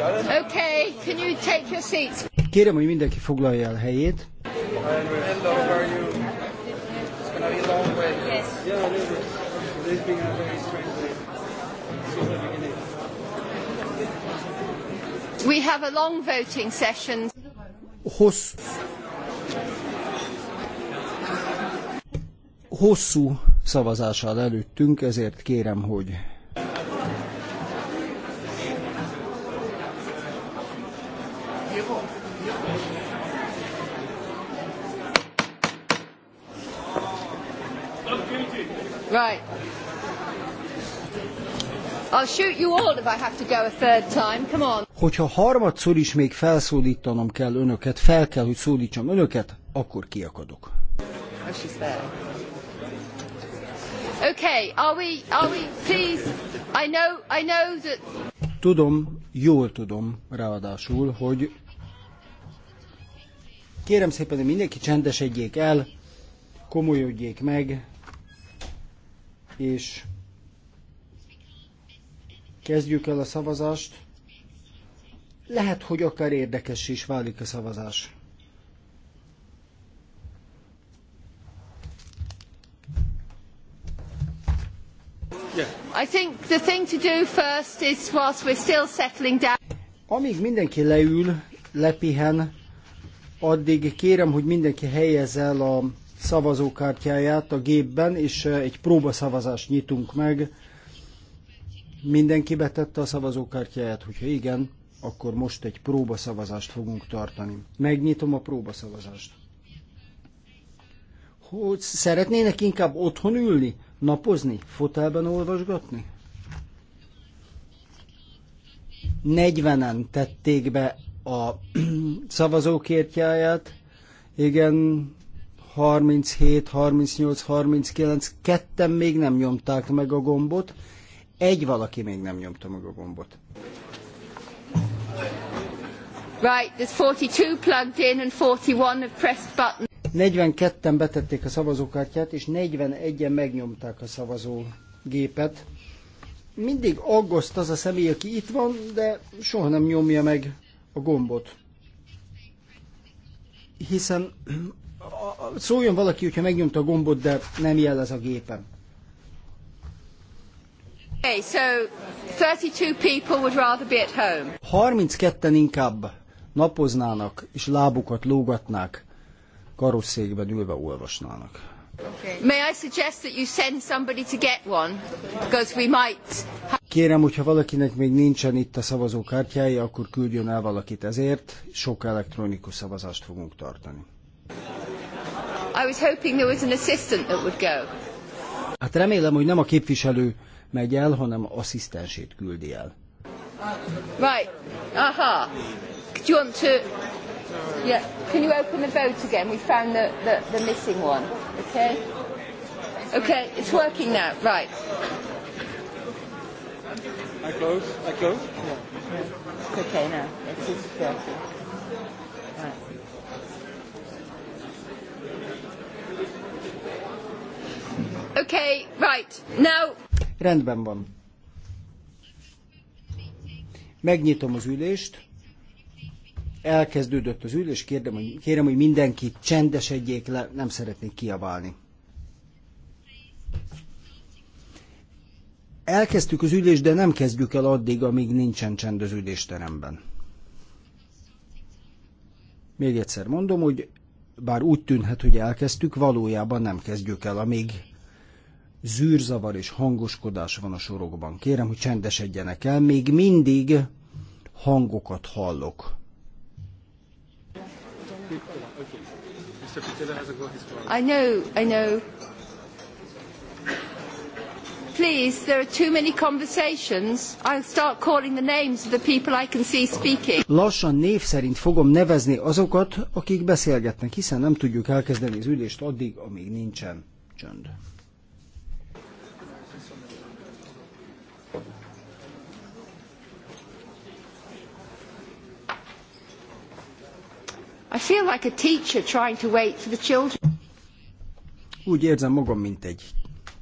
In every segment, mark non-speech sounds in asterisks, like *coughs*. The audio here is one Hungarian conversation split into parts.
Okay, can you take your Kérem, hogy mindenki foglalja el helyét. We have a long voting session. Hossz... Hosszú szavazással előttünk, ezért kérem, hogy Right. I'll shoot you all if I have to go a third time. Come on. Hogyha harmadszor is még felszólítanom kell önöket, fel kell, hogy szólítsam önöket, akkor kiakadok. Oh, okay, are we, are we, please, I know, I know that... Tudom, jól tudom ráadásul, hogy kérem szépen, hogy mindenki csendesedjék el, komolyodjék meg, és kezdjük el a szavazást. Lehet, hogy akár érdekes is válik a szavazás. Amíg mindenki leül, lepihen, addig kérem, hogy mindenki helyezze el a szavazókártyáját a gépben, és egy próbaszavazást nyitunk meg. Mindenki betette a szavazókártyáját, hogyha igen, akkor most egy próbaszavazást fogunk tartani. Megnyitom a próbaszavazást. Hogy szeretnének inkább otthon ülni, napozni, fotelben olvasgatni? 40-en tették be a *clears throat* szavazókértyáját. Igen, 37, 38, 39, ketten még nem nyomták meg a gombot, egy valaki még nem nyomta meg a gombot. Right, there's 42 plugged in and 41 have pressed button. 42-en betették a szavazókártyát, és 41-en megnyomták a szavazógépet. Mindig aggaszt az a személy, aki itt van, de soha nem nyomja meg a gombot. Hiszen szóljon valaki, hogyha megnyomta a gombot, de nem jelez a gépem. Okay, so 32 people would rather be at home. 32 inkább napoznának és lábukat lógatnák, karosszékben ülve olvasnának. May I suggest that you send somebody to get one, because we might. Kérem, hogyha valakinek még nincsen itt a szavazókártyája, akkor küldjön el valakit ezért. Sok elektronikus szavazást fogunk tartani. I was hoping there was an assistant that would go. Hát remélem, hogy nem a képviselő megy el, hanem asszisztensét küldi el. Right. Aha. Do you want to... Yeah. Can you open the vote again? We found the, the, the missing one. Okay? Okay, it's working now. Right. I close. I close. Yeah. okay now. It's, it's working. Okay, right. Now... Rendben van. Megnyitom az ülést. Elkezdődött az ülés, kérdem, hogy, kérem, hogy mindenki csendesedjék le, nem szeretnék kiabálni. Elkezdtük az ülést, de nem kezdjük el addig, amíg nincsen csend az ülésteremben. Még egyszer mondom, hogy bár úgy tűnhet, hogy elkezdtük, valójában nem kezdjük el, amíg zűrzavar és hangoskodás van a sorokban. Kérem, hogy csendesedjenek el, még mindig hangokat hallok. I know, I know. Please, there are too many conversations. I'll start calling the names of the people I can see speaking. Lassan név szerint fogom nevezni azokat, akik beszélgetnek, hiszen nem tudjuk elkezdeni az ülést addig, amíg nincsen csönd. I feel like a teacher trying to wait for the children. Úgy érzem magam, mint egy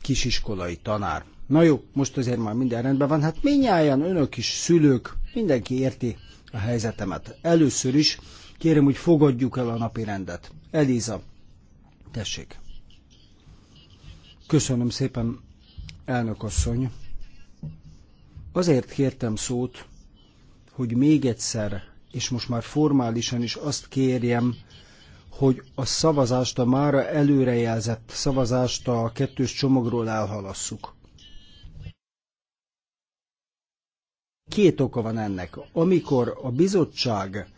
kisiskolai tanár. Na jó, most azért már minden rendben van. Hát minnyáján önök is, szülők, mindenki érti a helyzetemet. Először is kérem, hogy fogadjuk el a napi rendet. Eliza, tessék. Köszönöm szépen, elnök asszony. Azért kértem szót, hogy még egyszer és most már formálisan is azt kérjem, hogy a szavazást, a mára előrejelzett szavazást a kettős csomagról elhalasszuk. Két oka van ennek. Amikor a bizottság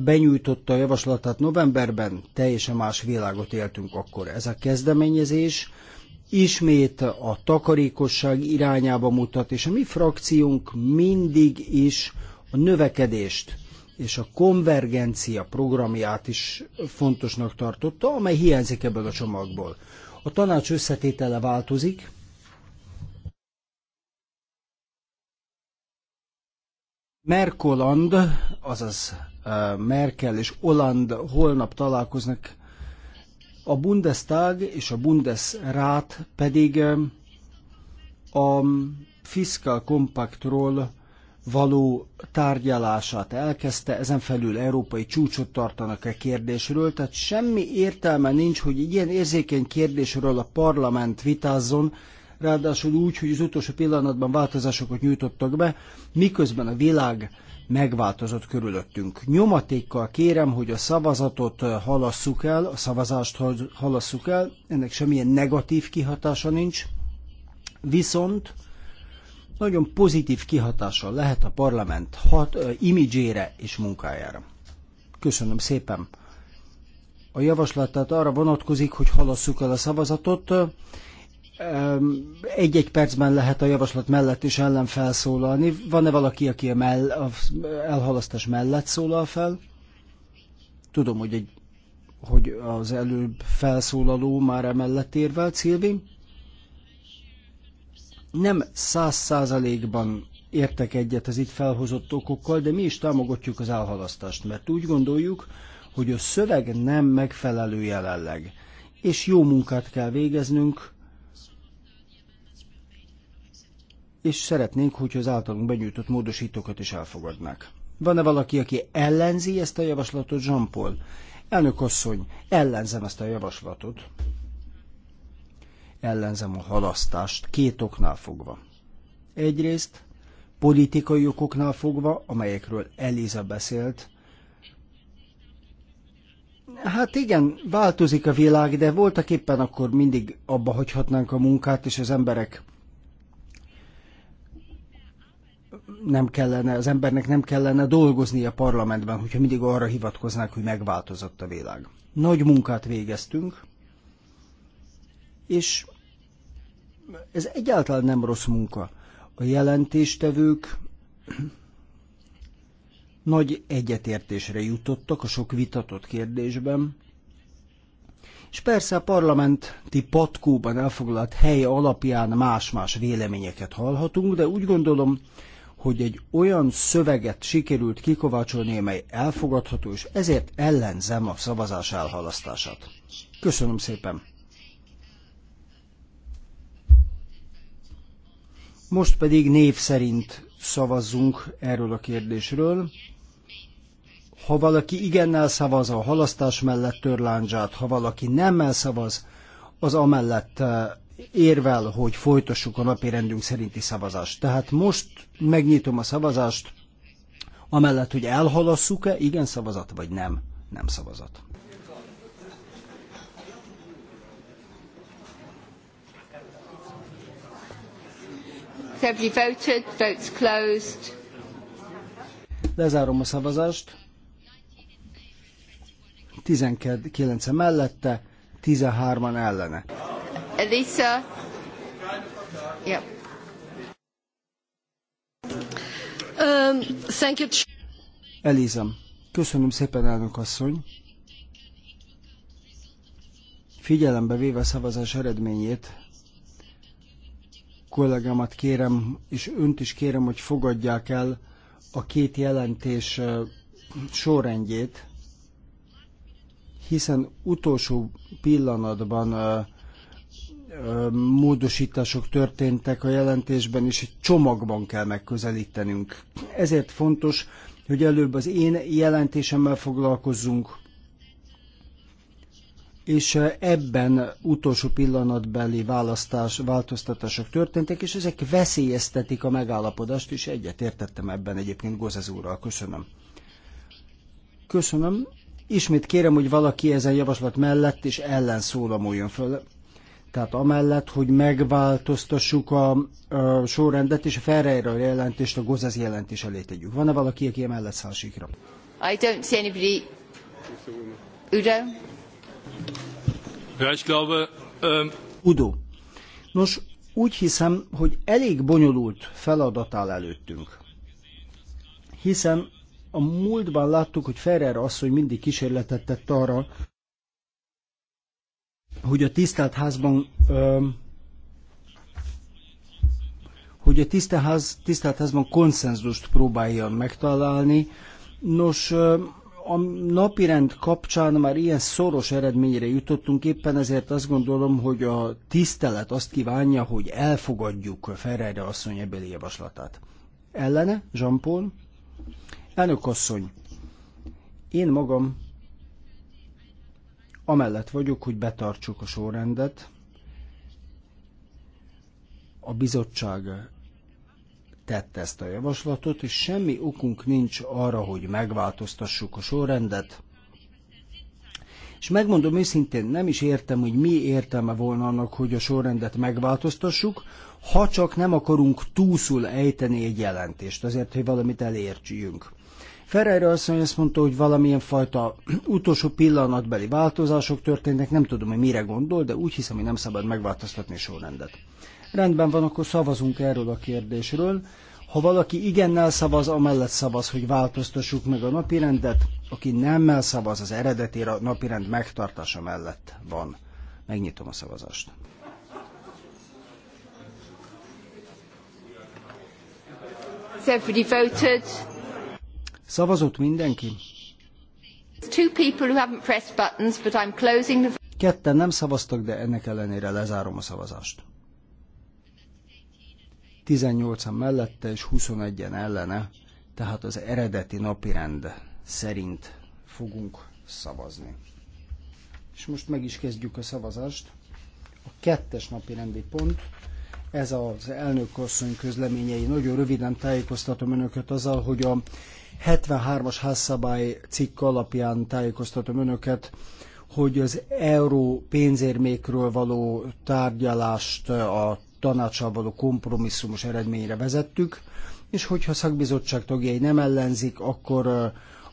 benyújtotta a javaslatát novemberben, teljesen más világot éltünk akkor. Ez a kezdeményezés ismét a takarékosság irányába mutat, és a mi frakciónk mindig is a növekedést és a konvergencia programját is fontosnak tartotta, amely hiányzik ebből a csomagból. A tanács összetétele változik, Merkoland, azaz eh, Merkel és Oland holnap találkoznak, a Bundestag és a Bundesrat pedig eh, a Fiscal Compactról való tárgyalását elkezdte, ezen felül európai csúcsot tartanak a e kérdésről, tehát semmi értelme nincs, hogy ilyen érzékeny kérdésről a parlament vitázzon, ráadásul úgy, hogy az utolsó pillanatban változásokat nyújtottak be, miközben a világ megváltozott körülöttünk. Nyomatékkal kérem, hogy a szavazatot halasszuk el, a szavazást halasszuk el, ennek semmilyen negatív kihatása nincs, viszont nagyon pozitív kihatással lehet a parlament hat, imidzsére és munkájára. Köszönöm szépen. A javaslat tehát arra vonatkozik, hogy halasszuk el a szavazatot. Egy-egy percben lehet a javaslat mellett és ellen felszólalni. Van-e valaki, aki a, mell- a elhalasztás mellett szólal fel? Tudom, hogy, egy, hogy az előbb felszólaló már emellett érvelt, Szilvi nem száz százalékban értek egyet az itt felhozott okokkal, de mi is támogatjuk az elhalasztást, mert úgy gondoljuk, hogy a szöveg nem megfelelő jelenleg, és jó munkát kell végeznünk, és szeretnénk, hogy az általunk benyújtott módosítókat is elfogadnák. Van-e valaki, aki ellenzi ezt a javaslatot, Jean-Paul? Elnök asszony, ellenzem ezt a javaslatot ellenzem a halasztást két oknál fogva. Egyrészt politikai okoknál fogva, amelyekről Eliza beszélt, Hát igen, változik a világ, de voltak éppen akkor mindig abba hagyhatnánk a munkát, és az emberek nem kellene, az embernek nem kellene dolgozni a parlamentben, hogyha mindig arra hivatkoznák, hogy megváltozott a világ. Nagy munkát végeztünk, és ez egyáltalán nem rossz munka. A jelentéstevők nagy egyetértésre jutottak a sok vitatott kérdésben, és persze a parlamenti patkóban elfoglalt helye alapján más-más véleményeket hallhatunk, de úgy gondolom, hogy egy olyan szöveget sikerült kikovácsolni, amely elfogadható, és ezért ellenzem a szavazás elhalasztását. Köszönöm szépen! Most pedig név szerint szavazzunk erről a kérdésről. Ha valaki igennel szavaz a halasztás mellett törláncsát, ha valaki nemmel szavaz, az amellett eh, érvel, hogy folytassuk a napi rendünk szerinti szavazást. Tehát most megnyitom a szavazást, amellett, hogy elhalasszuk-e, igen szavazat vagy nem, nem szavazat. Has everybody voted? Votes closed. Lezárom a szavazást. 19 mellette, 13-an ellene. Elisa. Yep. Um, thank you. Elizam, köszönöm szépen, elnök asszony. Figyelembe véve a szavazás eredményét, kollégámat kérem, és önt is kérem, hogy fogadják el a két jelentés sorrendjét, hiszen utolsó pillanatban módosítások történtek a jelentésben, és egy csomagban kell megközelítenünk. Ezért fontos, hogy előbb az én jelentésemmel foglalkozzunk, és ebben utolsó pillanatbeli választás, változtatások történtek, és ezek veszélyeztetik a megállapodást, és egyetértettem ebben egyébként Gozez úrral. Köszönöm. Köszönöm. Ismét kérem, hogy valaki ezen javaslat mellett és ellen szólamoljon föl. Tehát amellett, hogy megváltoztassuk a, a sorrendet és a Ferreira jelentést, a Gózez jelentés elé tegyük. Van-e valaki, aki emellett száll síkra? I don't see anybody. Udo? Ähm, Udo. Nos, úgy hiszem, hogy elég bonyolult feladat áll előttünk. Hiszen a múltban láttuk, hogy Ferrer asszony mindig kísérletet tett arra, hogy a tisztelt házban hogy a tisztelt házban konszenzust próbáljon megtalálni. Nos, a napirend kapcsán már ilyen szoros eredményre jutottunk, éppen ezért azt gondolom, hogy a tisztelet azt kívánja, hogy elfogadjuk Ferreira asszony ebbéli javaslatát. Ellene, Jean-Paul? Elnök asszony, én magam amellett vagyok, hogy betartsuk a sorrendet. A bizottság tette ezt a javaslatot, és semmi okunk nincs arra, hogy megváltoztassuk a sorrendet. És megmondom őszintén, nem is értem, hogy mi értelme volna annak, hogy a sorrendet megváltoztassuk, ha csak nem akarunk túszul ejteni egy jelentést, azért, hogy valamit elértsünk. Ferreira asszony azt mondta, hogy valamilyen fajta *clears throat* utolsó pillanatbeli változások történnek, nem tudom, hogy mire gondol, de úgy hiszem, hogy nem szabad megváltoztatni a sorrendet. Rendben van, akkor szavazunk erről a kérdésről. Ha valaki igennel szavaz, amellett szavaz, hogy változtassuk meg a napirendet, aki nemmel szavaz, az eredeti napirend megtartása mellett van. Megnyitom a szavazást. voted. Szavazott mindenki? Ketten nem szavaztak, de ennek ellenére lezárom a szavazást. 18-an mellette és 21-en ellene, tehát az eredeti napirend szerint fogunk szavazni. És most meg is kezdjük a szavazást. A kettes napi rendi pont, ez az asszony közleményei. Nagyon röviden tájékoztatom önöket azzal, hogy a 73-as házszabály cikk alapján tájékoztatom önöket, hogy az euró pénzérmékről való tárgyalást a tanácssal való kompromisszumos eredményre vezettük, és hogyha a szakbizottság tagjai nem ellenzik, akkor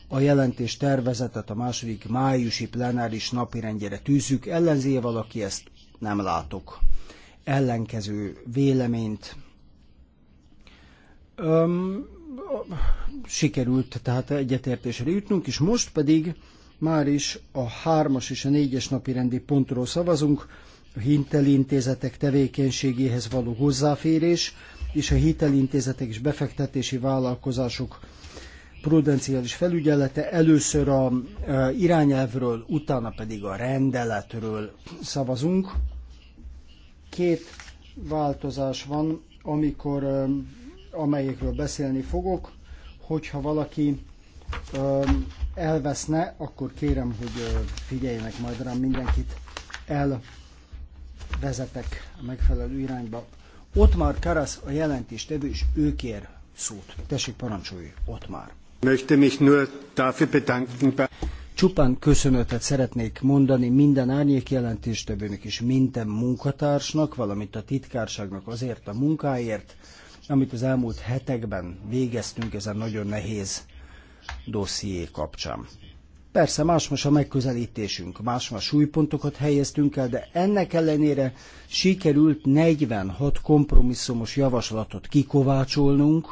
a jelentés tervezetet a második májusi plenáris napirendjére tűzzük. Ellenzi valaki ezt? Nem látok. Ellenkező véleményt. Öm, sikerült tehát egyetértésre jutnunk, és most pedig már is a hármas és a négyes napi rendi pontról szavazunk hitelintézetek tevékenységéhez való hozzáférés, és a hitelintézetek és befektetési vállalkozások prudenciális felügyelete először a e, irányelvről, utána pedig a rendeletről szavazunk. Két változás van, amikor, e, amelyekről beszélni fogok, hogyha valaki e, elveszne, akkor kérem, hogy figyeljenek majd rám mindenkit. El vezetek a megfelelő irányba. Ott már Karasz a jelentéstevő, és ő kér szót. Tessék, parancsolj, ott már. Möchte mich nur dafür bedanken. Csupán köszönetet szeretnék mondani minden árnyék jelentéstevőnek és minden munkatársnak, valamint a titkárságnak azért a munkáért, amit az elmúlt hetekben végeztünk ezen nagyon nehéz dosszié kapcsán. Persze más-más a megközelítésünk, más-más súlypontokat helyeztünk el, de ennek ellenére sikerült 46 kompromisszumos javaslatot kikovácsolnunk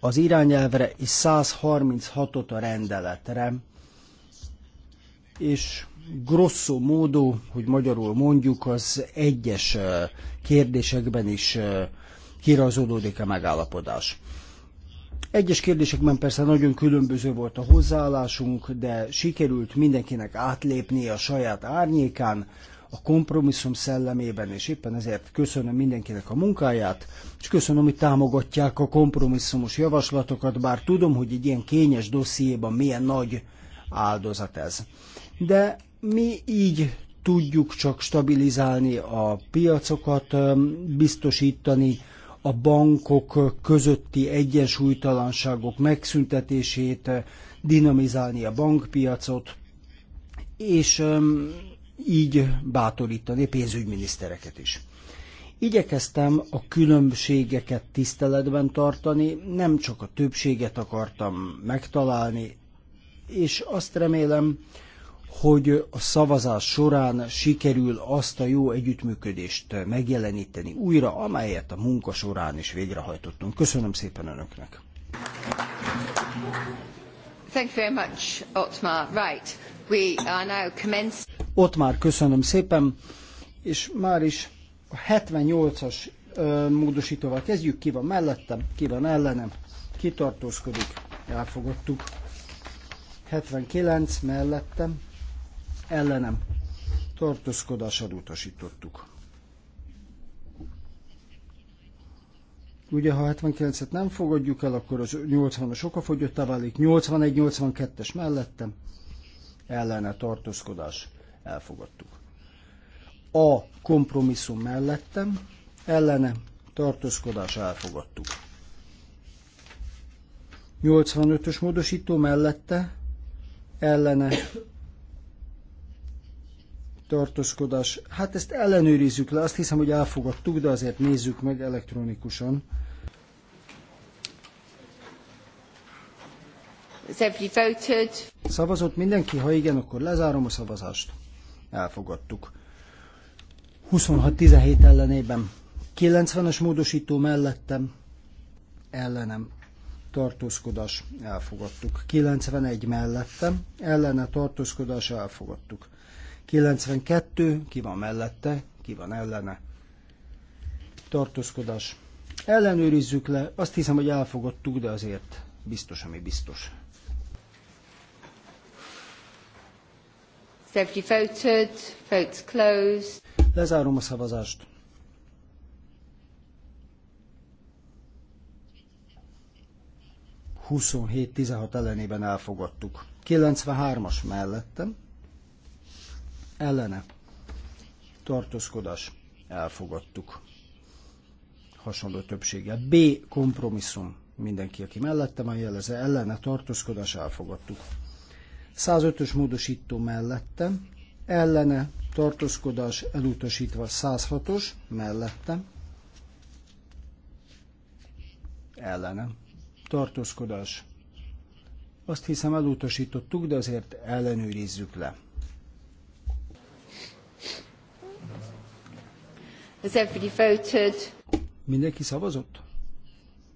az irányelvre és 136-ot a rendeletre. És grosszó módó, hogy magyarul mondjuk, az egyes kérdésekben is kirajzolódik a megállapodás. Egyes kérdésekben persze nagyon különböző volt a hozzáállásunk, de sikerült mindenkinek átlépni a saját árnyékán, a kompromisszum szellemében, és éppen ezért köszönöm mindenkinek a munkáját, és köszönöm, hogy támogatják a kompromisszumos javaslatokat, bár tudom, hogy egy ilyen kényes dossziéban milyen nagy áldozat ez. De mi így tudjuk csak stabilizálni a piacokat, biztosítani a bankok közötti egyensúlytalanságok megszüntetését, dinamizálni a bankpiacot, és így bátorítani pénzügyminisztereket is. Igyekeztem a különbségeket tiszteletben tartani, nem csak a többséget akartam megtalálni, és azt remélem, hogy a szavazás során sikerül azt a jó együttműködést megjeleníteni újra, amelyet a munka során is végrehajtottunk. Köszönöm szépen Önöknek! Thank you very much, Otmar. Right, we are now commencing... Otmar, köszönöm szépen, és már is a 78-as módosítóval kezdjük, ki van mellettem, ki van ellenem, kitartózkodik, elfogadtuk. 79 mellettem, ellenem tartózkodással utasítottuk. Ugye, ha 79-et nem fogadjuk el, akkor az 80-as okafogyottá válik, 81-82-es mellettem ellene tartózkodás elfogadtuk. A kompromisszum mellettem ellene tartózkodás elfogadtuk. 85-ös módosító mellette ellene tartózkodás. Hát ezt ellenőrizzük le, azt hiszem, hogy elfogadtuk, de azért nézzük meg elektronikusan. Szavazott mindenki? Ha igen, akkor lezárom a szavazást. Elfogadtuk. 26-17 ellenében. 90-es módosító mellettem. Ellenem. Tartózkodás. Elfogadtuk. 91 mellettem. Ellene tartózkodás. Elfogadtuk. 92, ki van mellette, ki van ellene. Tartózkodás. Ellenőrizzük le, azt hiszem, hogy elfogadtuk, de azért biztos, ami biztos. Voted, votes closed. Lezárom a szavazást. 27 tizenhat ellenében elfogadtuk. 93-as mellettem, ellene tartózkodás elfogadtuk hasonló többséggel. B kompromisszum mindenki, aki mellette van jelezze, ellene tartózkodás elfogadtuk. 105-ös módosító mellette, ellene tartózkodás elutasítva 106-os mellette, ellene tartózkodás. Azt hiszem elutasítottuk, de azért ellenőrizzük le. Has everybody voted? Mindenki szavazott?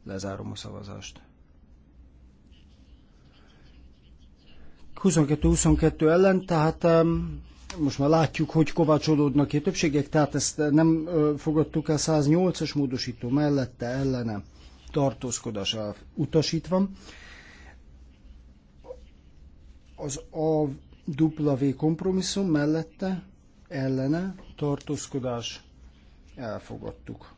Lezárom a szavazást. 22-22 ellen, tehát um, most már látjuk, hogy kovácsolódnak a többségek, tehát ezt nem uh, fogadtuk el 108-as módosító mellette ellene tartózkodása utasítva. Az A W kompromisszum mellette ellene tartózkodás elfogadtuk.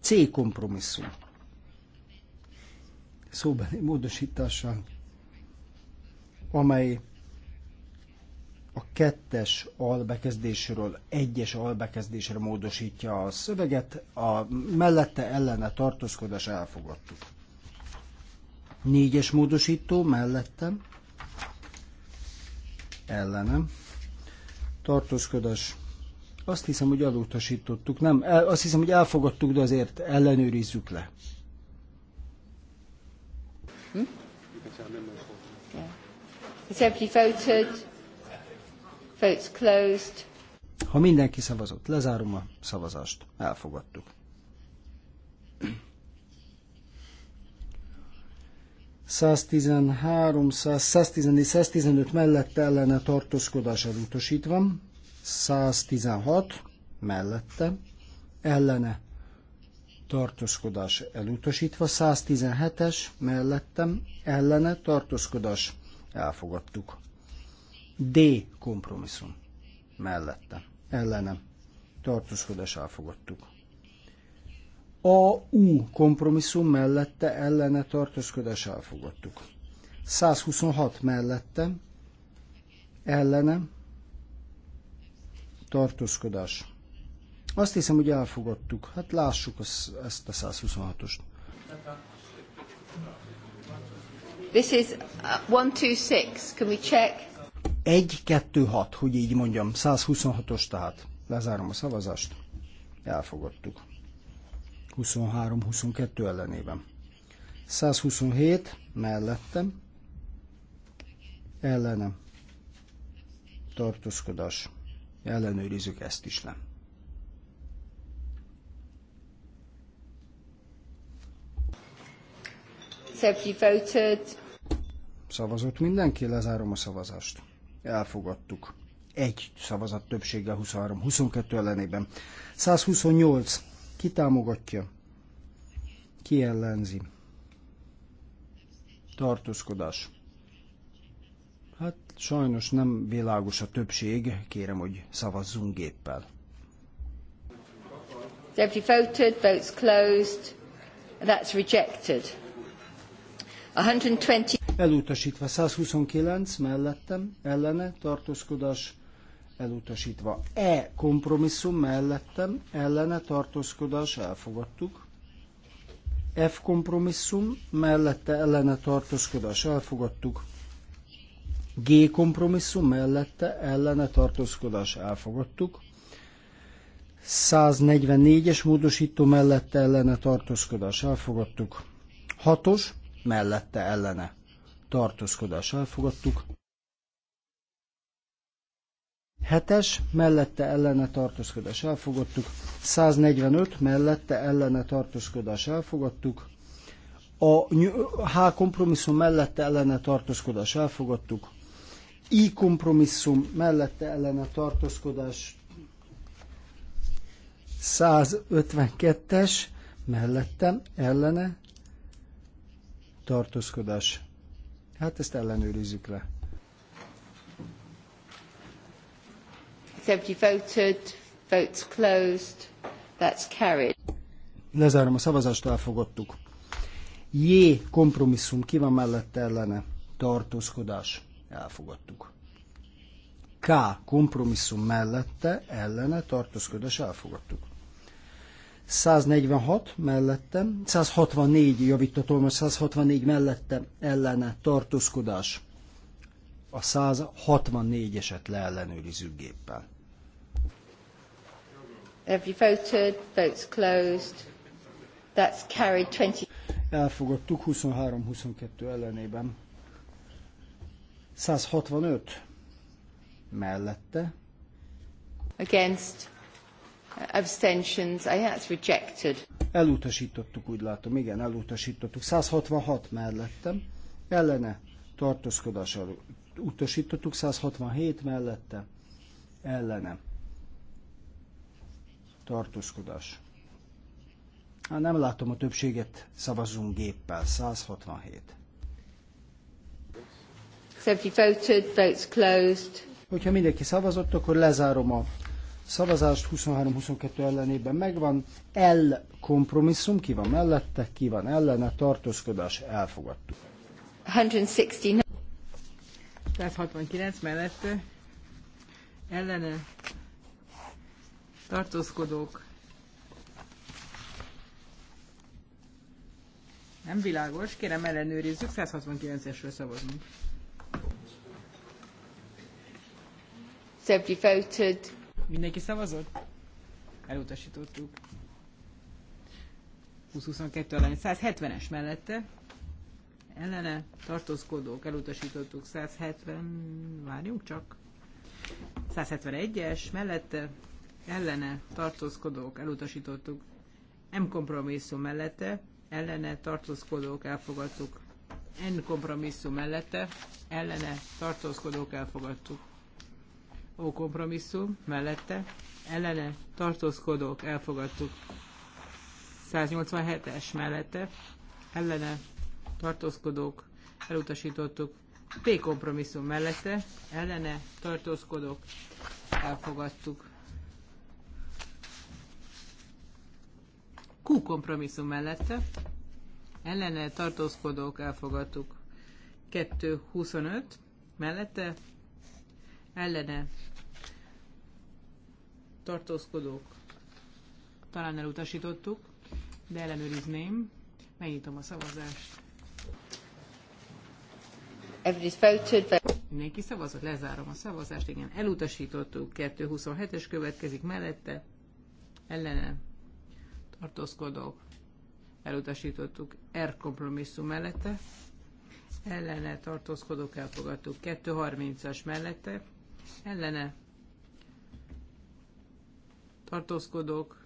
C kompromisszum. Szóbeli módosítása, amely a kettes albekezdésről egyes albekezdésre módosítja a szöveget, a mellette ellene tartózkodás elfogadtuk. Négyes módosító mellettem, ellenem. Tartózkodás. Azt hiszem, hogy elutasítottuk. Nem, el, azt hiszem, hogy elfogadtuk, de azért ellenőrizzük le. Hm? Ha mindenki szavazott, lezárom a szavazást. Elfogadtuk. 113, 114, 115 mellette ellene tartózkodás elutasítva, 116 mellette ellene tartózkodás elutasítva, 117-es mellettem ellene tartózkodás elfogadtuk. D kompromisszum mellette ellene tartózkodás elfogadtuk. A U kompromisszum mellette ellene tartózkodás elfogadtuk. 126 mellette ellene tartózkodás. Azt hiszem, hogy elfogadtuk. Hát lássuk az, ezt a 126-ost. This is 126. Uh, Can we check? 1, 2, 6, hogy így mondjam. 126-os tehát. Lezárom a szavazást. Elfogadtuk. 23-22 ellenében. 127 mellettem, ellenem, tartózkodás, ellenőrizzük ezt is le. Szavazott mindenki, lezárom a szavazást. Elfogadtuk. Egy szavazat többséggel 23-22 ellenében. 128 ki támogatja? Ki ellenzi? Tartózkodás. Hát sajnos nem világos a többség, kérem, hogy szavazzunk géppel. Deputy voted, votes closed, that's rejected. 120... Elutasítva 129 mellettem, ellene tartózkodás elutasítva. E kompromisszum mellettem ellene tartózkodás elfogadtuk. F kompromisszum mellette ellene tartózkodás elfogadtuk. G kompromisszum mellette ellene tartózkodás elfogadtuk. 144-es módosító mellette ellene tartózkodás elfogadtuk. 6-os mellette ellene tartózkodás elfogadtuk. Hetes, mellette ellene tartózkodás elfogadtuk. 145, mellette ellene tartózkodás elfogadtuk. A H kompromisszum mellette ellene tartózkodás elfogadtuk. I kompromisszum mellette ellene tartózkodás 152-es mellette ellene tartózkodás. Hát ezt ellenőrizzük le. Everybody voted. Votes closed. That's carried. Lezárom a szavazást, elfogadtuk. J. Kompromisszum. Ki van mellette ellene? Tartózkodás. Elfogadtuk. K. Kompromisszum mellette ellene tartózkodás. Elfogadtuk. 146 mellette, 164 javítató, 164 mellette ellene tartózkodás. A 164-eset leellenőrizzük géppel. Have voted? Votes closed. That's carried 20. Elfogadtuk 23-22 ellenében. 165 mellette. Against. Abstentions. I think that's rejected. Elutasítottuk, úgy látom. Igen, elutasítottuk. 166 mellettem. Ellene tartózkodás utasítottuk. 167 mellette. Ellene tartózkodás. Hát nem látom a többséget, szavazzunk géppel. 167. Voted, votes closed. Hogyha mindenki szavazott, akkor lezárom a szavazást. 23-22 ellenében megvan. L kompromisszum, ki van mellette, ki van ellene, tartózkodás, elfogadtuk. 169. 169 mellette, ellene, tartózkodók. Nem világos, kérem ellenőrizzük, 169-esről szavazunk. Szebbi voted. Mindenki szavazott? Elutasítottuk. 20-22 alány. 170-es mellette. Ellene tartózkodók, elutasítottuk 170, várjunk csak. 171-es mellette ellene tartózkodók elutasítottuk, M kompromisszum mellette, ellene tartózkodók elfogadtuk, N kompromisszum mellette, ellene tartózkodók elfogadtuk. O kompromisszum mellette, ellene tartózkodók elfogadtuk. 187-es mellette, ellene tartózkodók elutasítottuk. P kompromisszum mellette, ellene tartózkodók elfogadtuk. Q kompromisszum mellette. Ellene tartózkodók elfogadtuk. 2.25 mellette. Ellene tartózkodók talán elutasítottuk, de ellenőrizném. Megnyitom a szavazást. Mindenki szavazott, lezárom a szavazást, igen, elutasítottuk, 227-es következik mellette, ellene tartózkodók elutasítottuk R kompromisszum mellette, ellene tartózkodók elfogadtuk 230-as mellette, ellene tartózkodók,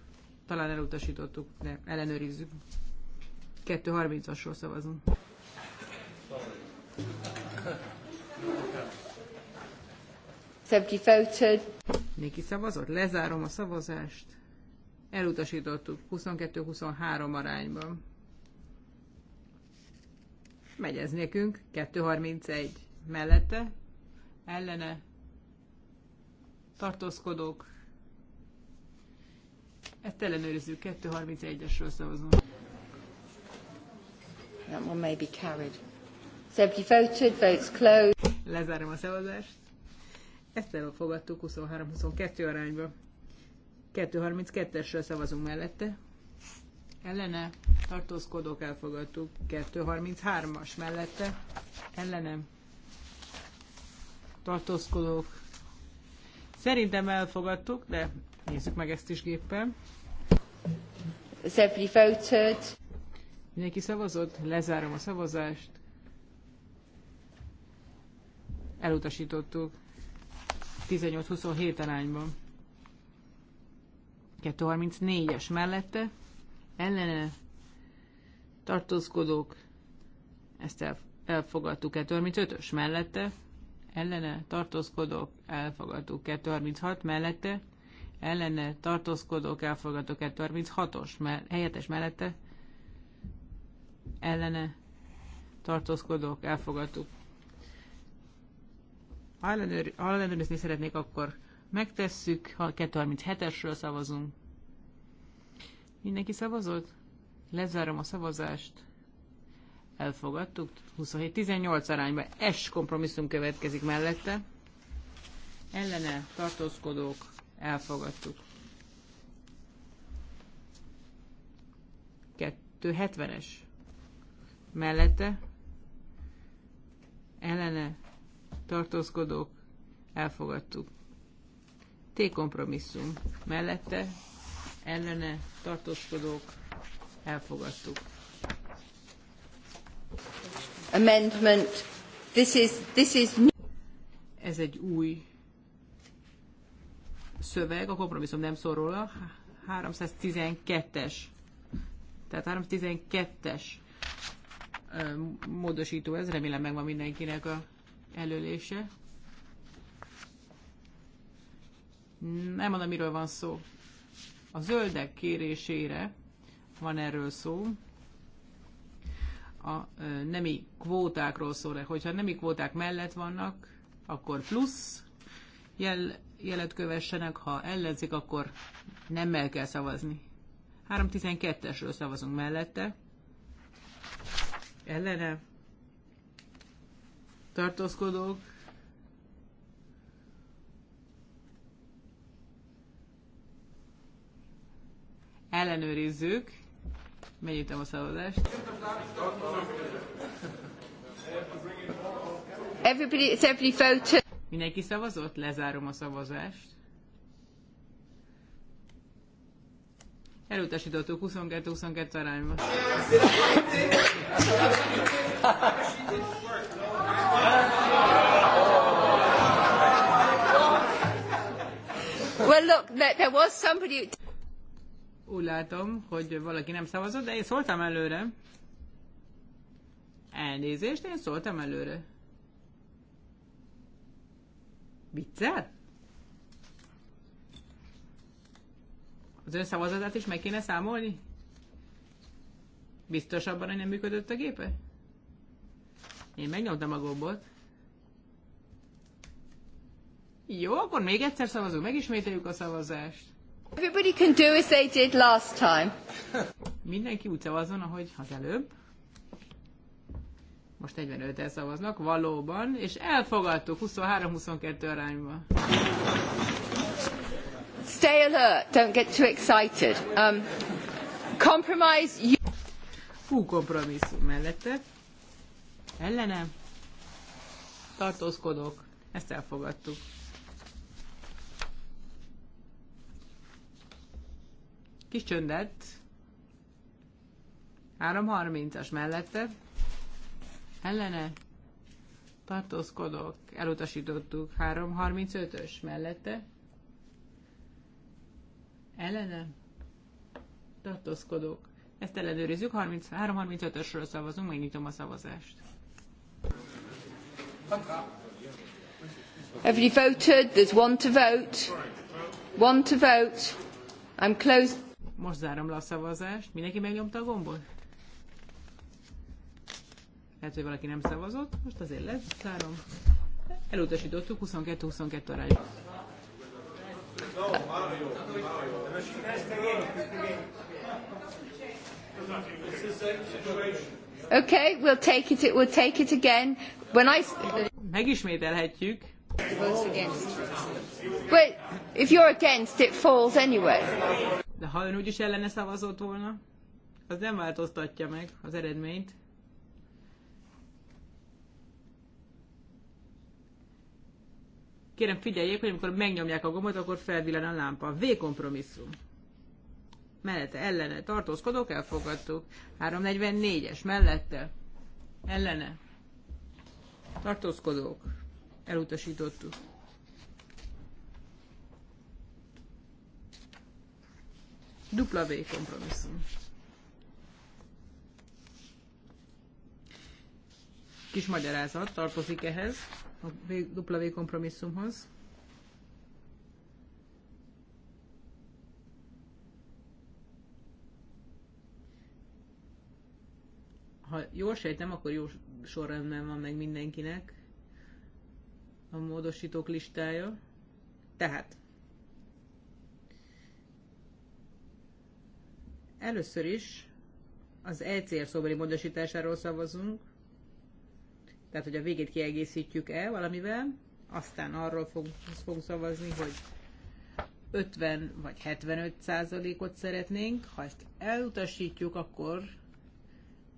talán elutasítottuk, de ellenőrizzük. 230-asról szavazunk. Néki szavazott? Lezárom a szavazást. Elutasítottuk 22-23 arányban. Megy ez nekünk, 2.31 mellette, ellene, tartózkodók. Ezt ellenőrizzük, 2.31-esről szavazunk. That one may be carried. So if you voted, votes closed. Lezárom a szavazást. Ezt elfogadtuk 23-22 arányba. 232-esről szavazunk mellette. Ellene tartózkodók elfogadtuk. 233-as mellette. Ellenem tartózkodók. Szerintem elfogadtuk, de nézzük meg ezt is géppen. Every voted. Mindenki szavazott? Lezárom a szavazást. Elutasítottuk. 18-27 arányban. 234-es mellette ellene tartózkodók, ezt elfogadtuk 235-ös mellette, ellene tartózkodók, elfogadtuk 236 mellette, ellene tartózkodók, elfogadtuk 236-os helyettes mellette, ellene tartózkodók, elfogadtuk. Ha ellenőrizni szeretnék, akkor megtesszük, ha 237-esről szavazunk. Mindenki szavazott? Lezárom a szavazást. Elfogadtuk. 27-18 arányban S kompromisszum következik mellette. Ellene tartózkodók elfogadtuk. 270-es mellette ellene tartózkodók elfogadtuk. T kompromisszum mellette ellene tartózkodók elfogadtuk. Amendment. This is, this is... Ez egy új szöveg, a kompromisszum nem szól róla, 312-es. Tehát 312-es módosító, ez remélem megvan mindenkinek a előlése. Nem mondom, miről van szó. A zöldek kérésére van erről szó. A nemi kvótákról szól, hogyha nemi kvóták mellett vannak, akkor plusz jel, jelet kövessenek, ha ellenzik, akkor el kell szavazni. 3.12-esről szavazunk mellette. Ellene tartózkodók ellenőrizzük. Megnyitom a szavazást. Mindenki szavazott? Lezárom a szavazást. Elutasítottuk 22-22 arányba. Well, look, there was somebody... Úgy látom, hogy valaki nem szavazott, de én szóltam előre. Elnézést, én szóltam előre. Viccel? Az ön szavazatát is meg kéne számolni? Biztos abban, hogy nem működött a gépe? Én megnyomtam a gombot. Jó, akkor még egyszer szavazunk, megismételjük a szavazást. Everybody can do as they did last time. *laughs* Mindenki úgy szavazzon, ahogy az előbb. Most 45-en szavaznak, valóban, és elfogadtuk 23-22 arányba. Stay alert, don't get too excited. Um, compromise... You... Fú, kompromisszum mellette. Ellenem. Tartózkodok. Ezt elfogadtuk. Kis csöndet. 3.30-as mellette. Ellene. Tartózkodok. Elutasítottuk. 3.35-ös mellette. Ellene. Tartózkodok. Ezt ellenőrizzük. 3.35-ösről szavazunk. Megnyitom a szavazást. you voted? There's one to vote. One to vote. I'm closed. Most zárom le a szavazást. Mindenki megnyomta a gombot? Lehet, hogy valaki nem szavazott. Most azért lezárom. Elutasítottuk 22-22 arányban. Okay, we'll take it. We'll take it again. When I megismételhetjük. But if you're against, it falls anyway. De ha ön úgyis ellene szavazott volna, az nem változtatja meg az eredményt. Kérem figyeljék, hogy amikor megnyomják a gombot, akkor felvillan a lámpa. V kompromisszum. Mellette, ellene, tartózkodók, elfogadtuk. 344-es, mellette, ellene, tartózkodók, elutasítottuk. Dupla kompromisszum. Kis magyarázat tartozik ehhez, a W kompromisszumhoz. ha jól sejtem, akkor jó sorrendben van meg mindenkinek a módosítók listája. Tehát Először is az ECR szobori módosításáról szavazunk, tehát hogy a végét kiegészítjük el valamivel, aztán arról fogunk, fogunk szavazni, hogy 50 vagy 75 százalékot szeretnénk. Ha ezt elutasítjuk, akkor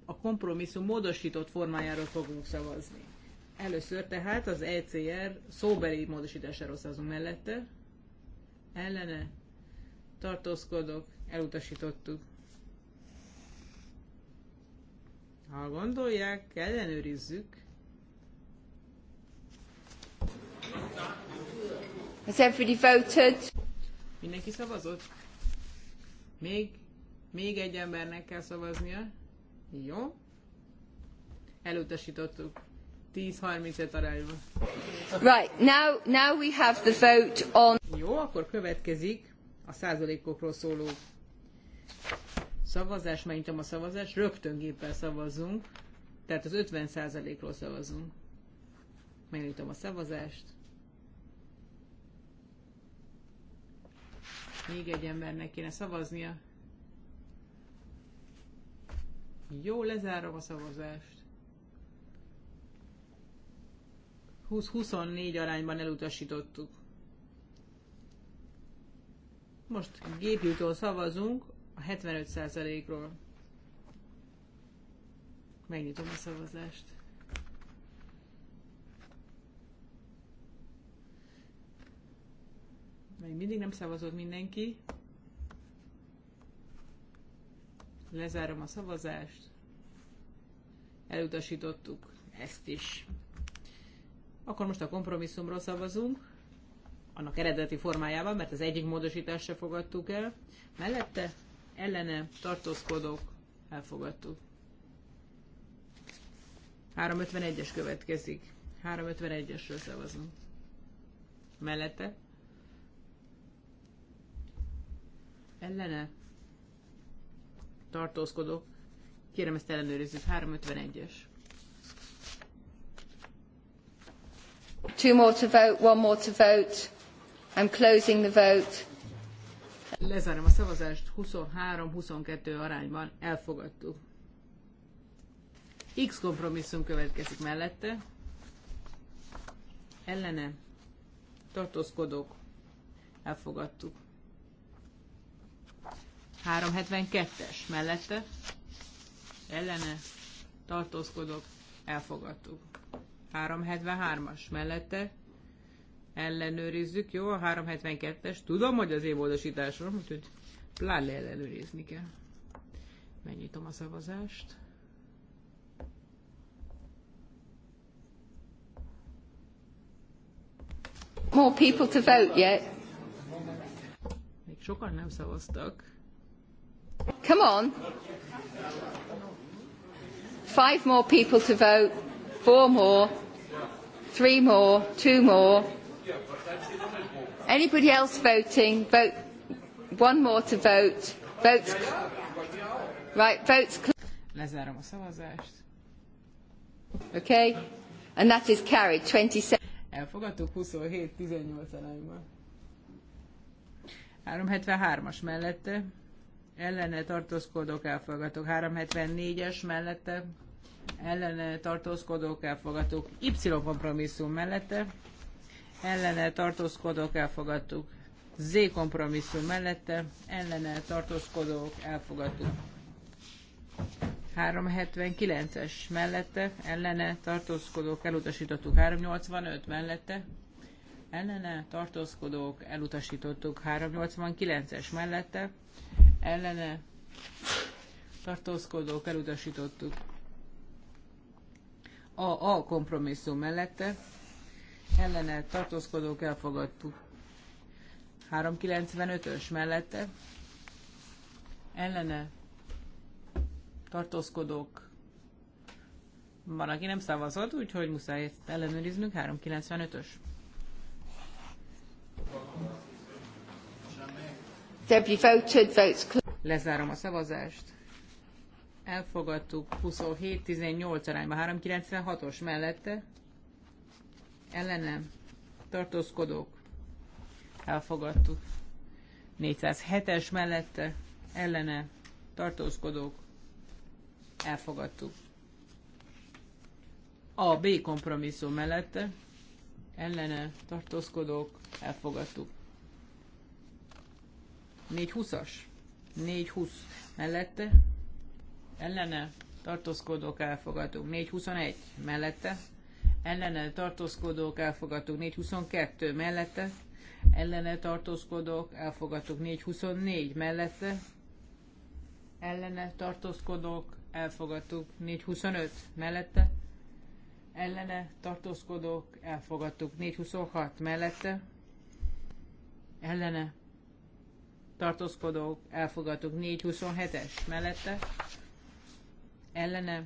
a kompromisszum módosított formájáról fogunk szavazni. Először tehát az ECR szóbeli módosításáról szavazunk mellette, ellene tartózkodok, elutasítottuk. Ha gondolják, ellenőrizzük. Has everybody voted? Mindenki szavazott? Még, még egy embernek kell szavaznia. Jó. Elutasítottuk. 10-35 arányban. Right, now, now we have the vote on... Jó, akkor következik a százalékokról szóló Szavazás, megnyitom a szavazást, rögtön géppel szavazunk, tehát az 50%-ról szavazunk. Megnyitom a szavazást. Még egy embernek kéne szavaznia. Jó, lezárom a szavazást. 20-24 arányban elutasítottuk. Most gépjútól szavazunk a 75%-ról. Megnyitom a szavazást. Még mindig nem szavazott mindenki. Lezárom a szavazást. Elutasítottuk ezt is. Akkor most a kompromisszumról szavazunk, annak eredeti formájában, mert az egyik módosítást se fogadtuk el. Mellette ellene tartózkodók elfogadtuk. 351-es következik. 351-esről szavazunk. Mellette. Ellene. Tartózkodok. Kérem ezt ellenőrizzük. 351-es. Two more to vote, one more to vote. I'm closing the vote. Lezárom a szavazást 23-22 arányban elfogadtuk. X kompromisszum következik mellette. Ellene tartózkodók elfogadtuk. 372-es mellette ellene tartózkodók elfogadtuk. 373-as mellette ellenőrizzük, jó? A 372-es, tudom, hogy az évódosításom, úgyhogy pláne ellenőrizni kell. Megnyitom a szavazást. More people to vote yet. Még sokan nem szavaztak. Come on. Five more people to vote. Four more. Three more. Two more Anybody else voting? Vote. One more to vote. Votes. Right, votes. Lezárom a szavazást. Okay. And that is carried 27. Elfogadtuk 27-18 arányban. 373-as mellette, ellene tartózkodók elfogadtuk. 374-es mellette, ellene tartózkodók elfogadtuk. Y kompromisszum mellette, ellene tartózkodók elfogadtuk. Z kompromisszum mellette ellene tartózkodók elfogadtuk. 379-es mellette ellene tartózkodók elutasítottuk. 385 mellette ellene tartózkodók elutasítottuk. 389-es mellette ellene tartózkodók elutasítottuk. A, a kompromisszum mellette ellene tartózkodók elfogadtuk. 395-ös mellette ellene tartózkodók van, aki nem szavazott, úgyhogy muszáj ezt ellenőriznünk. 395-ös. Lezárom a szavazást. Elfogadtuk 27-18 arányba 396-os mellette ellene tartózkodók elfogadtuk. 407-es mellette ellene tartózkodók elfogadtuk. A B kompromisszum mellette ellene tartózkodók elfogadtuk. 420-as 420 mellette ellene tartózkodók elfogadtuk. 421 mellette ellene tartózkodók elfogadtuk 422 mellette, ellene tartózkodók elfogadtuk 424 mellette, ellene tartózkodók elfogadtuk 425 mellette, ellene tartózkodók elfogadtuk 426 mellette, ellene tartózkodók elfogadtuk 427-es mellette, ellene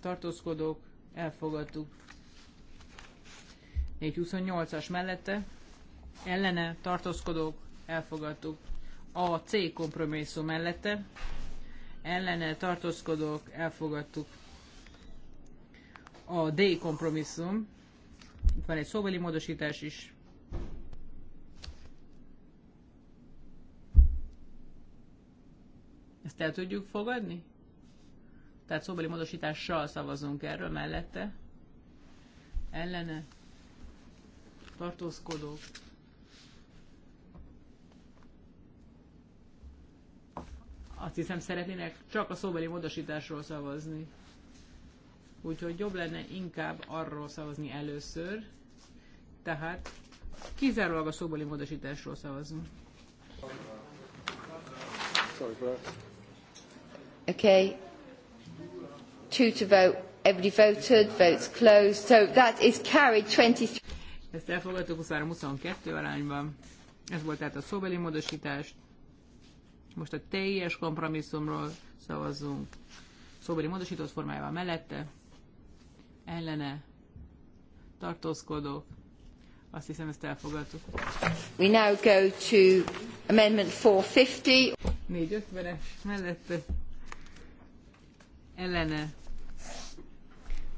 tartózkodók elfogadtuk 428-as mellette ellene tartózkodók elfogadtuk. A C kompromisszum mellette ellene tartózkodók elfogadtuk. A D kompromisszum, itt van egy szóbeli módosítás is, Ezt el tudjuk fogadni? Tehát szóbeli módosítással szavazunk erről mellette. Ellene tartózkodók. Azt hiszem szeretnének csak a szóbeli módosításról szavazni. Úgyhogy jobb lenne inkább arról szavazni először. Tehát kizárólag a szóbeli módosításról szavazunk. Okay. Two to vote. Everybody voted. Votes closed. So that is carried 23. Ezt elfogadtuk 23-22 arányban. Ez volt tehát a szóbeli módosítás. Most a teljes kompromisszumról szavazzunk. Szóbeli módosított formájában mellette, ellene, tartózkodók. Azt hiszem, ezt elfogadtuk. We now go to amendment 450. 450-es mellette, ellene,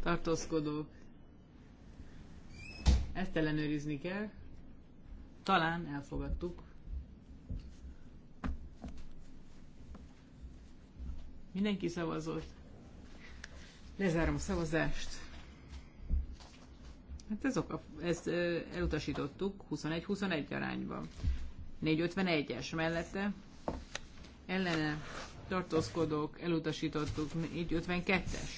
tartózkodók. Ezt ellenőrizni kell. Talán elfogadtuk. Mindenki szavazott. Lezárom a szavazást. Hát ez oka, ezt elutasítottuk 21-21 arányban. 451-es mellette ellene tartózkodók elutasítottuk 452-es.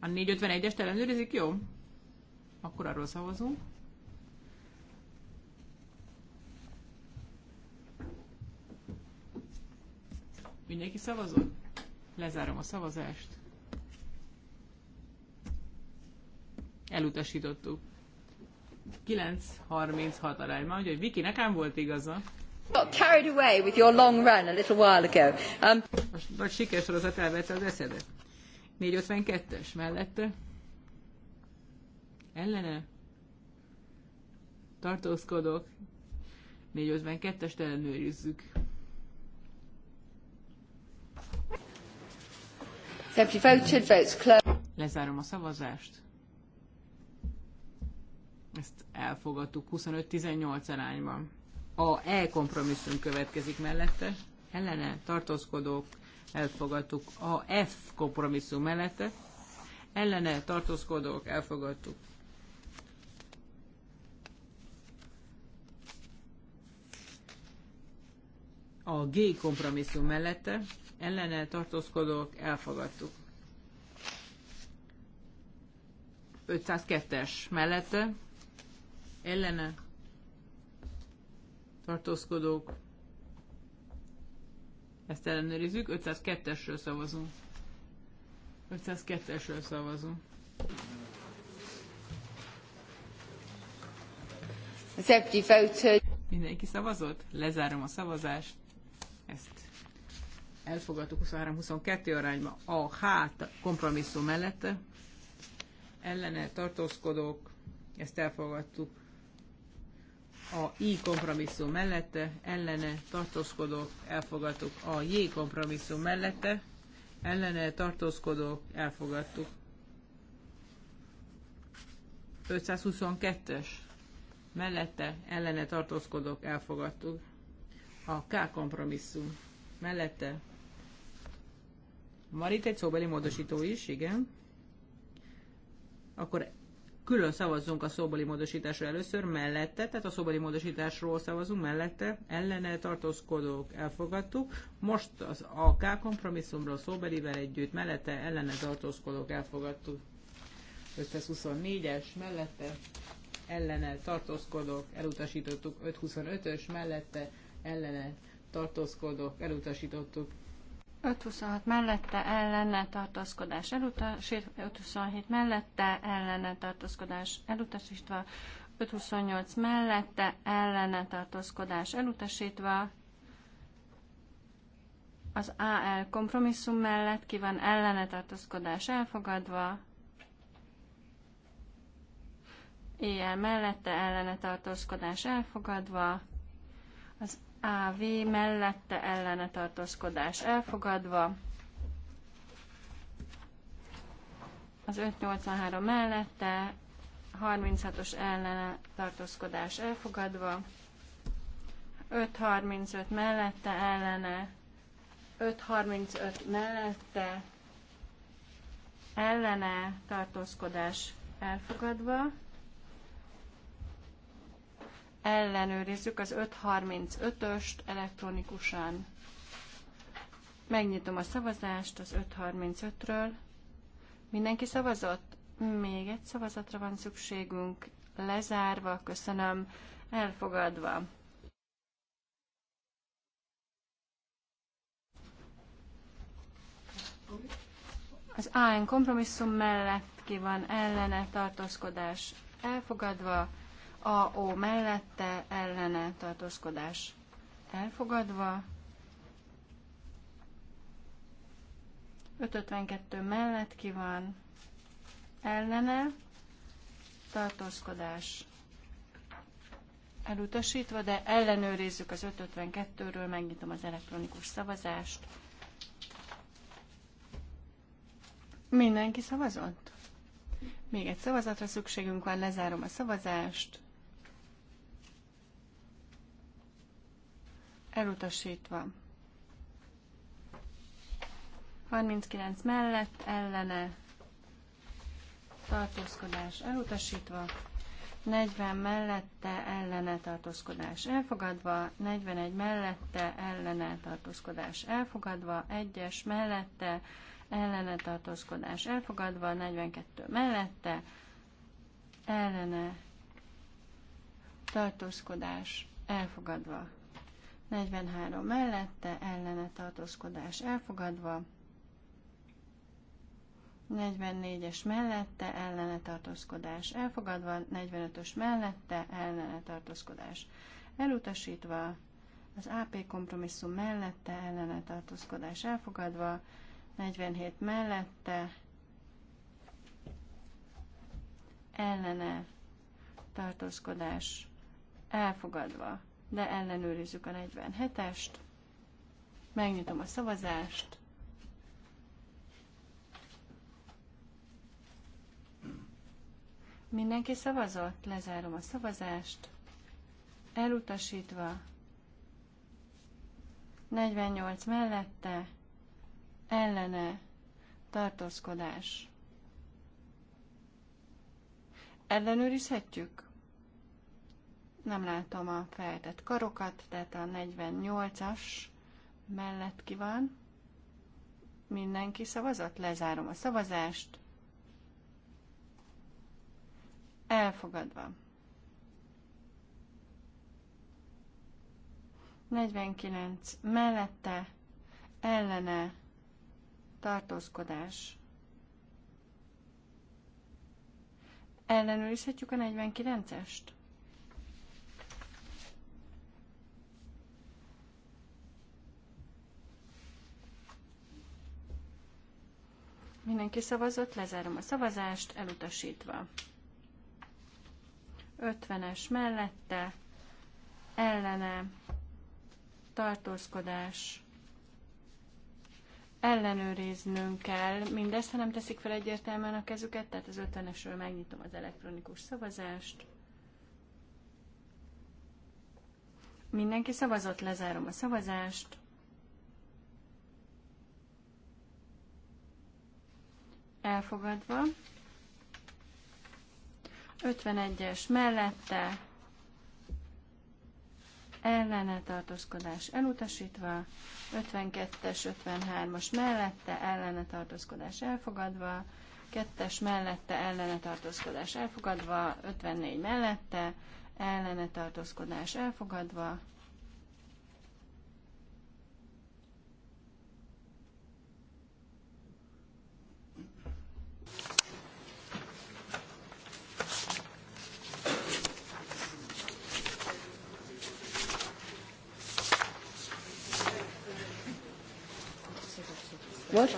A 451-est ellenőrizik, jó? Akkor arról szavazunk. Mindenki szavazott? Lezárom a szavazást. Elutasítottuk. 9-36 arányban, hogy Viki, nekem volt igaza. Got carried away with your long run a little while ago. Um... Most, vagy sikersorozat elvette az eszedet. 452-es mellette ellene tartózkodok, 452-est ellenőrizzük. Lezárom a szavazást. Ezt elfogadtuk 25-18 arányban. A E kompromisszum következik mellette. Ellene tartózkodók elfogadtuk. A F kompromisszum mellette. Ellene tartózkodók elfogadtuk. a G kompromisszum mellette ellene tartózkodók elfogadtuk. 502-es mellette ellene tartózkodók ezt ellenőrizzük, 502-esről szavazunk. 502-esről szavazunk. Az Mindenki szavazott? Lezárom a szavazást ezt elfogadtuk 23-22 arányban A hát kompromisszum mellette ellene tartózkodók, ezt elfogadtuk. A I kompromisszum mellette ellene tartózkodók, elfogadtuk. A J kompromisszum mellette ellene tartózkodók, elfogadtuk. 522-es mellette ellene tartózkodók, elfogadtuk. A K kompromisszum mellette van itt egy szóbeli módosító is, igen. Akkor külön szavazzunk a szóbeli módosításra először, mellette, tehát a szóbeli módosításról szavazunk, mellette, ellene tartózkodók elfogadtuk, most az AK kompromisszumról szóbelivel együtt, mellette, ellene tartózkodók elfogadtuk. 524-es, mellette, ellene tartózkodók elutasítottuk, 525-ös, mellette, ellene tartózkodók elutasítottuk. 526 mellette ellene tartózkodás elutasítva, 527 mellette ellene tartózkodás elutasítva, 528 mellette ellene tartózkodás elutasítva, az AL kompromisszum mellett ki van ellene tartózkodás elfogadva, éjjel mellette ellene tartózkodás elfogadva, az AV mellette ellene tartózkodás elfogadva, az 583 mellette, 36-os ellene tartózkodás elfogadva, 535 mellette ellene, 535 mellette ellene tartózkodás elfogadva, ellenőrizzük az 535-öst elektronikusan. Megnyitom a szavazást az 535-ről. Mindenki szavazott? Még egy szavazatra van szükségünk. Lezárva, köszönöm, elfogadva. Az AN kompromisszum mellett ki van ellene tartózkodás elfogadva. AO mellette ellene tartózkodás elfogadva, 552 mellett ki van ellene tartózkodás elutasítva, de ellenőrizzük az 552-ről, megnyitom az elektronikus szavazást. Mindenki szavazott? Még egy szavazatra szükségünk van, lezárom a szavazást. elutasítva. 39 mellett ellene tartózkodás elutasítva, 40 mellette ellene tartózkodás elfogadva, 41 mellette ellene tartózkodás elfogadva, 1-es mellette ellene tartózkodás elfogadva, 42 mellette ellene tartózkodás elfogadva. 43 mellette, ellene tartózkodás elfogadva. 44-es mellette, ellene tartózkodás elfogadva. 45-ös mellette, ellene tartózkodás elutasítva. Az AP kompromisszum mellette, ellene tartózkodás elfogadva. 47 mellette, ellene tartózkodás elfogadva de ellenőrizzük a 47-est. Megnyitom a szavazást. Mindenki szavazott? Lezárom a szavazást. Elutasítva. 48 mellette. Ellene. Tartózkodás. Ellenőrizhetjük? nem látom a feltett karokat, tehát a 48-as mellett ki van. Mindenki szavazott? Lezárom a szavazást. Elfogadva. 49 mellette ellene tartózkodás. Ellenőrizhetjük a 49-est? Mindenki szavazott, lezárom a szavazást, elutasítva. 50-es mellette, ellene, tartózkodás, ellenőriznünk kell mindezt, ha nem teszik fel egyértelműen a kezüket, tehát az 50-esről megnyitom az elektronikus szavazást. Mindenki szavazott, lezárom a szavazást. elfogadva. 51-es mellette ellene tartózkodás elutasítva, 52-es, 53-as mellette ellene tartózkodás elfogadva, 2-es mellette ellene tartózkodás elfogadva, 54 mellette ellene tartózkodás elfogadva, What?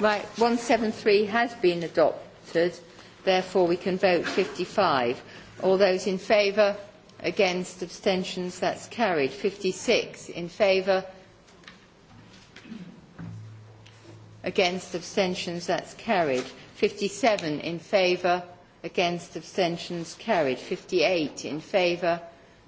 Right, 173 has been adopted, therefore we can vote 55. All those in favour, against, abstentions, that's carried. 56 in favour, against, abstentions, that's carried. 57 in favour, against, abstentions, carried. 58 in favour,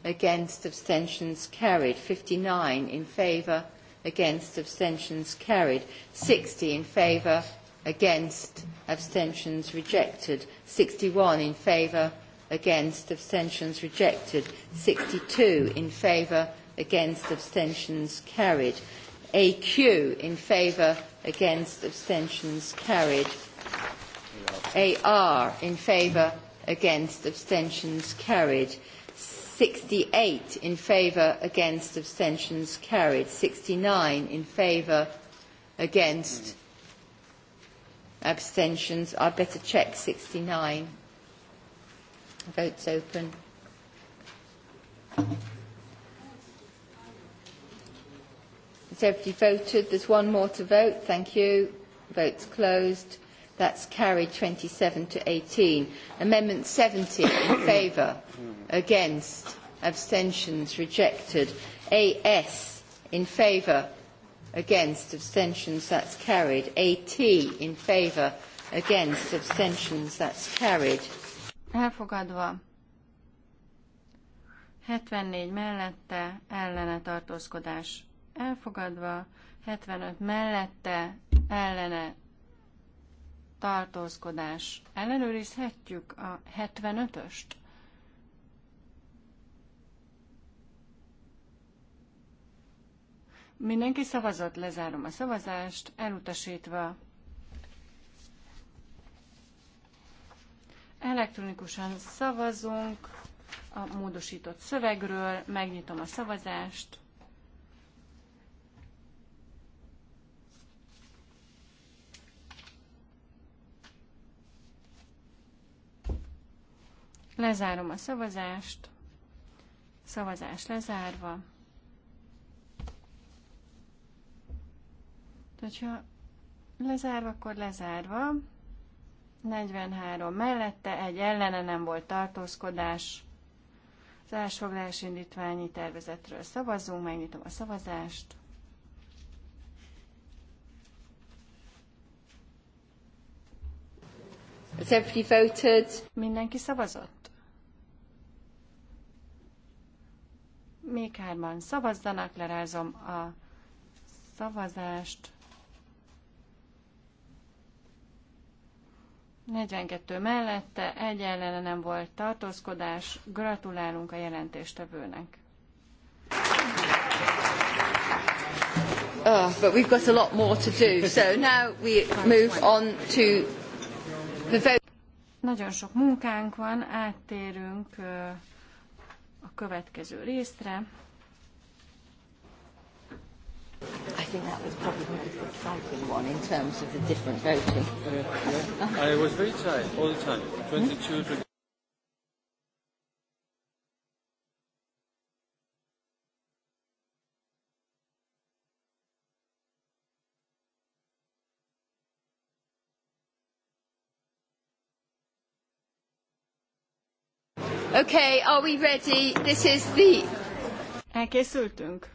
against, abstentions, carried. 59 in favour, against, abstentions, carried against, abstentions carried. 60 in favour, against, abstentions rejected. 61 in favour, against, abstentions rejected. 62 in favour, against, abstentions carried. AQ in favour, against, abstentions carried. AR in favour, against, abstentions carried. 68 in favour against abstentions carried 69 in favour against abstentions I better check 69 votes open has everybody voted there's one more to vote thank you votes closed That's carried 27 to 18. Amendment 70 in *coughs* favour, against, abstentions rejected. AS in favour, against, abstentions, that's carried. AT in favour, against, abstentions, that's carried. Elfogadva. 74 mellette, ellene tartózkodás. Elfogadva. 75 mellette, ellene tartózkodás. Ellenőrizhetjük a 75-öst? Mindenki szavazott, lezárom a szavazást, elutasítva. Elektronikusan szavazunk a módosított szövegről, megnyitom a szavazást. Lezárom a szavazást. Szavazás lezárva. Hogyha lezárva, akkor lezárva. 43 mellette, egy ellene nem volt tartózkodás. Az állásfoglalás indítványi tervezetről szavazzunk, megnyitom a szavazást. Has everybody voted? Mindenki szavazott? még hárman szavazzanak, lerázom a szavazást. 42 mellette, egy ellene nem volt tartózkodás. Gratulálunk a jelentéstevőnek. Oh, but we've got a lot more to do, so now we move on to the vote. Nagyon sok munkánk van, áttérünk a következő részre. I think that was probably the most exciting one in terms of the different voting. I was very tired all the time. 22, 20. Okay, are we ready? This is the... Elkészültünk.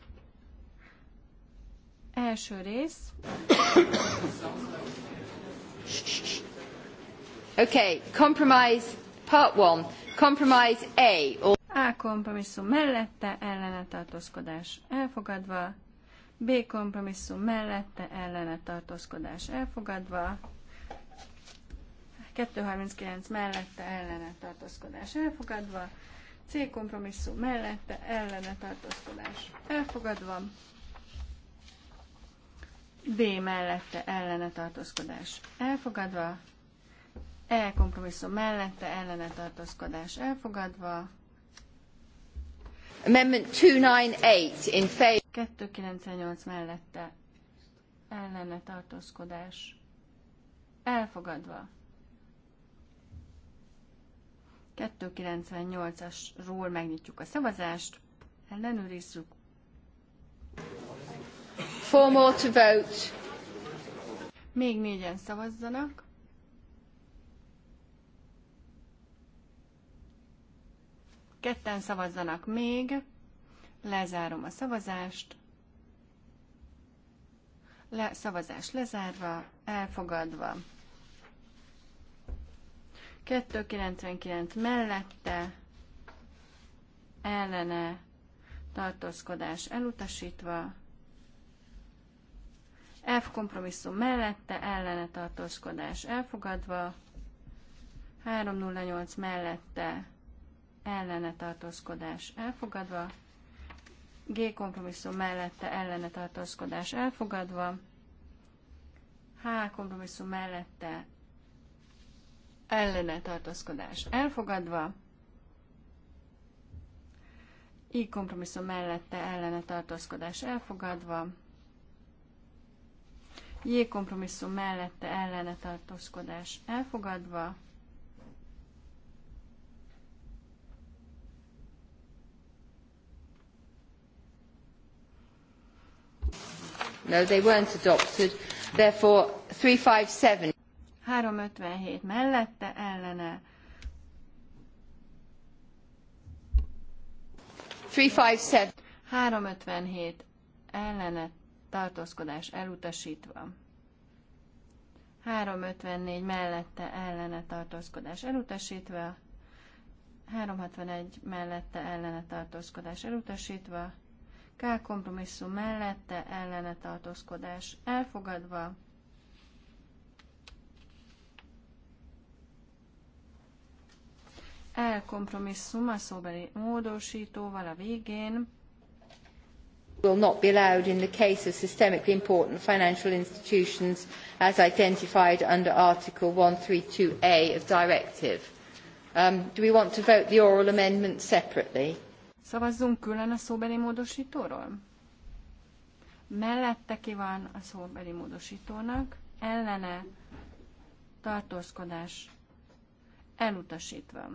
Első rész. okay, compromise part one. Compromise A. A kompromisszum mellette ellene tartózkodás elfogadva. B kompromisszum mellette ellene tartózkodás elfogadva. 239 mellette ellene tartózkodás elfogadva, C kompromisszum mellette ellene tartózkodás elfogadva, D mellette ellene tartózkodás elfogadva, E kompromisszum mellette ellene tartózkodás elfogadva, Amendment 298 in favor. 298 mellette ellene tartózkodás elfogadva. 298-asról megnyitjuk a szavazást, ellenőrizzük. Four more to vote. Még négyen szavazzanak. Ketten szavazzanak még. Lezárom a szavazást. Le, szavazás lezárva, elfogadva. 299 mellette ellene tartózkodás elutasítva, F kompromisszum mellette ellene tartózkodás elfogadva, 308 mellette ellene tartózkodás elfogadva, G kompromisszum mellette ellene tartózkodás elfogadva, H kompromisszum mellette ellene tartózkodás elfogadva, így kompromisszum mellette ellene tartózkodás elfogadva, J kompromisszum mellette ellene tartózkodás elfogadva, No, they weren't adopted. Therefore, 357. 357 mellette ellene. 357. ellene tartózkodás elutasítva. 354 mellette ellene tartózkodás elutasítva. 361 mellette ellene tartózkodás elutasítva. K kompromisszum mellette ellene tartózkodás elfogadva. elkompromisszum a szóbeli módosítóval a végén. will not be allowed in the case of systemically important financial institutions as identified under Article 132A of Directive. Um, do we want to vote the oral amendment separately? Szavazzunk külön a szóbeli módosítóról? Mellette ki van a szóbeli módosítónak, ellene tartózkodás elutasítva.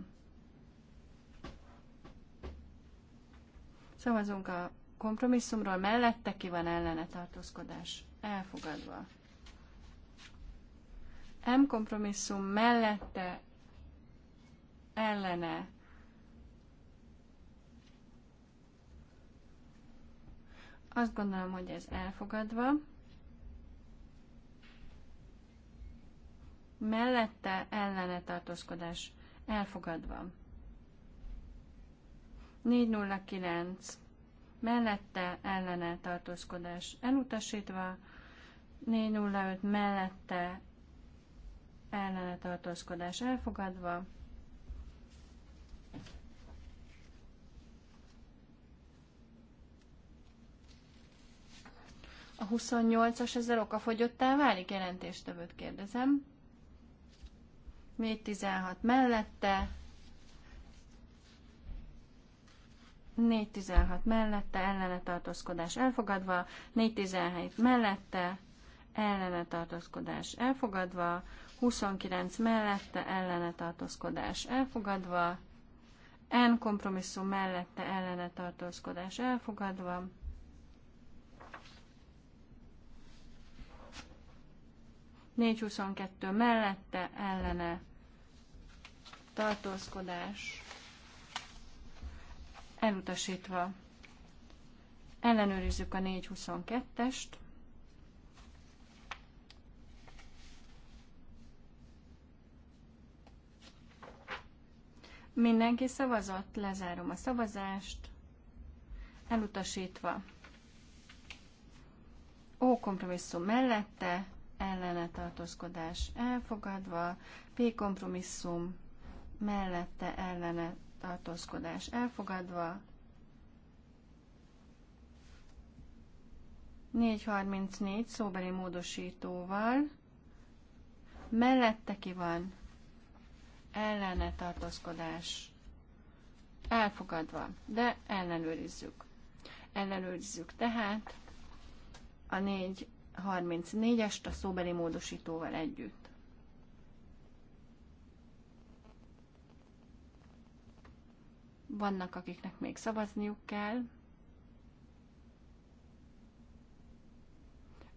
Szavazunk a kompromisszumról, mellette ki van ellene tartózkodás. Elfogadva. M kompromisszum mellette ellene Azt gondolom, hogy ez elfogadva. Mellette ellene tartózkodás elfogadva. 409 mellette ellene tartózkodás elutasítva, 405 mellette ellene tartózkodás elfogadva, 28-as ezzel okafogyottá válik jelentéstevőt kérdezem. 416 mellette, 416 mellette ellene tartózkodás elfogadva, 417 mellette ellene tartózkodás elfogadva, 29 mellette ellene tartózkodás elfogadva, N kompromisszum mellette ellene tartózkodás elfogadva, négy huszonkettő mellette ellene tartózkodás elutasítva. Ellenőrizzük a 422-est. Mindenki szavazott, lezárom a szavazást, elutasítva. Ó kompromisszum mellette, ellene tartózkodás elfogadva, P kompromisszum mellette ellene tartózkodás elfogadva, 434 szóbeli módosítóval, mellette ki van ellene tartózkodás elfogadva, de ellenőrizzük. Ellenőrizzük tehát a 434-est a szóbeli módosítóval együtt. Vannak, akiknek még szavazniuk kell.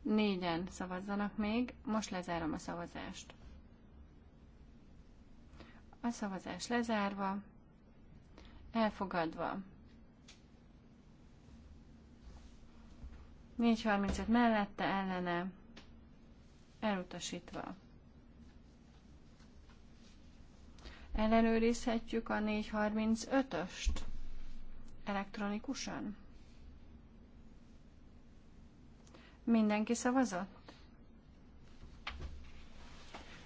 Négyen szavazzanak még. Most lezárom a szavazást. A szavazás lezárva, elfogadva. 4.35 mellette ellene, elutasítva. Ellenőrizhetjük a 435-öst elektronikusan. Mindenki szavazott?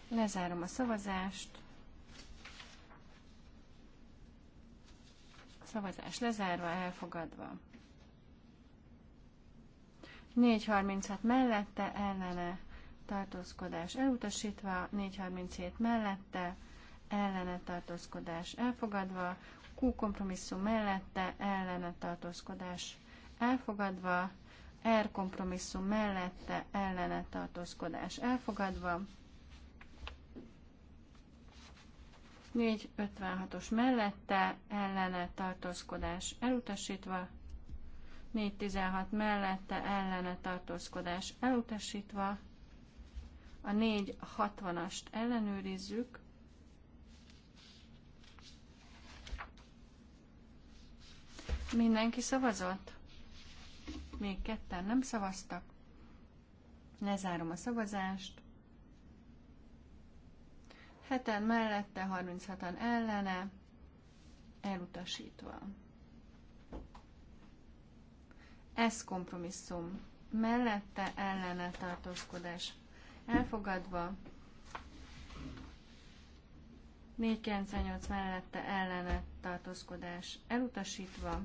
Lezárom a szavazást. Szavazás lezárva, elfogadva. 436 mellette, ellene tartózkodás elutasítva, 437 mellette, ellene tartózkodás elfogadva, Q kompromisszum mellette ellene tartózkodás elfogadva, R kompromisszum mellette ellene tartózkodás elfogadva, 456-os mellette ellene tartózkodás elutasítva, 416 mellette ellene tartózkodás elutasítva, a 460-ast ellenőrizzük, Mindenki szavazott? Még ketten nem szavaztak. Lezárom a szavazást. Heten mellette, 36-an ellene, elutasítva. Ez kompromisszum. Mellette ellene tartózkodás. Elfogadva. 498 mellette ellene tartózkodás. Elutasítva.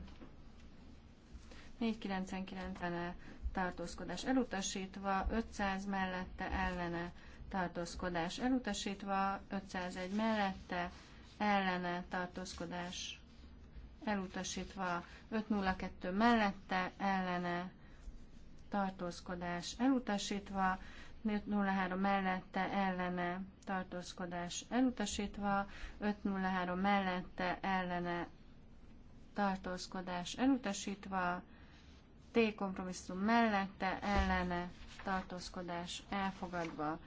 499 ellene tartózkodás elutasítva, 500 mellette ellene tartózkodás elutasítva, 501 mellette ellene tartózkodás elutasítva, 502 mellette ellene tartózkodás elutasítva, 503 mellette ellene tartózkodás elutasítva, 503 mellette ellene tartózkodás elutasítva, T kompromisszum mellette ellene tartózkodás elfogadva.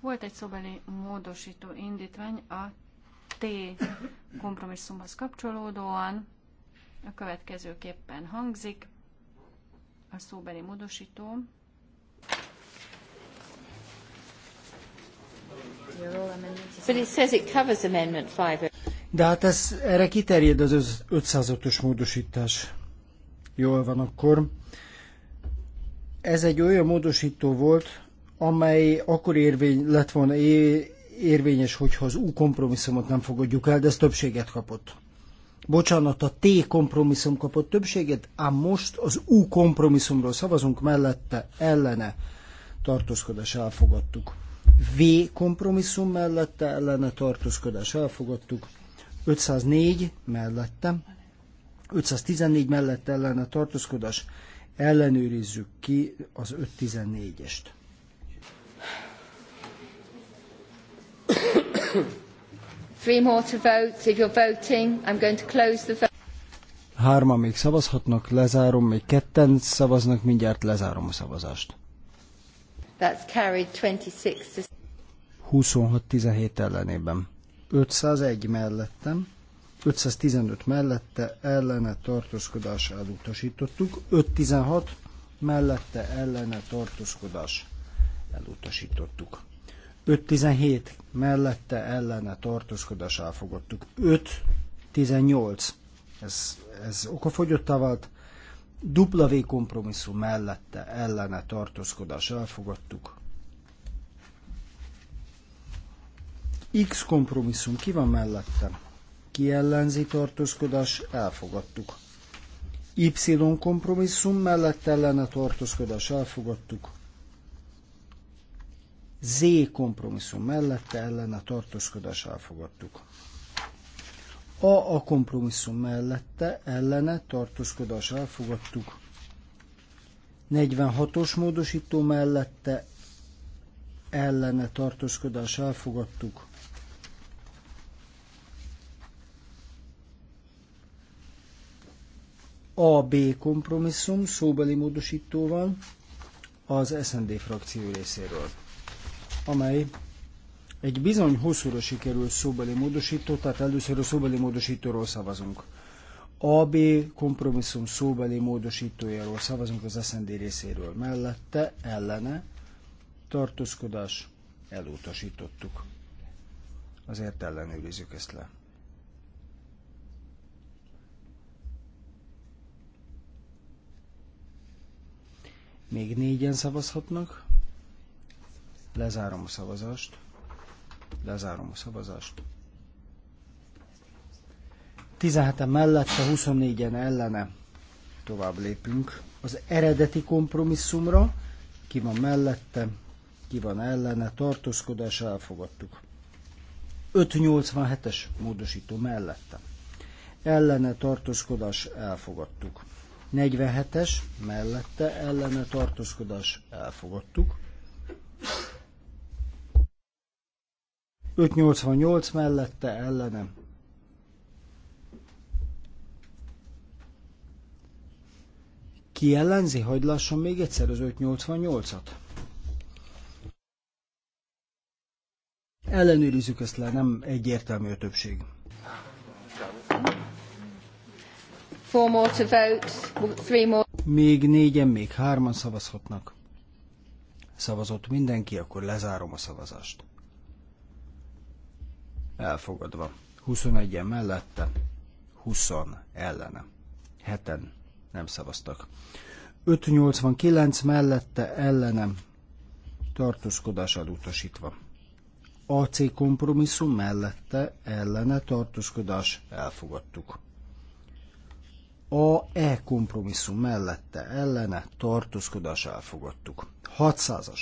Volt egy szobeli módosító indítvány a T kompromisszumhoz kapcsolódóan. A következőképpen hangzik a szóbeli módosító. 5. De hát ez, erre kiterjed az 505-ös módosítás. Jól van akkor. Ez egy olyan módosító volt, amely akkor érvény lett volna érvényes, hogyha az U kompromisszumot nem fogadjuk el, de ez többséget kapott. Bocsánat, a T kompromisszum kapott többséget, ám most az U kompromisszumról szavazunk, mellette ellene tartózkodás elfogadtuk. V kompromisszum mellette ellene tartózkodás elfogadtuk. 504 mellette, 514 mellette ellene tartózkodás ellenőrizzük ki az 514-est. Three more to vote. If you're voting, I'm going to close the vote. Hárman még szavazhatnak, lezárom, még ketten szavaznak, mindjárt lezárom a szavazást. That's carried 26 to... 26-17 ellenében. 501 mellettem, 515 mellette ellene tartózkodás elutasítottuk, 516 mellette ellene tartózkodás elutasítottuk. 517 mellette ellene tartózkodás elfogadtuk. 518 ez, ez okafogyottá vált, W kompromisszum mellette ellene tartózkodás elfogadtuk. X kompromisszum ki van mellette? Ki ellenzi tartózkodás elfogadtuk. Y kompromisszum mellett ellene tartózkodás elfogadtuk. Z kompromisszum mellette ellene tartózkodás elfogadtuk. A a kompromisszum mellette ellene tartózkodás elfogadtuk. 46-os módosító mellette ellene tartózkodás elfogadtuk. B kompromisszum szóbeli módosítóval az SND frakció részéről, amely egy bizony hosszúra sikerült szóbeli módosító, tehát először a szóbeli módosítóról szavazunk. AB kompromisszum szóbeli módosítójáról szavazunk az SZND részéről. Mellette, ellene, tartózkodás, elutasítottuk. Azért ellenőrizzük ezt le. Még négyen szavazhatnak. Lezárom a szavazást. Lezárom a szavazást. 17-en mellette, 24-en ellene. Tovább lépünk az eredeti kompromisszumra. Ki van mellette, ki van ellene, tartózkodás elfogadtuk. 587-es módosító mellette. Ellene tartózkodás elfogadtuk. 47-es mellette ellene tartózkodás elfogadtuk. 588 mellette ellenem. Ki ellenzi? Hagy lassan még egyszer az 588-at. Ellenőrizzük ezt le, nem egyértelmű a többség. Four more to vote, three more. Még négyen, még hárman szavazhatnak. Szavazott mindenki, akkor lezárom a szavazást elfogadva. 21-en mellette, 20 ellene. Heten nem szavaztak. 589 mellette ellenem tartózkodás elutasítva. AC kompromisszum mellette ellene tartózkodás elfogadtuk. AE kompromisszum mellette ellene tartózkodás elfogadtuk. 600-as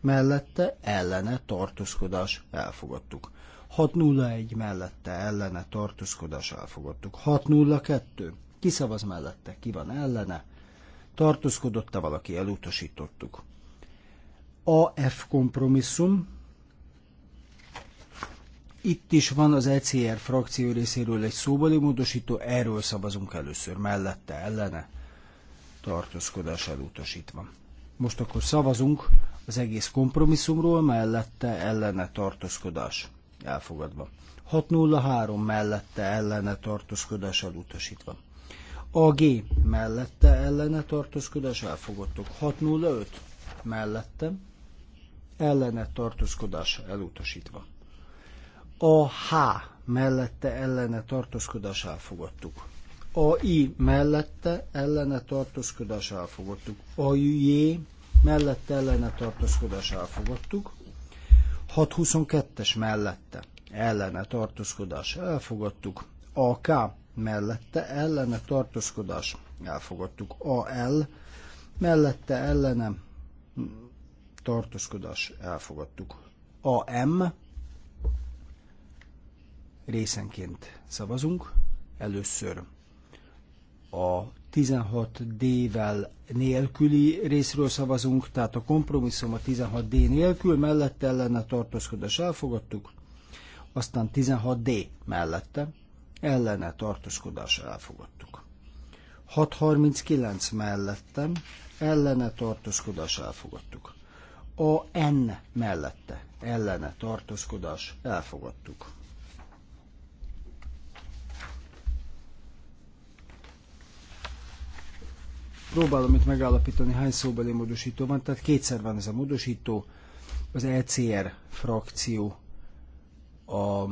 mellette ellene tartózkodás elfogadtuk. 601 mellette ellene tartózkodás elfogadtuk. 602 kiszavaz mellette, ki van ellene, tartózkodott-e valaki, elutasítottuk. AF kompromisszum, itt is van az ECR frakció részéről egy szóbeli módosító, erről szavazunk először, mellette, ellene, tartózkodás elutasítva. Most akkor szavazunk az egész kompromisszumról, mellette, ellene tartózkodás elfogadva. 603 mellette ellene tartózkodás elutasítva. AG mellette ellene tartózkodás elfogadtuk. 605 mellette ellene tartózkodás elutasítva. A H mellette ellene tartózkodás elfogadtuk. A I mellette ellene tartózkodás elfogadtuk. A J mellette ellene tartózkodás elfogadtuk. 622-es mellette ellene tartózkodás elfogadtuk. AK mellette ellene tartózkodás elfogadtuk. AL mellette ellene tartózkodás elfogadtuk. AM részenként szavazunk. Először a 16D-vel nélküli részről szavazunk, tehát a kompromisszum a 16D nélkül, mellette ellene tartózkodás elfogadtuk, aztán 16D mellette ellene tartózkodás elfogadtuk. 639 mellette ellene tartózkodás elfogadtuk. A N mellette ellene tartózkodás elfogadtuk. Próbálom itt megállapítani, hány szóbeli módosító van, tehát kétszer van ez a módosító. Az ECR frakció a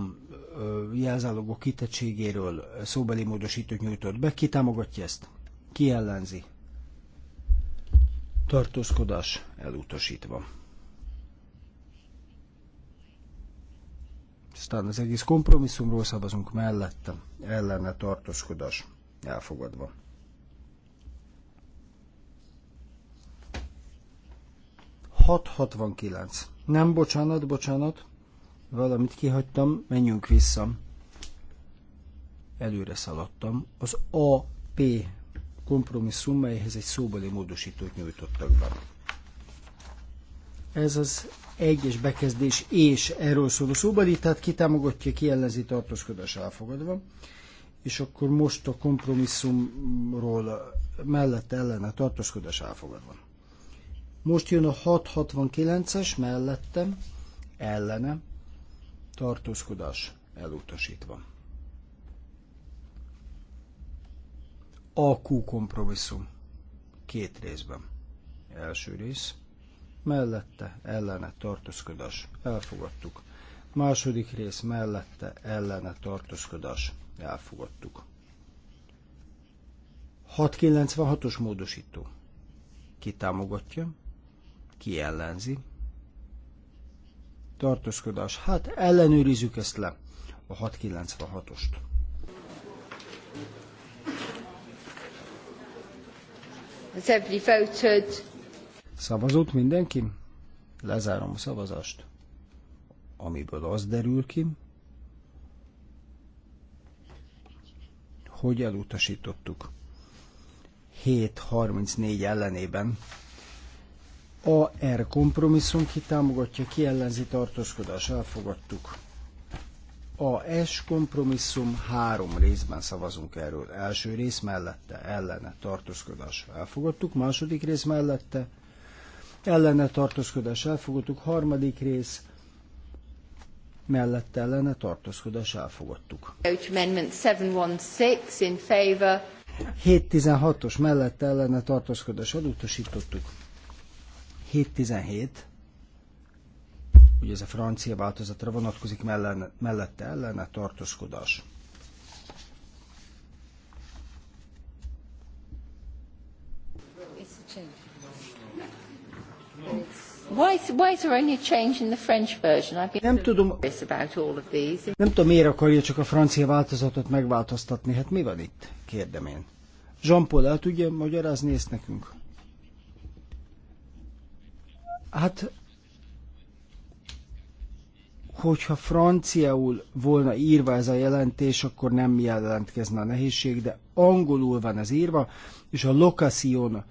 jelzálogok kitettségéről szóbeli módosítót nyújtott be. Ki támogatja ezt? Ki ellenzi? Tartózkodás elutasítva. Aztán az egész kompromisszumról szavazunk mellette, ellene tartózkodás elfogadva. 669. Nem, bocsánat, bocsánat. Valamit kihagytam, menjünk vissza. Előre szaladtam. Az AP kompromisszum, melyhez egy szóbeli módosítót nyújtottak be. Ez az egyes bekezdés és erről szóló szóbeli, tehát ki támogatja, ki ellenzi tartózkodás elfogadva. És akkor most a kompromisszumról mellett ellene tartózkodás elfogadva. Most jön a 669-es mellettem, ellenem, tartózkodás elutasítva. AQ kompromisszum. Két részben. Első rész. Mellette, ellene, tartózkodás. Elfogadtuk. Második rész mellette, ellene, tartózkodás. Elfogadtuk. 696-os módosító. Ki támogatja? Ki ellenzi? Tartózkodás. Hát ellenőrizzük ezt le, a 696-ost. Szavazott mindenki? Lezárom a szavazást. Amiből az derül ki, hogy elutasítottuk. 7.34 ellenében R kompromisszum ki támogatja, ki ellenzi tartózkodás, elfogadtuk. A S kompromisszum három részben szavazunk erről. Első rész mellette, ellene tartózkodás, elfogadtuk. Második rész mellette, ellene tartózkodás, elfogadtuk. Harmadik rész mellette ellene tartózkodás elfogadtuk. 716-os mellette ellene tartózkodás elutasítottuk. 717, ugye ez a francia változatra vonatkozik mellene, mellette ellene tartózkodás. Nem tudom, nem tudom, miért akarja csak a francia változatot megváltoztatni. Hát mi van itt? Kérdem én. Jean-Paul el tudja magyarázni ezt nekünk? Hát, hogyha franciául volna írva ez a jelentés, akkor nem jelentkezne a nehézség, de angolul van ez írva, és a location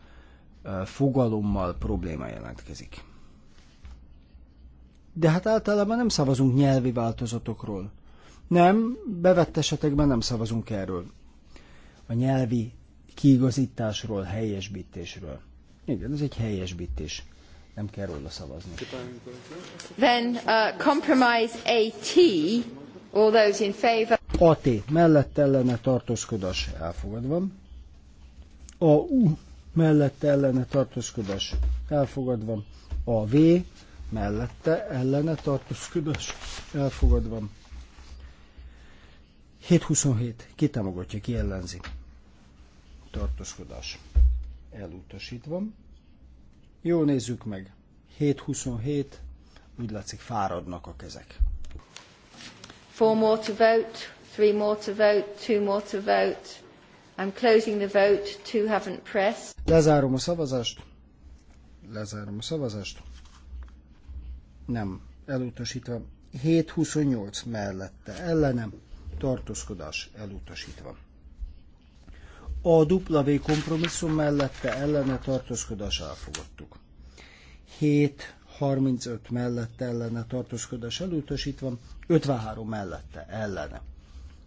fogalommal probléma jelentkezik. De hát általában nem szavazunk nyelvi változatokról. Nem, bevett esetekben nem szavazunk erről. A nyelvi kiigazításról, helyesbítésről. Igen, ez egy helyesbítés. Nem kell róla szavazni. Then uh, compromise AT, all those in favor. AT, mellett ellene tartózkodás elfogadva. A U, mellette ellene tartózkodás elfogadva. A V, mellette ellene tartózkodás elfogadva. 727. Ki támogatja, ki ellenzi? Tartózkodás. Elutasítva. Jó, nézzük meg. 7-27, úgy látszik fáradnak a kezek. Four more to vote, three more to vote, two more to vote. I'm closing the vote, two haven't pressed. Lezárom a szavazást. Lezárom a szavazást. Nem, elutasítva. 7-28 mellette ellenem, tartózkodás elutasítva. A W kompromisszum mellette ellene tartózkodás elfogadtuk. 7.35 mellette ellene tartózkodás elutasítva, 53 mellette ellene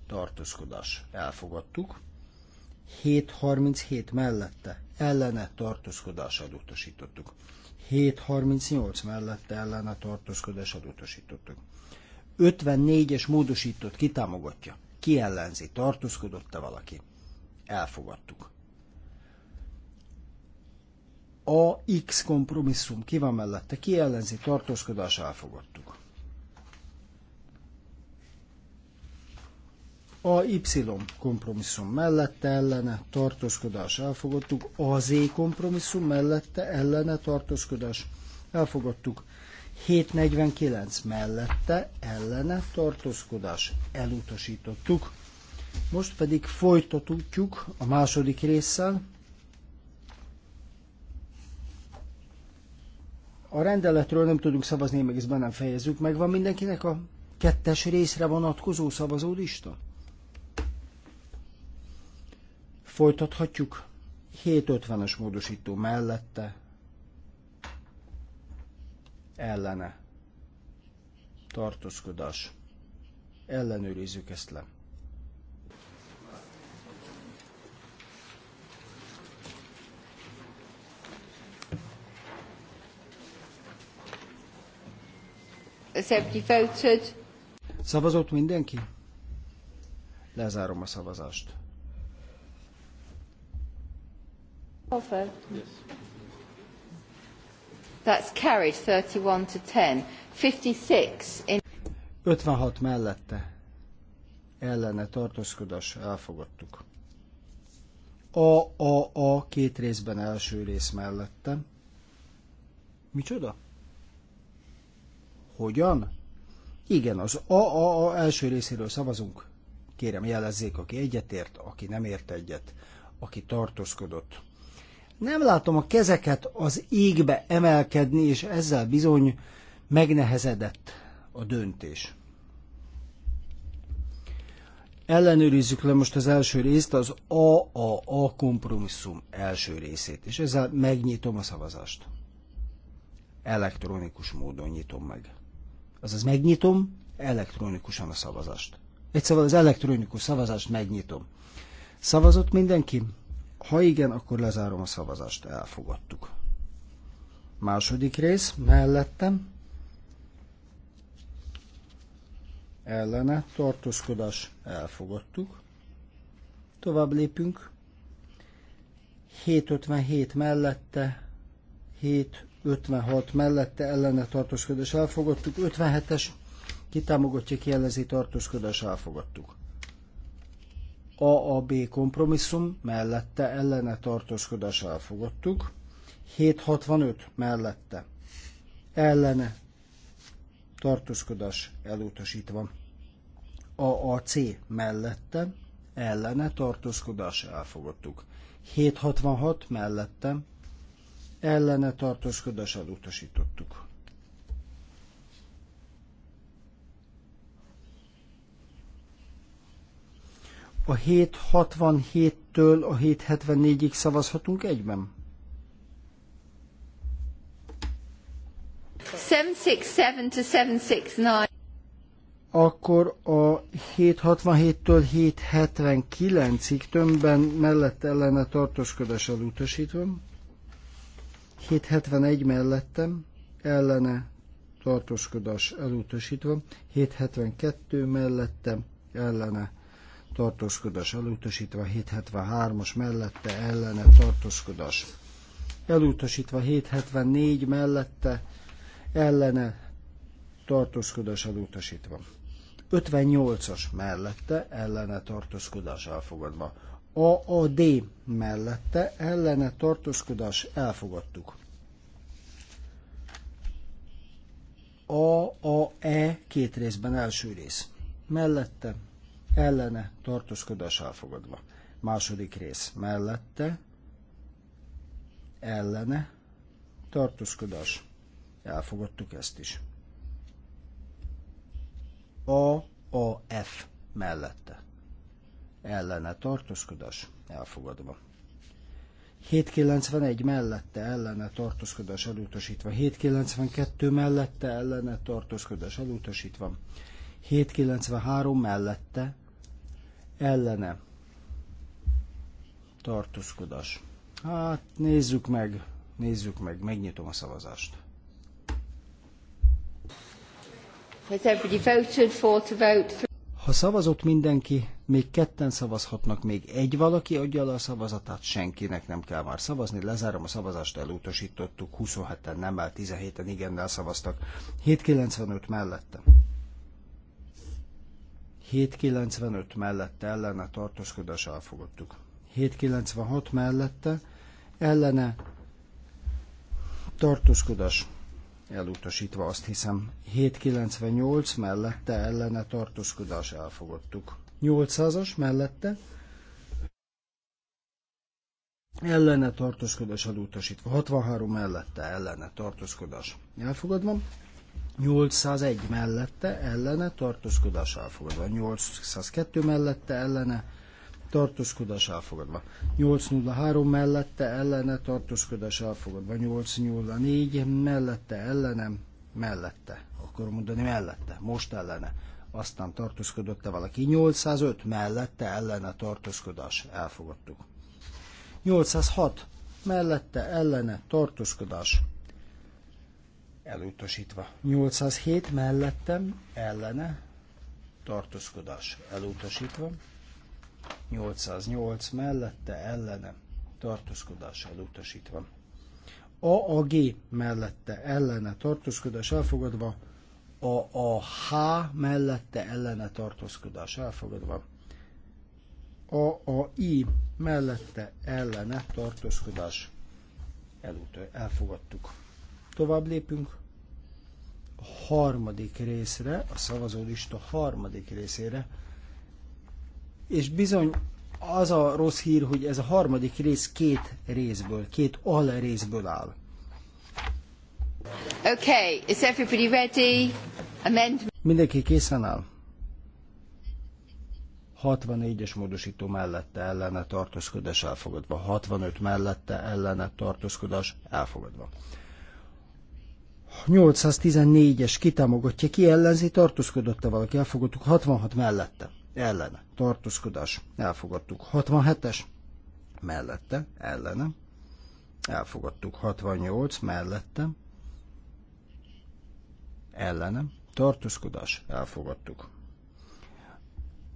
tartózkodás elfogadtuk. 7.37 mellette ellene tartózkodás elutasítottuk. 7.38 mellette ellene tartózkodás elutasítottuk. 54-es módosított kitámogatja. Ki ellenzi? Tartózkodott-e valaki? elfogadtuk. A X kompromisszum ki van mellette, ki ellenzi, tartózkodás elfogadtuk. A Y kompromisszum mellette ellene tartózkodás elfogadtuk, a Z kompromisszum mellette ellene tartózkodás elfogadtuk, 749 mellette ellene tartózkodás elutasítottuk, most pedig folytatjuk a második résszel. A rendeletről nem tudunk szavazni, én meg ezt nem fejezzük. Meg van mindenkinek a kettes részre vonatkozó szavazólista? Folytathatjuk 750-es módosító mellette, ellene, tartózkodás. Ellenőrizzük ezt le. Szavazott mindenki? Lezárom a szavazást. Offer. Yes. That's carried 31 to 10. 56 in 56 mellette ellene tartózkodás elfogadtuk. A, a, a két részben első rész mellette. Micsoda? Hogyan? Igen, az AAA első részéről szavazunk. Kérem jelezzék, aki egyetért, aki nem ért egyet, aki tartózkodott. Nem látom a kezeket az égbe emelkedni, és ezzel bizony megnehezedett a döntés. Ellenőrizzük le most az első részt, az AAA kompromisszum első részét, és ezzel megnyitom a szavazást. Elektronikus módon nyitom meg. Azaz megnyitom elektronikusan a szavazást. Egyszerűen szóval az elektronikus szavazást megnyitom. Szavazott mindenki? Ha igen, akkor lezárom a szavazást. Elfogadtuk. Második rész, mellettem. Ellene, tartózkodás, elfogadtuk. Tovább lépünk. 757 mellette, 7 56 mellette ellene tartózkodás elfogadtuk, 57-es kitámogatja kielezi tartózkodás elfogadtuk. AAB kompromisszum mellette ellene tartózkodás elfogadtuk, 765 mellette ellene tartózkodás elutasítva. AAC mellette ellene tartózkodás elfogadtuk. 766 mellette ellene tartózkodással utasítottuk. A 767-től a 774-ig szavazhatunk egyben? 767 to 769 akkor a 767-től 779-ig tömbben mellett ellene tartózkodás elutasítva. 771 mellettem, ellene tartózkodás elutasítva, 772 mellettem, ellene tartózkodás elutasítva, 773-as mellette, ellene tartózkodás elutasítva, 774 mellette, ellene tartózkodás elutasítva. 58-as mellette ellene tartózkodás elfogadva. A A D mellette ellene tartózkodás elfogadtuk. E két részben első rész. Mellette ellene tartózkodás elfogadva. Második rész mellette ellene tartózkodás. Elfogadtuk ezt is. A, A, F mellette ellene tartózkodás elfogadva. 791 mellette ellene tartózkodás elutasítva, 792 mellette ellene tartózkodás elutasítva, 793 mellette ellene tartózkodás. Hát nézzük meg, nézzük meg, megnyitom a szavazást. Has everybody voted for to vote? Ha szavazott mindenki, még ketten szavazhatnak, még egy valaki adja le a szavazatát, senkinek nem kell már szavazni. Lezárom a szavazást, elutasítottuk, 27-en el, 17-en igennel szavaztak. 795 mellette. 795 mellette ellene tartózkodás elfogadtuk. 796 mellette ellene tartózkodás elutasítva azt hiszem. 798 mellette ellene tartózkodás elfogadtuk. 800-as mellette ellene tartózkodás elutasítva. 63 mellette ellene tartózkodás elfogadva. 801 mellette ellene tartózkodás elfogadva. 802 mellette ellene tartózkodás elfogadva. 803 mellette ellene tartózkodás elfogadva. 804 mellette ellenem mellette. Akkor mondani mellette, most ellene. Aztán tartózkodott-e valaki? 805 mellette ellene tartózkodás elfogadtuk. 806 mellette ellene tartózkodás elutasítva. 807 mellettem ellene tartózkodás elutasítva. 808 mellette ellene tartózkodással elutasítva. A a G mellette ellene tartózkodás elfogadva, a a H mellette ellene tartózkodás elfogadva, a a I mellette ellene tartózkodás elutó elfogadtuk. Tovább lépünk a harmadik részre, a szavazólista harmadik részére, és bizony az a rossz hír, hogy ez a harmadik rész két részből, két al részből áll. Okay, is everybody ready? Amendment. Mindenki készen áll? 64-es módosító mellette ellene tartózkodás elfogadva, 65 mellette ellene tartózkodás elfogadva. 814-es kitámogatja, ki ellenzi, tartózkodott-e valaki, elfogadtuk 66 mellette ellen tartózkodás elfogadtuk. 67-es mellette ellene elfogadtuk. 68 mellette ellene tartózkodás elfogadtuk.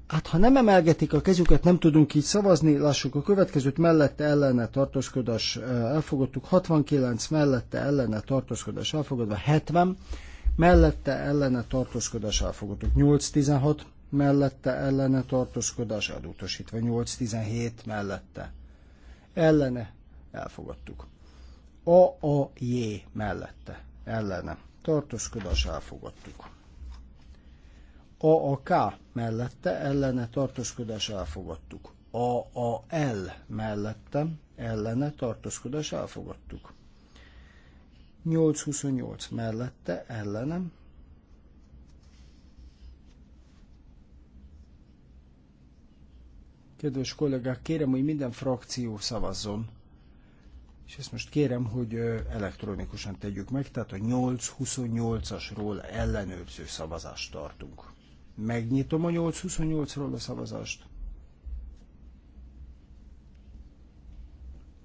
Hát ha nem emelgetik a kezüket, nem tudunk így szavazni, lássuk a következőt, mellette ellene tartózkodás elfogadtuk, 69 mellette ellene tartózkodás elfogadva, 70 mellette ellene tartózkodás elfogadtuk, 8-16 mellette ellene tartózkodás elutasítva, 817 mellette ellene elfogadtuk. A, A, J mellette ellene tartózkodás elfogadtuk. A, A, K mellette ellene tartózkodás elfogadtuk. A, A, L mellette ellene tartózkodás elfogadtuk. 828 mellette ellenem Kedves kollégák, kérem, hogy minden frakció szavazzon. És ezt most kérem, hogy elektronikusan tegyük meg, tehát a 8-28-asról ellenőrző szavazást tartunk. Megnyitom a 8-28-ról a szavazást.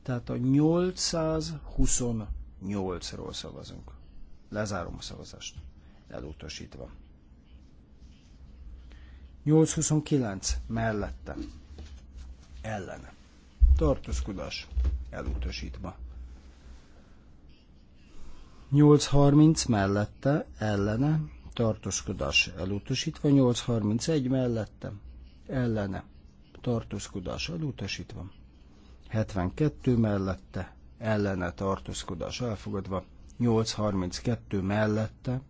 Tehát a 828-ról szavazunk. Lezárom a szavazást. Elutasítva. 829 mellette ellen. Tartózkodás elutasítva. 8.30 mellette ellene. Tartózkodás elutasítva. 8.31 mellette ellene. Tartózkodás elutasítva. 72 mellette ellene tartózkodás elfogadva, 832 mellette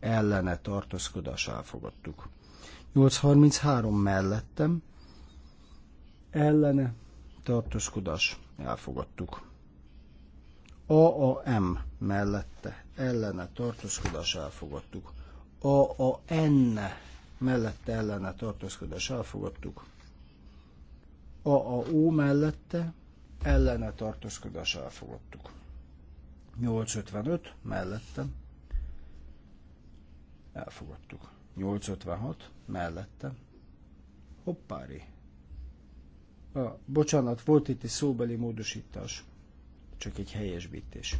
ellene tartózkodás elfogadtuk. 833 mellettem ellene tartózkodás elfogadtuk. AAM mellette ellene tartózkodás elfogadtuk. AAN mellette ellene tartózkodás elfogadtuk. U mellette ellene tartózkodás elfogadtuk. 855 mellette elfogadtuk. 856 mellette hoppári a, bocsánat, volt itt egy szóbeli módosítás. Csak egy helyesbítés.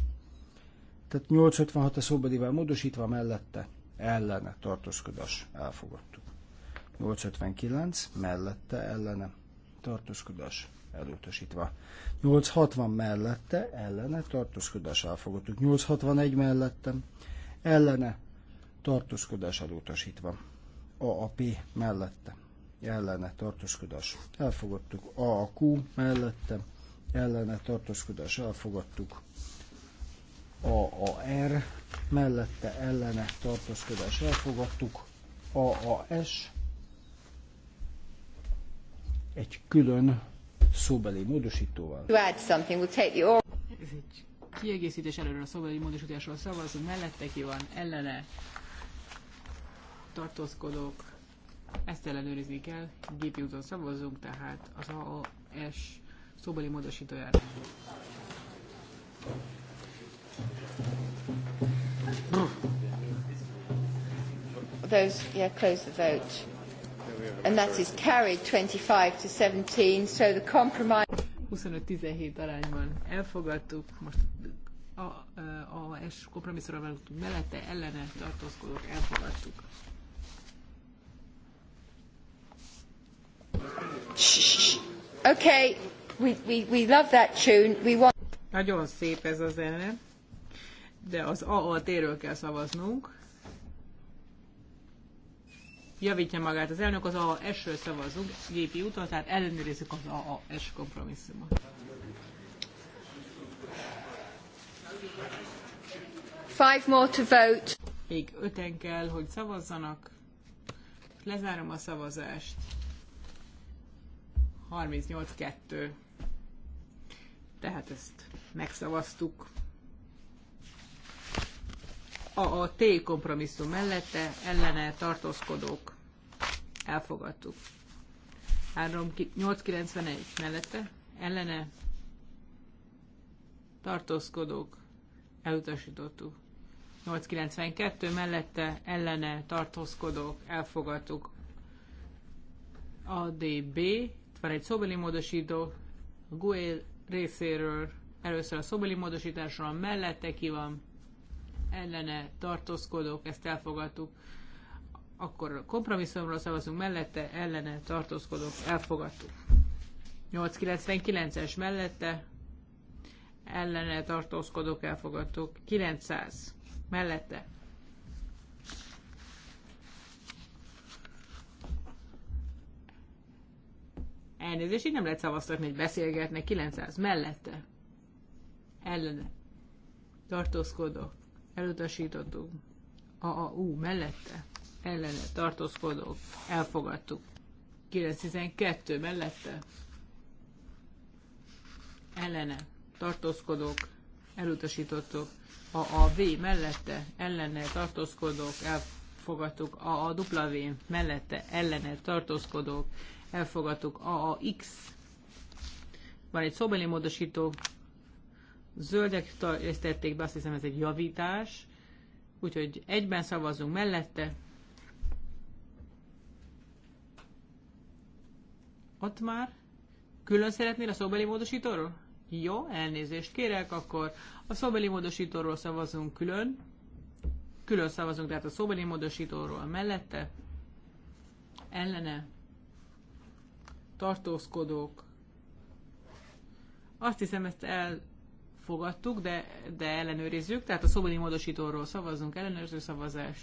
Tehát 856 a szóbelivel módosítva mellette ellene tartózkodás elfogadtuk. 859 mellette ellene tartózkodás elutasítva. 860 mellette ellene tartózkodás elfogadtuk. 861 mellette ellene tartózkodás elutasítva. AAP mellette ellene tartózkodás elfogadtuk, A a Q mellette ellene tartózkodás elfogadtuk, A a R mellette ellene tartózkodás elfogadtuk, A a S egy külön szóbeli módosítóval. To add something, we'll take you all. Ez egy kiegészítés előről a szóbeli módosításról szavazunk, mellette ki van, ellene tartózkodók, ezt ellenőrizni kell, gépi úton szavazzunk, tehát az AAS szóbeli módosítóját. Those, yeah, close the vote. And that is carried 25 to 17, so the compromise... 25-17 arányban elfogadtuk, most a, a, a S kompromisszorra mellette ellene tartózkodók elfogadtuk. Okay, we, we, we love that tune. We want... Nagyon szép ez a zene, de az AA téről kell szavaznunk. Javítja magát az elnök, az AAS-ről szavazunk gépi úton, tehát ellenőrizzük az első kompromisszumot. Five more to vote. Még öten kell, hogy szavazzanak. Lezárom a szavazást. 38-2. Tehát ezt megszavaztuk. A, a T kompromisszum mellette ellene tartózkodók elfogadtuk. 891 mellette ellene tartózkodók elutasítottuk. 892 mellette ellene tartózkodók elfogadtuk. ADB van egy szobeli módosító, GUE részéről először a szobeli módosításról mellette ki van, ellene tartózkodok, ezt elfogadtuk. Akkor a kompromisszumról szavazunk mellette, ellene tartózkodok, elfogadtuk. 899-es mellette, ellene tartózkodok, elfogadtuk. 900 mellette, Elnézést, így nem lehet szavaztatni, hogy beszélgetnek 900 mellette. Ellene. Tartózkodok. Elutasítottuk. a a ú, mellette. Ellene. Tartózkodok. Elfogadtuk. 912 mellette. Ellene. Tartózkodok. Elutasítottuk. a a v mellette. Ellene. Tartózkodok. Elfogadtuk. W mellette. Ellene. Tartózkodok elfogadtuk. AAX, van egy szóbeli módosító, zöldek tették be, azt hiszem ez egy javítás, úgyhogy egyben szavazunk mellette. Ott már külön szeretnél a szóbeli módosítóról? Jó, elnézést kérek, akkor a szóbeli módosítóról szavazunk külön. Külön szavazunk tehát a szóbeli módosítóról mellette. Ellene tartózkodók. Azt hiszem, ezt elfogadtuk, de, de ellenőrizzük. Tehát a szobani módosítóról szavazzunk, ellenőrző szavazás.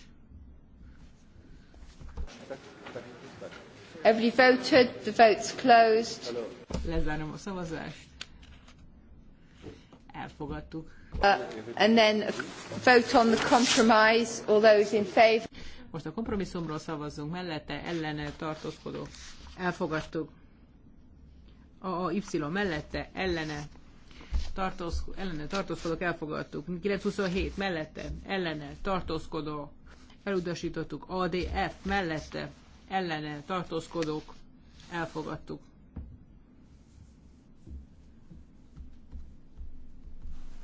Every voted, the vote's closed. Lezárom a szavazást. Elfogadtuk. Uh, and then vote on the compromise, all those in favor. Most a kompromisszumról szavazzunk, mellette ellene tartózkodó. Elfogadtuk a Y mellette, ellene, tartóz, ellene tartózkodók elfogadtuk. 927 mellette, ellene, tartózkodók elutasítottuk. ADF mellette, ellene, tartózkodók elfogadtuk.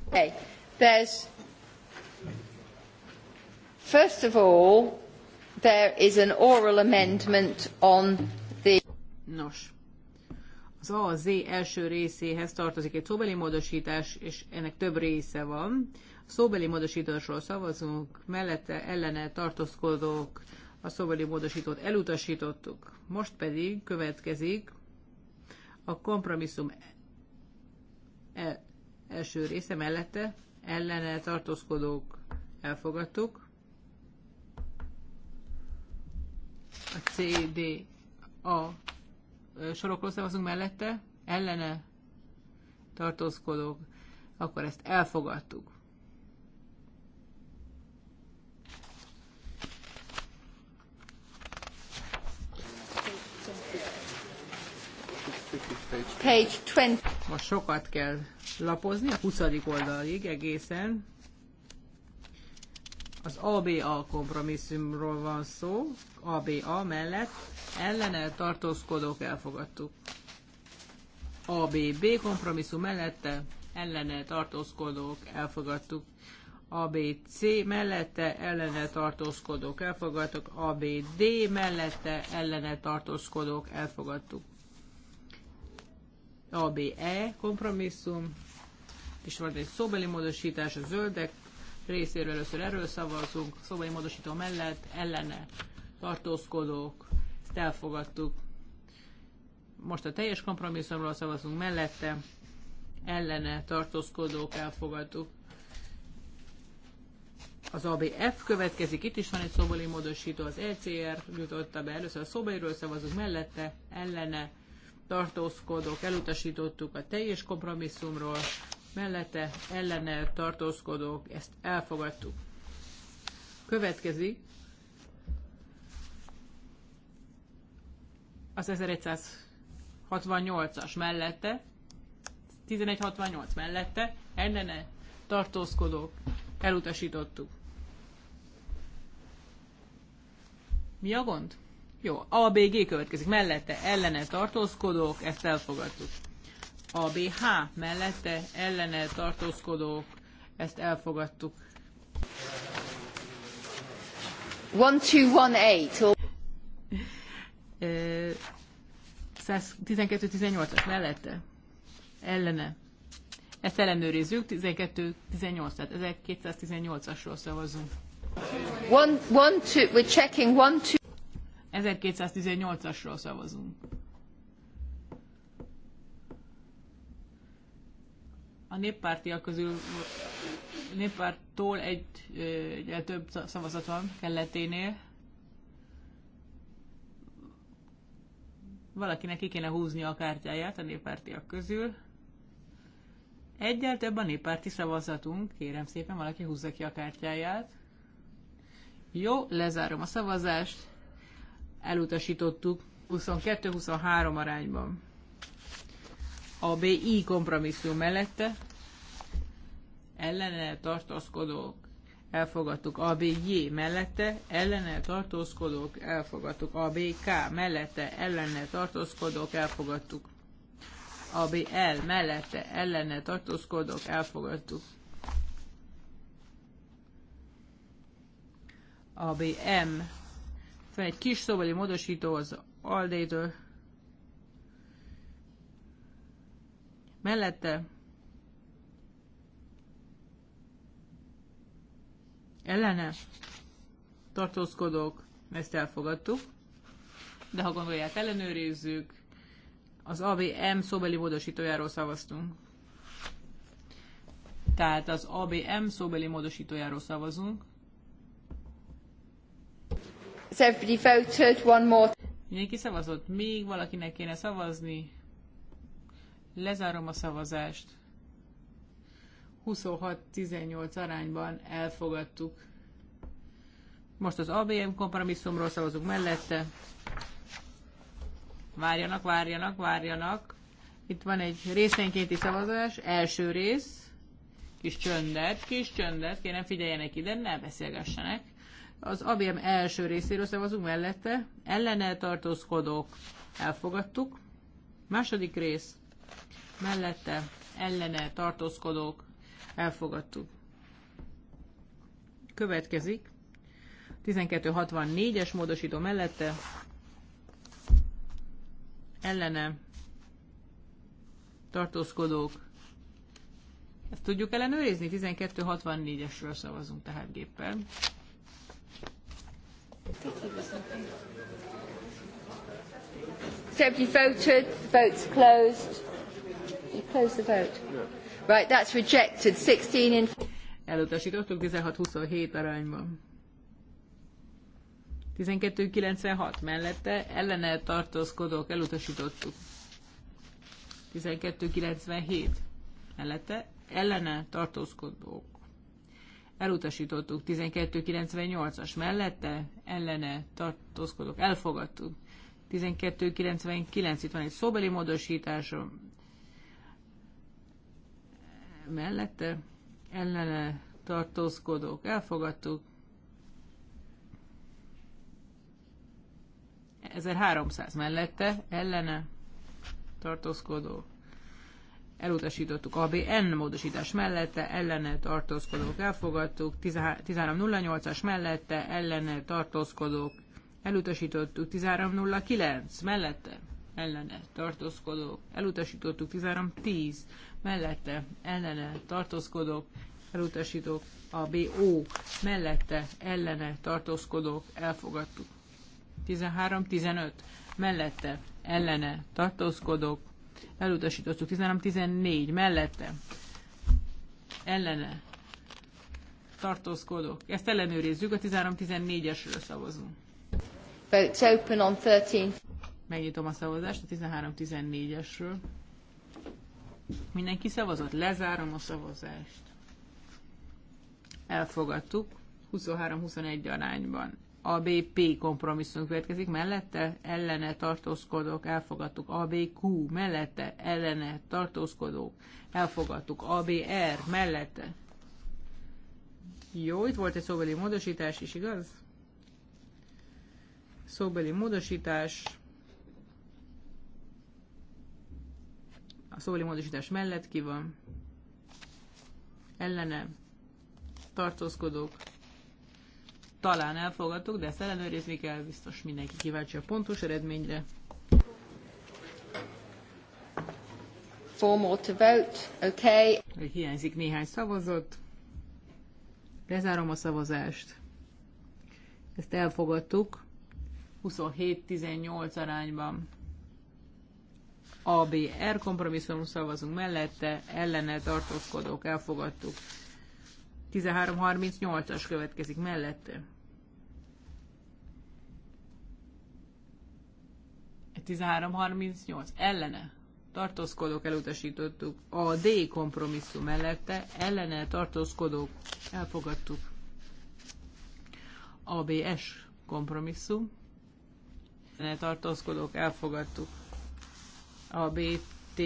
Okay. There's first of all there is an oral amendment on the Nos az A, Z első részéhez tartozik egy szóbeli módosítás, és ennek több része van. A szóbeli módosításról szavazunk, mellette ellene tartózkodók, a szóbeli módosítót elutasítottuk. Most pedig következik a kompromisszum el, első része mellette ellene tartózkodók elfogadtuk. A C D a sorokról szavazunk mellette, ellene tartózkodók, akkor ezt elfogadtuk. Page 20. Most sokat kell lapozni, a 20. oldalig egészen. Az ABA kompromisszumról van szó, ABA mellett ellene tartózkodók elfogadtuk. ABB kompromisszum mellette ellene tartózkodók elfogadtuk. ABC mellette ellene tartózkodók elfogadtuk, ABD mellette ellene tartózkodók elfogadtuk. ABE kompromisszum, és van egy szóbeli módosítás a zöldek részéről először erről szavazunk, szobai módosító mellett, ellene tartózkodók, ezt elfogadtuk. Most a teljes kompromisszumról szavazunk mellette, ellene tartózkodók elfogadtuk. Az ABF következik, itt is van egy szobori módosító, az ECR jutotta be, először a szobairól szavazunk mellette, ellene tartózkodók, elutasítottuk a teljes kompromisszumról, mellette ellene tartózkodók, ezt elfogadtuk. Következik az 1168-as mellette, 1168 mellette ellene tartózkodók, elutasítottuk. Mi a gond? Jó, ABG következik mellette, ellene tartózkodók, ezt elfogadtuk a BH mellette ellene tartózkodók, ezt elfogadtuk. 1218. as mellette? Ellene. Ezt ellenőrizzük, 12-18, tehát 1218-asról szavazunk. 1218-asról szavazunk. a néppártiak közül néppártól egy, egy több szavazat van kelleténél. Valakinek ki kéne húzni a kártyáját a néppártiak közül. Egyel több a néppárti szavazatunk. Kérem szépen, valaki húzza ki a kártyáját. Jó, lezárom a szavazást. Elutasítottuk 22-23 arányban. A BI kompromisszum mellette ellene tartózkodók elfogadtuk. A BJ mellette ellene tartózkodók elfogadtuk. A BK mellette ellene tartózkodók elfogadtuk. A BL mellette ellene tartózkodók elfogadtuk. A BM. egy kis szóbeli módosító az Aldétől mellette ellene tartózkodok, ezt elfogadtuk, de ha gondolják, ellenőrizzük, az ABM szóbeli módosítójáról szavaztunk. Tehát az ABM szóbeli módosítójáról szavazunk. Everybody voted one more. Mindenki szavazott, még valakinek kéne szavazni. Lezárom a szavazást. 26-18 arányban elfogadtuk. Most az ABM kompromisszumról szavazunk mellette. Várjanak, várjanak, várjanak. Itt van egy részenkénti szavazás, első rész. Kis csöndet, kis csöndet, kérem figyeljenek ide, ne beszélgessenek. Az ABM első részéről szavazunk mellette, ellene tartózkodók, elfogadtuk. Második rész, mellette ellene tartózkodók elfogadtuk. Következik 1264-es módosító mellette ellene tartózkodók. Ezt tudjuk ellenőrizni? 1264-esről szavazunk tehát géppel. Votes closed close the vote. Right, that's rejected. 16 in... Elutasítottuk 16-27 arányban. 12.96 mellette ellene tartózkodók elutasítottuk. 12.97 mellette ellene tartózkodók elutasítottuk. 12.98-as mellette ellene tartózkodók elfogadtuk. 12.99 itt van egy szóbeli módosítása, mellette ellene tartózkodók elfogadtuk. 1300 mellette ellene tartózkodók elutasítottuk ABN módosítás mellette, ellene tartózkodók elfogadtuk, 1308-as mellette, ellene tartózkodók elutasítottuk, 1309 mellette, ellene tartózkodók elutasítottuk, 1310 mellette ellene tartózkodók elutasítók, a BO mellette ellene tartózkodók elfogadtuk. 13-15 mellette ellene tartózkodók elutasítottuk. 13-14 mellette ellene tartózkodók. Ezt ellenőrizzük, a 13-14-esről szavazunk. Votes open on 13. Megnyitom a szavazást a 13-14-esről. Mindenki szavazott? Lezárom a szavazást. Elfogadtuk. 23-21 arányban. ABP kompromisszum következik, mellette ellene tartózkodók, elfogadtuk. ABQ mellette ellene tartózkodók, elfogadtuk. ABR mellette. Jó, itt volt egy szóbeli módosítás is, igaz? Szóbeli módosítás A szóli módosítás mellett ki van? Ellene? Tartózkodók? Talán elfogadtuk, de ezt ellenőrizni kell, biztos mindenki kíváncsi a pontos eredményre. Four more to vote, okay. Hiányzik néhány szavazat. Lezárom a szavazást. Ezt elfogadtuk. 27-18 arányban. ABR kompromisszum szavazunk mellette, ellene tartózkodók elfogadtuk. 1338-as következik mellette. 1338 e ellene tartózkodók elutasítottuk. A D kompromisszum mellette ellene tartózkodók elfogadtuk. ABS kompromisszum ellene tartózkodók elfogadtuk. A BT,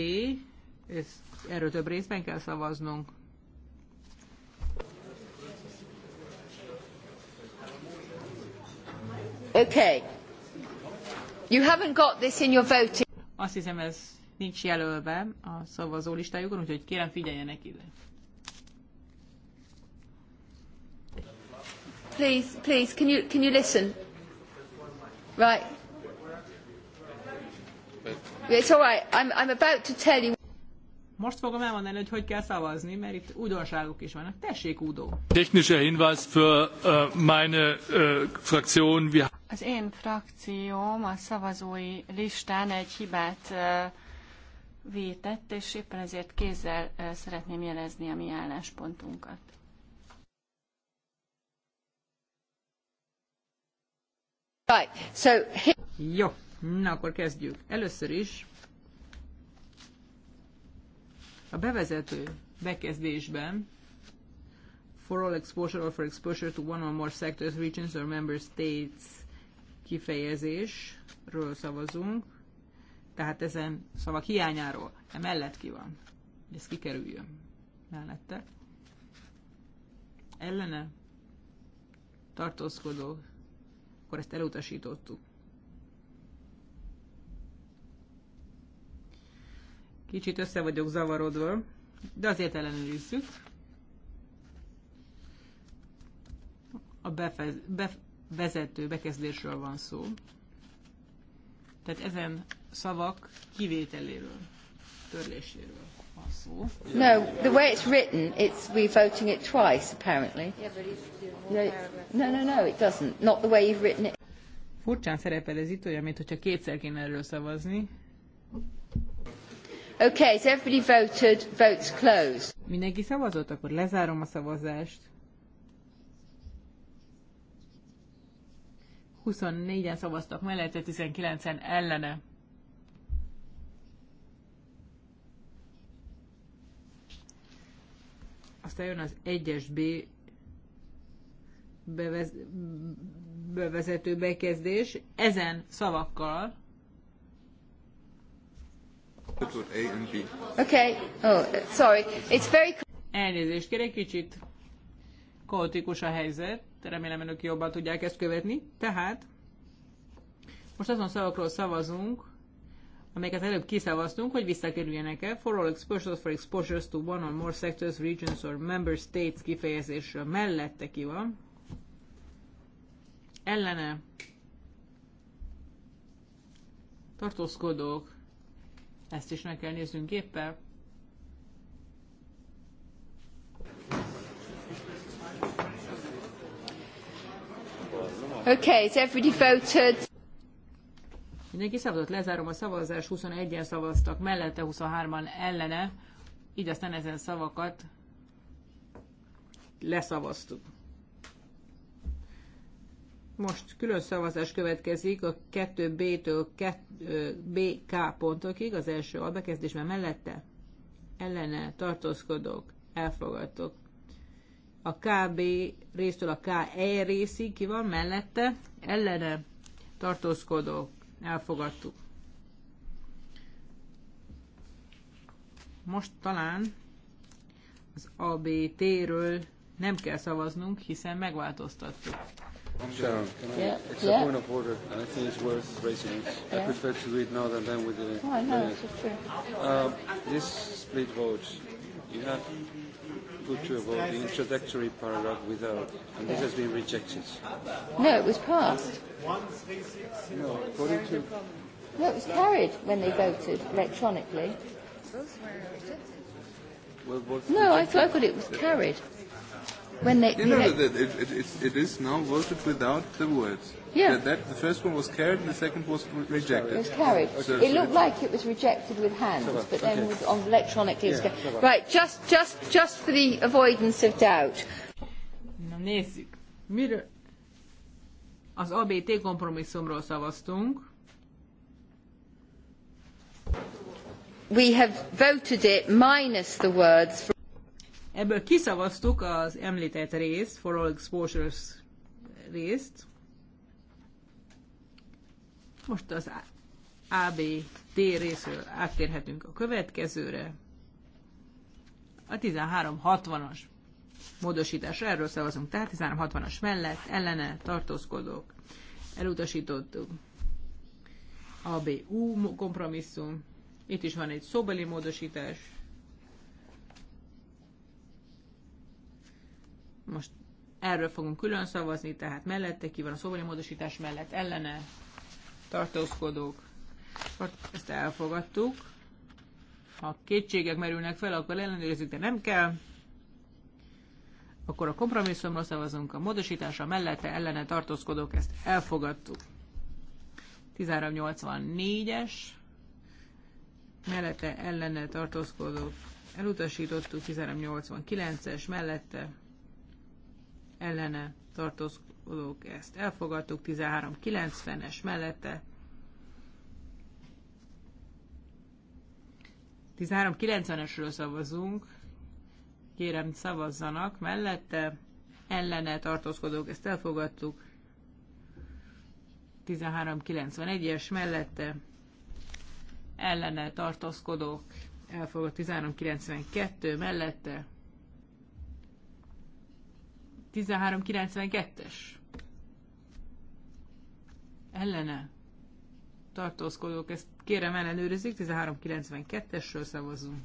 ezt, erről több részben kell szavaznunk. Okay. You haven't got this in your voting. Azt hiszem, ez nincs jelölve a szavazó listájukon, úgyhogy kérem figyeljenek ide. Please, please, can you, can you listen? Right. Most fogom elmondani, hogy hogy kell szavazni, mert itt újdonságok is vannak. Tessék, Udo! Technischer Hinweis für äh, meine äh, Fraktion. Az én frakcióm a szavazói listán egy hibát äh, vétett, és éppen ezért kézzel szeretném jelezni a mi álláspontunkat. Right. So... Jó, Na, akkor kezdjük. Először is a bevezető bekezdésben for all exposure or for exposure to one or more sectors, regions or member states kifejezésről szavazunk, tehát ezen szavak hiányáról, emellett ki van, ez kikerüljön mellette. Ellene tartózkodó, akkor ezt elutasítottuk. Kicsit össze vagyok zavarodva, de azért ellenőrizzük. A befez, bevezető bekezdésről van szó. Tehát ezen szavak kivételéről, törléséről van szó. No, the way it's written, it's we're voting it twice apparently. Yeah, no, no, no, it doesn't. Not the way you've written it. Furcsán szerepel ez itt olyan, mintha kétszer kéne erről szavazni. Okay, so everybody voted, votes closed. Mindenki szavazott, akkor lezárom a szavazást. 24-en szavaztak mellette, 19-en ellene. Aztán jön az 1-es B bevez, bevezető bekezdés. Ezen szavakkal Okay. Oh, sorry. It's very... Elnézést kérek, kicsit kaotikus a helyzet. Remélem önök jobban tudják ezt követni. Tehát most azon szavakról szavazunk, amelyeket előbb kiszavaztunk, hogy visszakerüljenek-e. For all exposures for exposures to one or more sectors, regions or member states kifejezésről mellette ki van. Ellene tartózkodók ezt is meg kell néznünk géppel. Okay, so everybody voted. Mindenki szavazott, lezárom a szavazás, 21-en szavaztak, mellette 23-an ellene, így aztán ezen szavakat leszavaztuk. Most külön szavazás következik a 2B-től 2BK pontokig, az első mert mellette ellene tartózkodok, elfogadtok. A KB résztől a KE részig ki van mellette, ellene tartózkodok, elfogadtuk. Most talán az ABT-ről nem kell szavaznunk, hiszen megváltoztattuk. Sharon, can I? Yeah. It's yeah. a point of order, and I think it's worth raising it. Yeah. I prefer to read now than then with the. Oh, I know, it's true. Uh, this split vote, you have put to a vote the introductory paragraph without, and yeah. this has been rejected. No, it was passed. No, according to. No, it was carried when they voted electronically. Those were rejected. Well, no, rejected. I thought it was carried. When they, you know, it, it, it, it is now voted without the words. Yeah. That, that, the first one was carried and the second was rejected. It was carried. So, it looked like it was rejected with hands, so but then okay. with, on electronically. Yeah, so right, just, just, just for the avoidance of doubt. Na nézzük. Az ABT kompromisszumról szavaztunk. We have voted it minus the words. Ebből kiszavaztuk az említett részt, for all exposures részt. Most az ABT részről áttérhetünk a következőre. A 1360-as módosítás erről szavazunk, tehát 1360-as mellett, ellene, tartózkodók, elutasítottuk. ABU kompromisszum, itt is van egy szóbeli módosítás, Most erről fogunk külön szavazni, tehát mellette ki van a szóbeli módosítás mellett ellene tartózkodók. Ezt elfogadtuk. Ha kétségek merülnek fel, akkor ellenőrizzük, de nem kell. Akkor a kompromisszumra szavazunk, a módosítása mellette ellene tartózkodók, ezt elfogadtuk. 1384-es, mellette ellene tartózkodók, elutasítottuk 1389-es, mellette ellene tartózkodók ezt elfogadtuk, 1390-es mellette 1390-esről szavazunk, kérem szavazzanak, mellette ellene tartózkodók ezt elfogadtuk, 1391-es mellette ellene tartózkodók elfogadtuk, 1392 mellette 1392-es. Ellene tartózkodók, ezt kérem ellenőrizzük, 1392-esről szavazunk.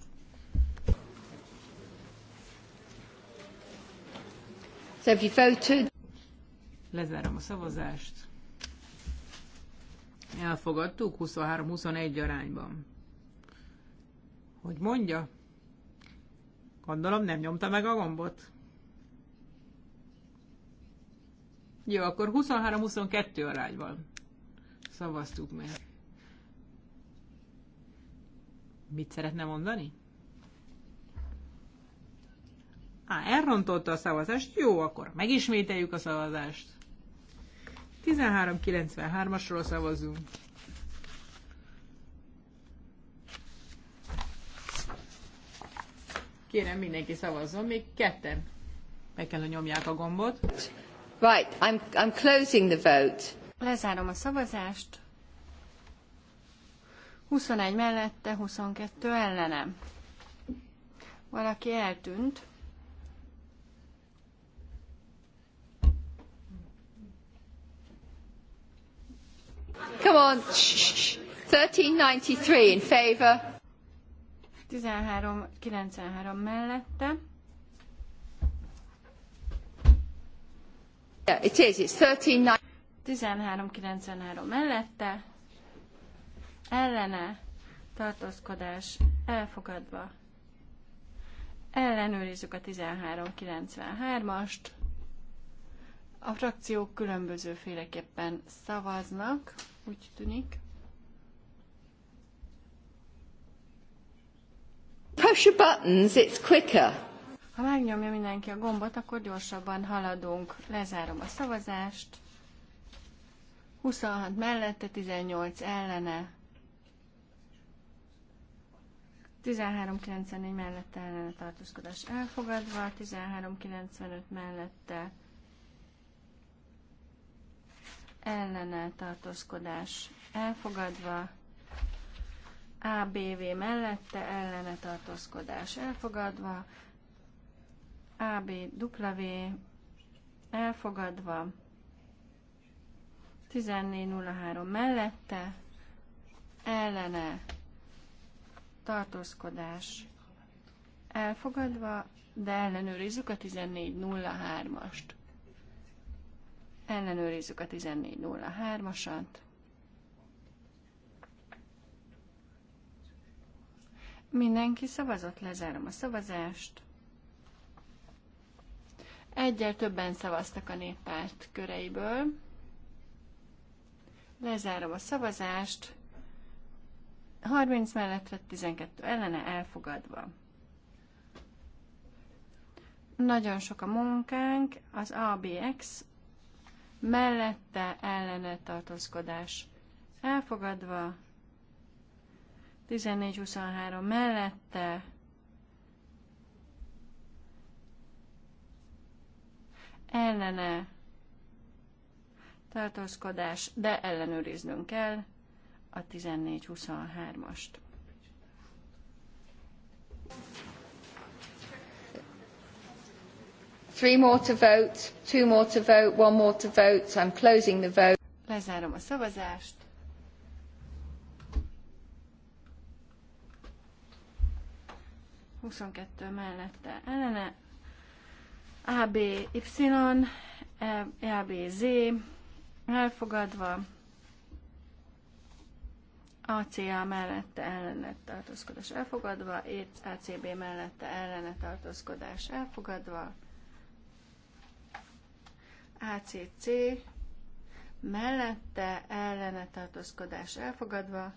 Lezárom a szavazást. Elfogadtuk 23-21 arányban. Hogy mondja? Gondolom nem nyomta meg a gombot. Jó, akkor 23-22 van. szavaztuk meg. Mit szeretne mondani? Á, elrontotta a szavazást. Jó, akkor megismételjük a szavazást. 1393-asról szavazunk. Kérem mindenki szavazzon, még ketten. Meg kell, hogy nyomják a gombot. Right, I'm, I'm closing the vote. Lezárom a szavazást. 21 mellette, 22 ellenem. Valaki eltűnt. Come on. 1393 in favor. 1393 mellette. 1393 mellette, ellene, tartózkodás elfogadva. Ellenőrizzük a 1393-ast. A frakciók különbözőféleképpen szavaznak, úgy tűnik. Push your buttons, it's quicker. Ha megnyomja mindenki a gombot, akkor gyorsabban haladunk. Lezárom a szavazást. 26 mellette, 18 ellene. 13.94 mellette ellene tartózkodás elfogadva, 13.95 mellette ellene tartózkodás elfogadva, ABV mellette ellene tartózkodás elfogadva, ABW elfogadva 1403 mellette ellene tartózkodás elfogadva, de ellenőrizzük a 1403-ast. Ellenőrizzük a 1403-asat. Mindenki szavazott, lezárom a szavazást. Egyel többen szavaztak a néppárt köreiből. Lezárom a szavazást. 30 mellett vett 12 ellene elfogadva. Nagyon sok a munkánk, az ABX mellette ellene tartózkodás elfogadva, 14-23 mellette ellene tartózkodás, de ellenőriznünk kell a 1423 ast Three more to vote, two more to vote, one more to vote. I'm closing the vote. Lezárom a szavazást. Huszonkettő mellette ellene ABY, e, e, ABZ elfogadva, ACA mellette ellene tartózkodás elfogadva, e, ACB mellette ellene tartózkodás elfogadva, ACC mellette ellene tartózkodás elfogadva,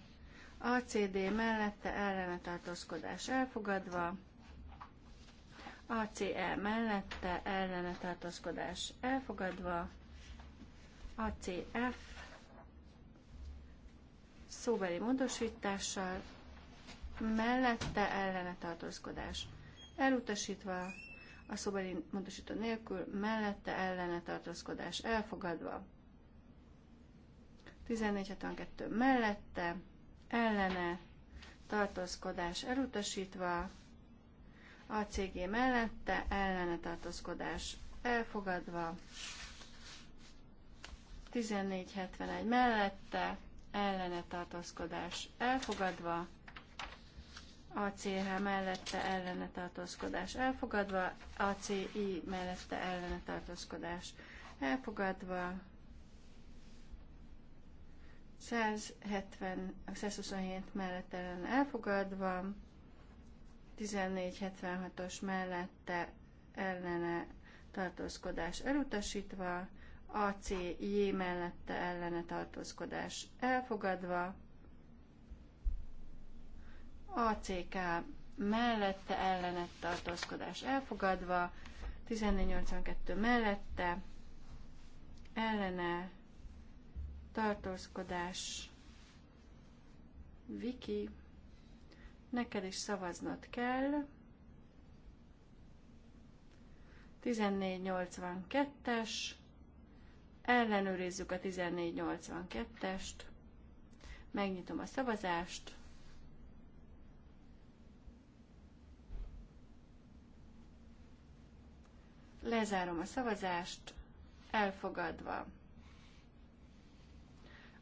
ACD mellette ellene tartózkodás elfogadva, ACE mellette ellene tartózkodás elfogadva, ACF szóbeli módosítással mellette ellene tartózkodás elutasítva, a szóbeli módosító nélkül mellette ellene tartózkodás elfogadva, 1462 mellette ellene tartózkodás elutasítva, ACG mellette ellene tartózkodás elfogadva, 1471 mellette ellene tartózkodás elfogadva, CH mellette ellene tartózkodás elfogadva, ACI mellette ellene tartózkodás elfogadva, 170, 127 mellett ellen elfogadva, 1476-os mellette ellene tartózkodás elutasítva, ACJ mellette ellene tartózkodás elfogadva, ACK mellette ellene tartózkodás elfogadva, 1482 mellette ellene tartózkodás Viki Neked is szavaznod kell. 1482-es. Ellenőrizzük a 1482-est. Megnyitom a szavazást. Lezárom a szavazást, elfogadva.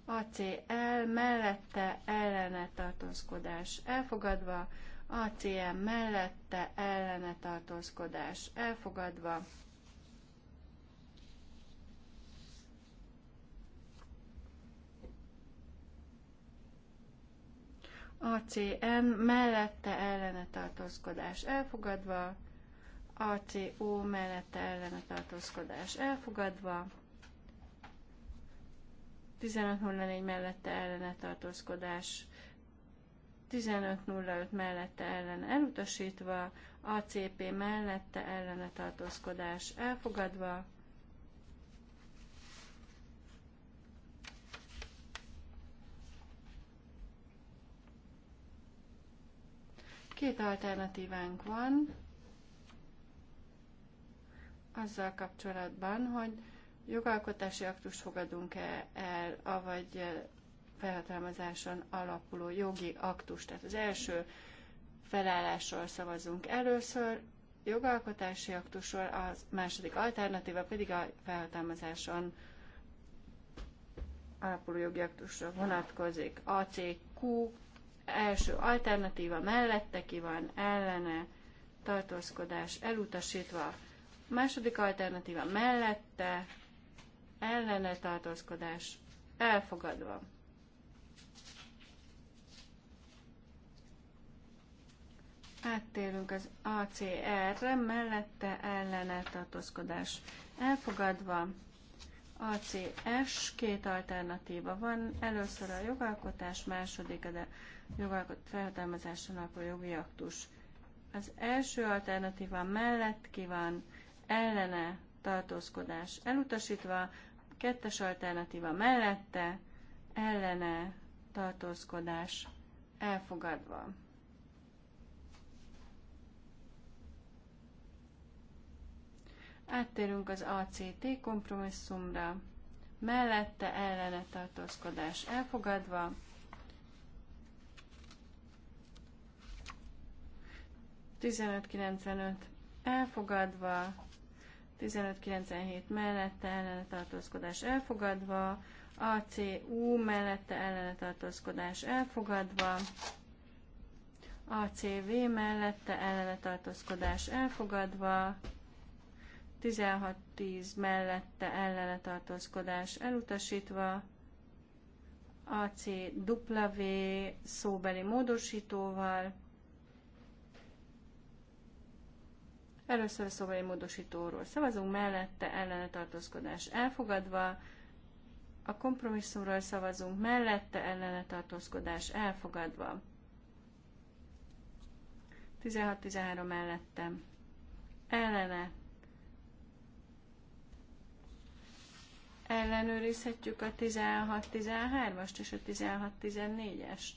ACL mellette ellene tartózkodás elfogadva, ACM mellette ellene tartózkodás elfogadva. ACM mellette ellene tartózkodás elfogadva, ACO mellette ellene tartózkodás elfogadva. 15.04 mellette ellene tartózkodás, 15.05 mellette ellene elutasítva, ACP mellette ellene tartózkodás elfogadva, Két alternatívánk van azzal kapcsolatban, hogy jogalkotási aktust fogadunk-e el, avagy felhatalmazáson alapuló jogi aktust. Tehát az első felállásról szavazunk először, jogalkotási aktusról, a második alternatíva pedig a felhatalmazáson alapuló jogi aktusra vonatkozik. ACQ első alternatíva mellette ki van, ellene tartózkodás elutasítva. A második alternatíva mellette ellene tartózkodás elfogadva. Áttérünk az ACR-re, mellette ellene tartózkodás elfogadva. ACS, két alternatíva van, először a jogalkotás, második a jogalkot felhatalmazáson alapuló jogi aktus. Az első alternatíva mellett ki van ellene tartózkodás elutasítva, Kettes alternatíva mellette, ellene, tartózkodás elfogadva. Áttérünk az ACT kompromisszumra, mellette ellene tartózkodás elfogadva. elfogadva, 1597 mellette ellenetartózkodás elfogadva, ACU mellette ellenetartózkodás elfogadva, ACV mellette ellenetartózkodás elfogadva, 1610 mellette ellenetartózkodás elutasítva, ACW szóbeli módosítóval, Először a szobai módosítóról szavazunk, mellette ellene tartózkodás elfogadva, a kompromisszumról szavazunk, mellette ellene tartózkodás elfogadva. 16-13 mellette Ellene. Ellenőrizhetjük a 16-13-ast és a 16-14-est.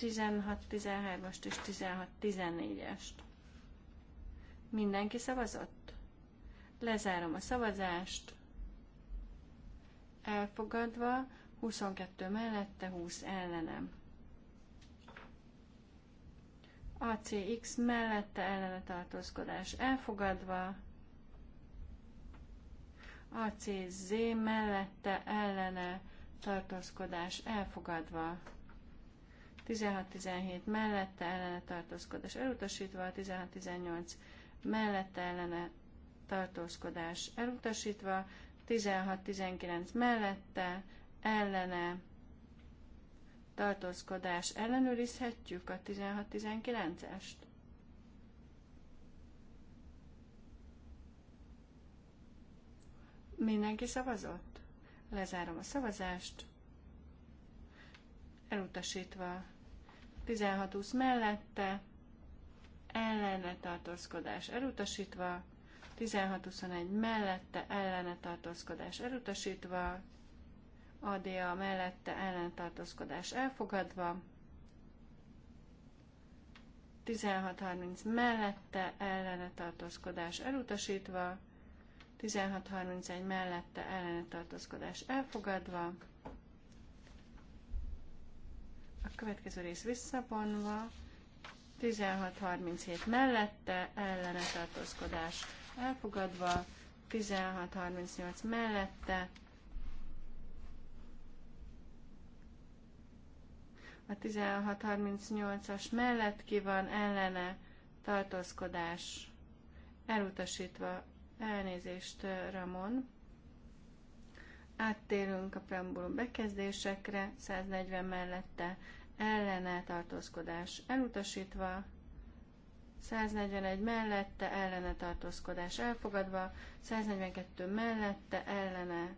16-13-ast és 16-14-est. Mindenki szavazott? Lezárom a szavazást. Elfogadva 22 mellette, 20 ellenem. ACX mellette ellene tartózkodás elfogadva. ACZ mellette ellene tartózkodás elfogadva. 16-17 mellette ellene tartózkodás elutasítva, 16-18 mellette ellene tartózkodás elutasítva, 16-19 mellette ellene tartózkodás ellenőrizhetjük a 16-19-est. Mindenki szavazott? Lezárom a szavazást. Elutasítva 16-20 mellette, ellene tartózkodás elutasítva, 16-21 mellette, ellene tartózkodás elutasítva, ADA mellette, ellene tartózkodás elfogadva, 16.30 mellette ellene tartózkodás elutasítva, 16.31 mellette ellene tartózkodás elfogadva, a következő rész visszavonva. 1637 mellette ellene tartózkodás elfogadva. 1638 mellette a 1638-as mellett ki van ellene tartózkodás elutasítva elnézést Ramon. Áttérünk a preambulum bekezdésekre, 140 mellette ellene tartózkodás elutasítva, 141 mellette ellene tartózkodás elfogadva, 142 mellette ellene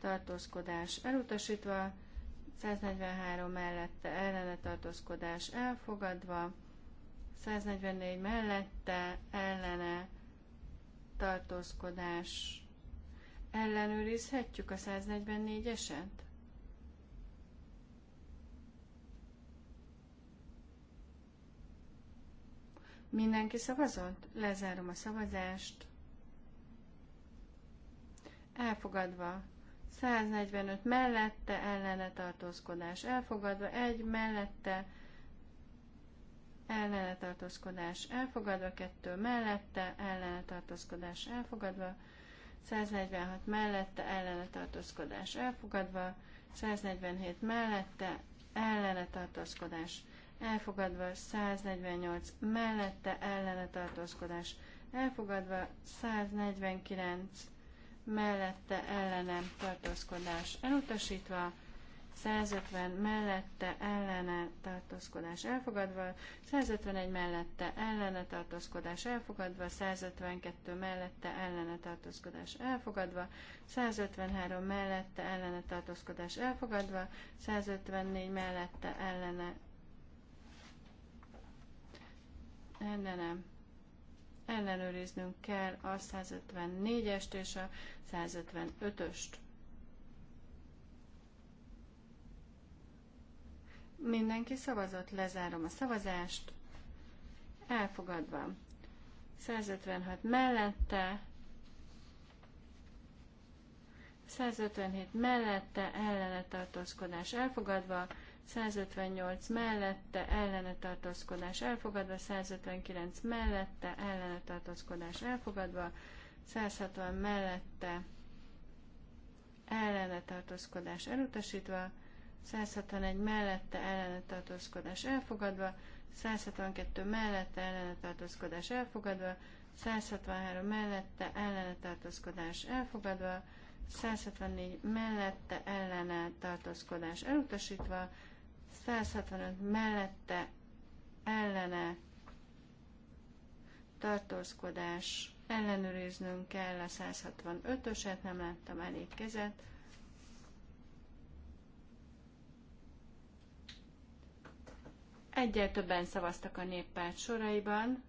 tartózkodás elutasítva, 143 mellette ellene tartózkodás elfogadva, 144 mellette ellene tartózkodás Ellenőrizhetjük a 144-eset? Mindenki szavazott? Lezárom a szavazást. Elfogadva. 145 mellette ellene tartózkodás. Elfogadva. 1 mellette ellene tartózkodás. Elfogadva. 2 mellette ellene tartózkodás. Elfogadva. 146 mellette ellene tartózkodás elfogadva, 147 mellette ellene tartózkodás elfogadva, 148 mellette ellene tartózkodás elfogadva, 149 mellette ellene tartózkodás elutasítva, 150 mellette ellene tartózkodás elfogadva, 151 mellette ellene tartózkodás elfogadva, 152 mellette ellene tartózkodás elfogadva, 153 mellette ellene tartózkodás elfogadva, 154 mellette ellene ellene ellenőriznünk kell a 154-est és a 155-öst. Mindenki szavazott, lezárom a szavazást. Elfogadva. 156 mellette, 157 mellette, ellene tartózkodás elfogadva, 158 mellette, ellene tartózkodás elfogadva, 159 mellette, ellene tartózkodás elfogadva, 160 mellette, ellene tartózkodás elutasítva, 161 mellette ellene tartózkodás elfogadva, 162 mellette ellene tartózkodás elfogadva, 163 mellette ellene tartózkodás elfogadva, 164 mellette ellene tartózkodás elutasítva, 165 mellette ellene tartózkodás ellenőriznünk kell a 165-öset, nem láttam elég kezet. Egyel többen szavaztak a néppárt soraiban.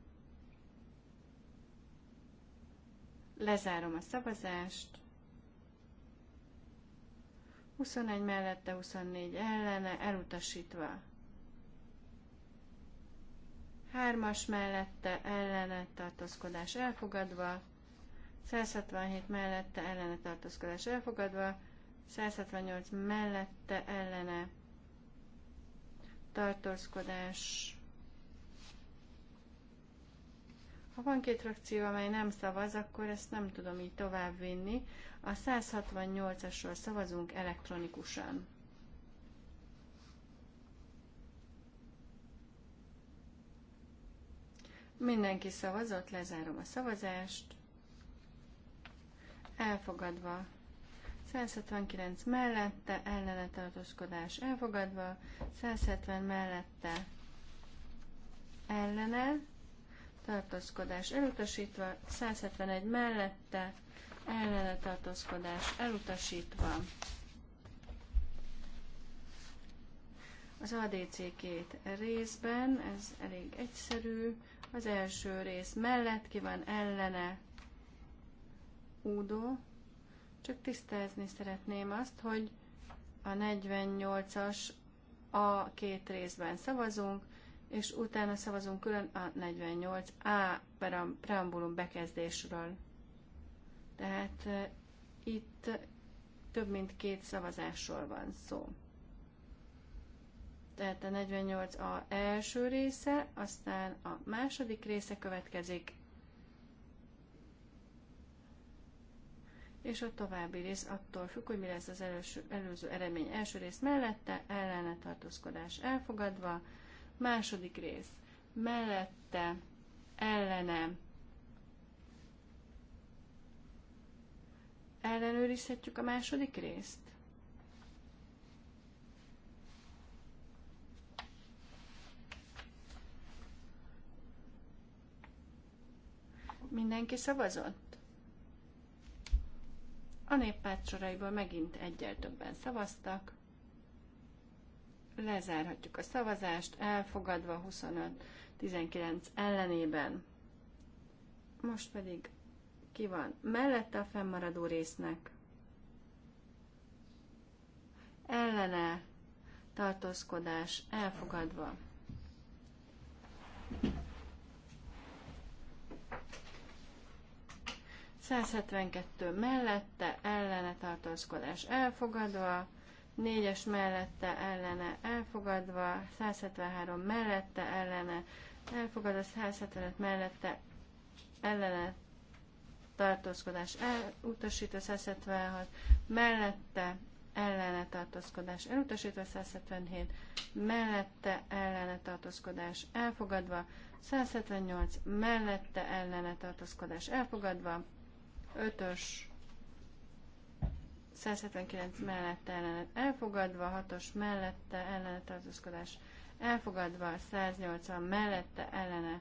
Lezárom a szavazást. 21 mellette, 24 ellene, elutasítva. 3-as mellette, ellene, tartózkodás elfogadva. 167 mellette, ellene, tartózkodás elfogadva. 168 mellette, ellene, tartózkodás. Ha van két frakció, amely nem szavaz, akkor ezt nem tudom így továbbvinni. A 168-asról szavazunk elektronikusan. Mindenki szavazott, lezárom a szavazást. Elfogadva 179 mellette, ellene elfogadva, 170 mellette, ellene tartózkodás elutasítva, 171 mellette, ellene tartózkodás elutasítva. Az ADC két részben, ez elég egyszerű. Az első rész mellett ki van ellene, údó, csak tisztázni szeretném azt, hogy a 48-as a két részben szavazunk, és utána szavazunk külön a 48A preambulum bekezdésről. Tehát itt több mint két szavazásról van szó. Tehát a 48 a első része, aztán a második része következik, és a további rész attól függ, hogy mi lesz az előső, előző eredmény. Első rész mellette, ellene tartózkodás elfogadva, második rész mellette, ellene, ellenőrizhetjük a második részt. Mindenki szavazott? A néppárt soraiból megint egyel többen szavaztak. Lezárhatjuk a szavazást, elfogadva 25-19 ellenében. Most pedig ki van mellette a fennmaradó résznek? Ellene tartózkodás elfogadva. 172 mellette ellene tartózkodás elfogadva, 4-es mellette ellene elfogadva, 173 mellette ellene elfogadva, 175 mellette ellene tartózkodás elutasítva, 176 mellette ellene tartózkodás elutasítva, 177 mellette ellene tartózkodás elfogadva, 178 mellette ellene tartózkodás elfogadva, 5-ös 179 mellette ellenet elfogadva, 6-os mellette ellene tartózkodás elfogadva, 180 mellette ellene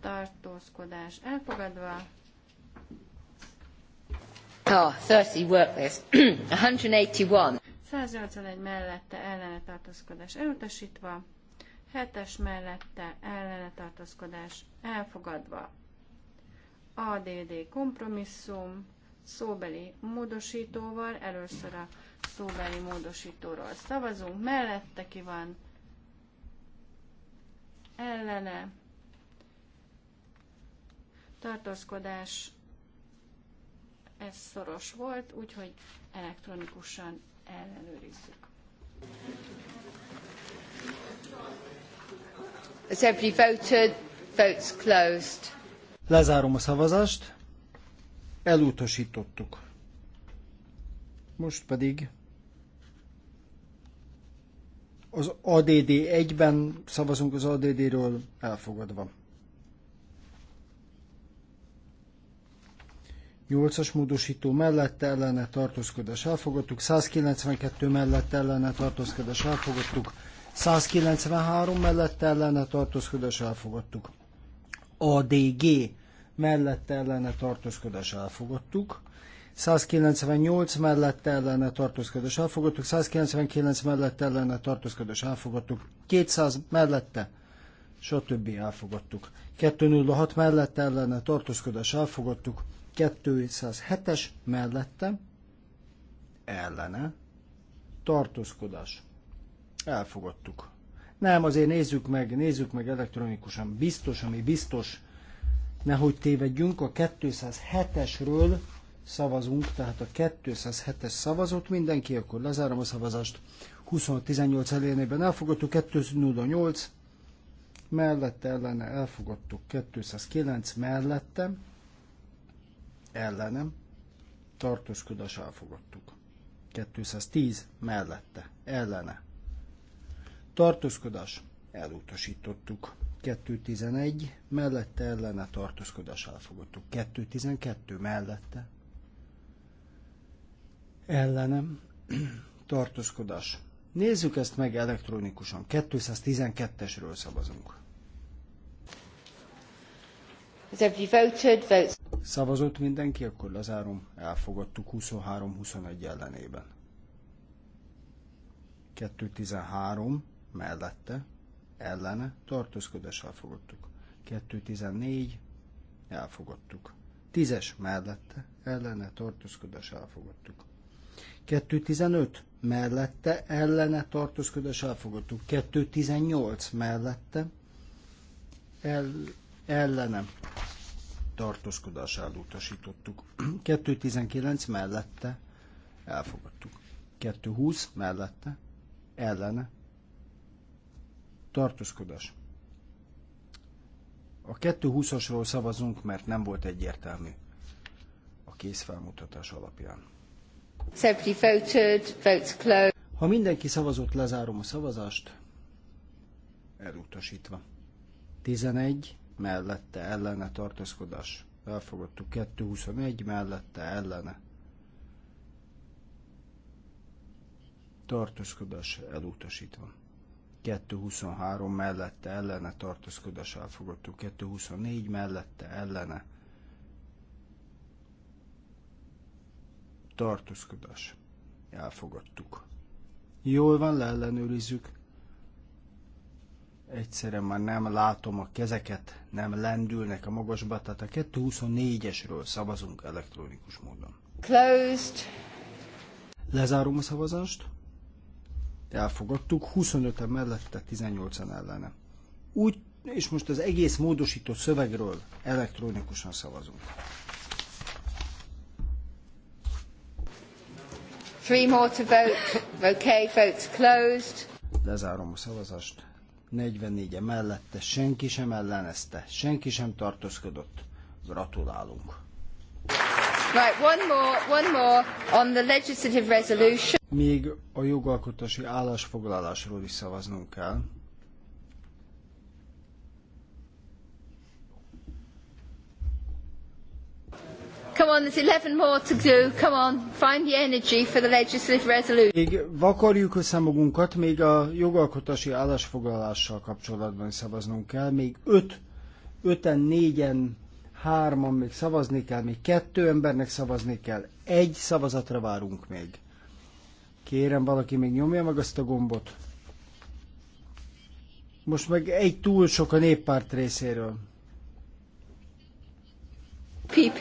tartózkodás elfogadva. Ah, 30 worthless. 181. 181 mellette ellene tartózkodás elutasítva, 7-es mellette ellene tartózkodás elfogadva, ADD kompromisszum szóbeli módosítóval, először a szóbeli módosítóról szavazunk, mellette ki van ellene tartózkodás ez szoros volt, úgyhogy elektronikusan ellenőrizzük. Has every voted? Votes closed. Lezárom a szavazást. Elutasítottuk. Most pedig az ADD 1-ben szavazunk az ADD-ről elfogadva. 8-as módosító mellette ellene tartózkodás elfogadtuk, 192 mellette ellene tartózkodás elfogadtuk, 193 mellette ellene tartózkodás elfogadtuk. ADG mellette ellene tartózkodás elfogadtuk. 198 mellett ellene tartózkodás elfogadtuk, 199 mellett ellene tartózkodás elfogadtuk, 200 mellette, stb. elfogadtuk. 206 mellett ellene tartózkodás elfogadtuk, 207-es mellette ellene tartózkodás. Elfogadtuk. Nem, azért nézzük meg, nézzük meg elektronikusan. Biztos, ami biztos, nehogy tévedjünk, a 207-esről szavazunk, tehát a 207-es szavazott mindenki, akkor lezárom a szavazást. 2018 18 elérnében elfogadtuk, 208 mellette ellene elfogadtuk, 209 mellette ellenem tartózkodás elfogadtuk. 210 mellette ellene tartózkodás elutasítottuk. 211 mellette ellene tartózkodás elfogadtuk. 212 mellette ellenem tartózkodás. Nézzük ezt meg elektronikusan. 212-esről szavazunk. Szavazott mindenki, akkor lezárom. Elfogadtuk 23-21 ellenében. 213 mellette ellene tartózkodással fogadtuk. 214 elfogadtuk. 10-es mellette ellene tartózkodással elfogadtuk. 215 mellette ellene tartózkodás elfogadtuk. 218 mellette el, ellene tartózkodás elutasítottuk. 219 mellette elfogadtuk. 220 mellette ellene tartózkodás. A 220-asról szavazunk, mert nem volt egyértelmű a készfelmutatás alapján. Ha mindenki szavazott, lezárom a szavazást. Elutasítva. 11 mellette ellene tartózkodás. Elfogadtuk 221 mellette ellene. Tartózkodás elutasítva. 223 mellette ellene tartózkodás elfogadtuk, 224 mellette ellene tartózkodás elfogadtuk. Jól van, leellenőrizzük. Egyszerűen már nem látom a kezeket, nem lendülnek a magasba, tehát a 224-esről szavazunk elektronikus módon. Closed. Lezárom a szavazást elfogadtuk, 25 e mellette, 18-en ellene. Úgy, és most az egész módosító szövegről elektronikusan szavazunk. Three more to vote. Okay, vote's closed. Lezárom a szavazást. 44-e mellette senki sem ellenezte, senki sem tartózkodott. Gratulálunk. Right, one more, one more on the legislative resolution még a jogalkotási állásfoglalásról is szavaznunk kell. Come on, there's 11 more to do. Come on, find the energy for the legislative resolution. Még vakarjuk össze magunkat, még a jogalkotási állásfoglalással kapcsolatban szavaznunk kell. Még 5, 5-en, 4-en, 3-an még szavazni kell, még 2 embernek szavazni kell. Egy szavazatra várunk még. Kérem, valaki még nyomja meg azt a gombot. Most meg egy túl sok a néppárt részéről. PP.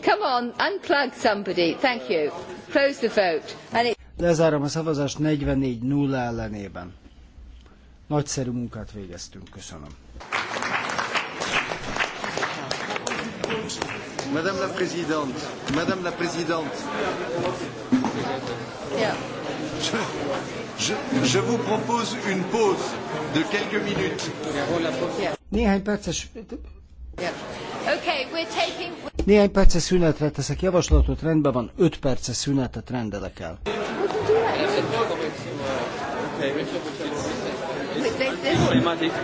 Come on, unplug somebody. Thank you. Close the vote. And it... Lezárom a szavazást 44-0 ellenében. Nagyszerű munkát végeztünk, köszönöm. Madame la Présidente, Madame la Présidente, je, je, je vous propose une pause de quelques minutes. Néhány perces... Néhány perces szünetre teszek javaslatot, rendben van, 5 perces szünetet rendelek el. Okay. Oh,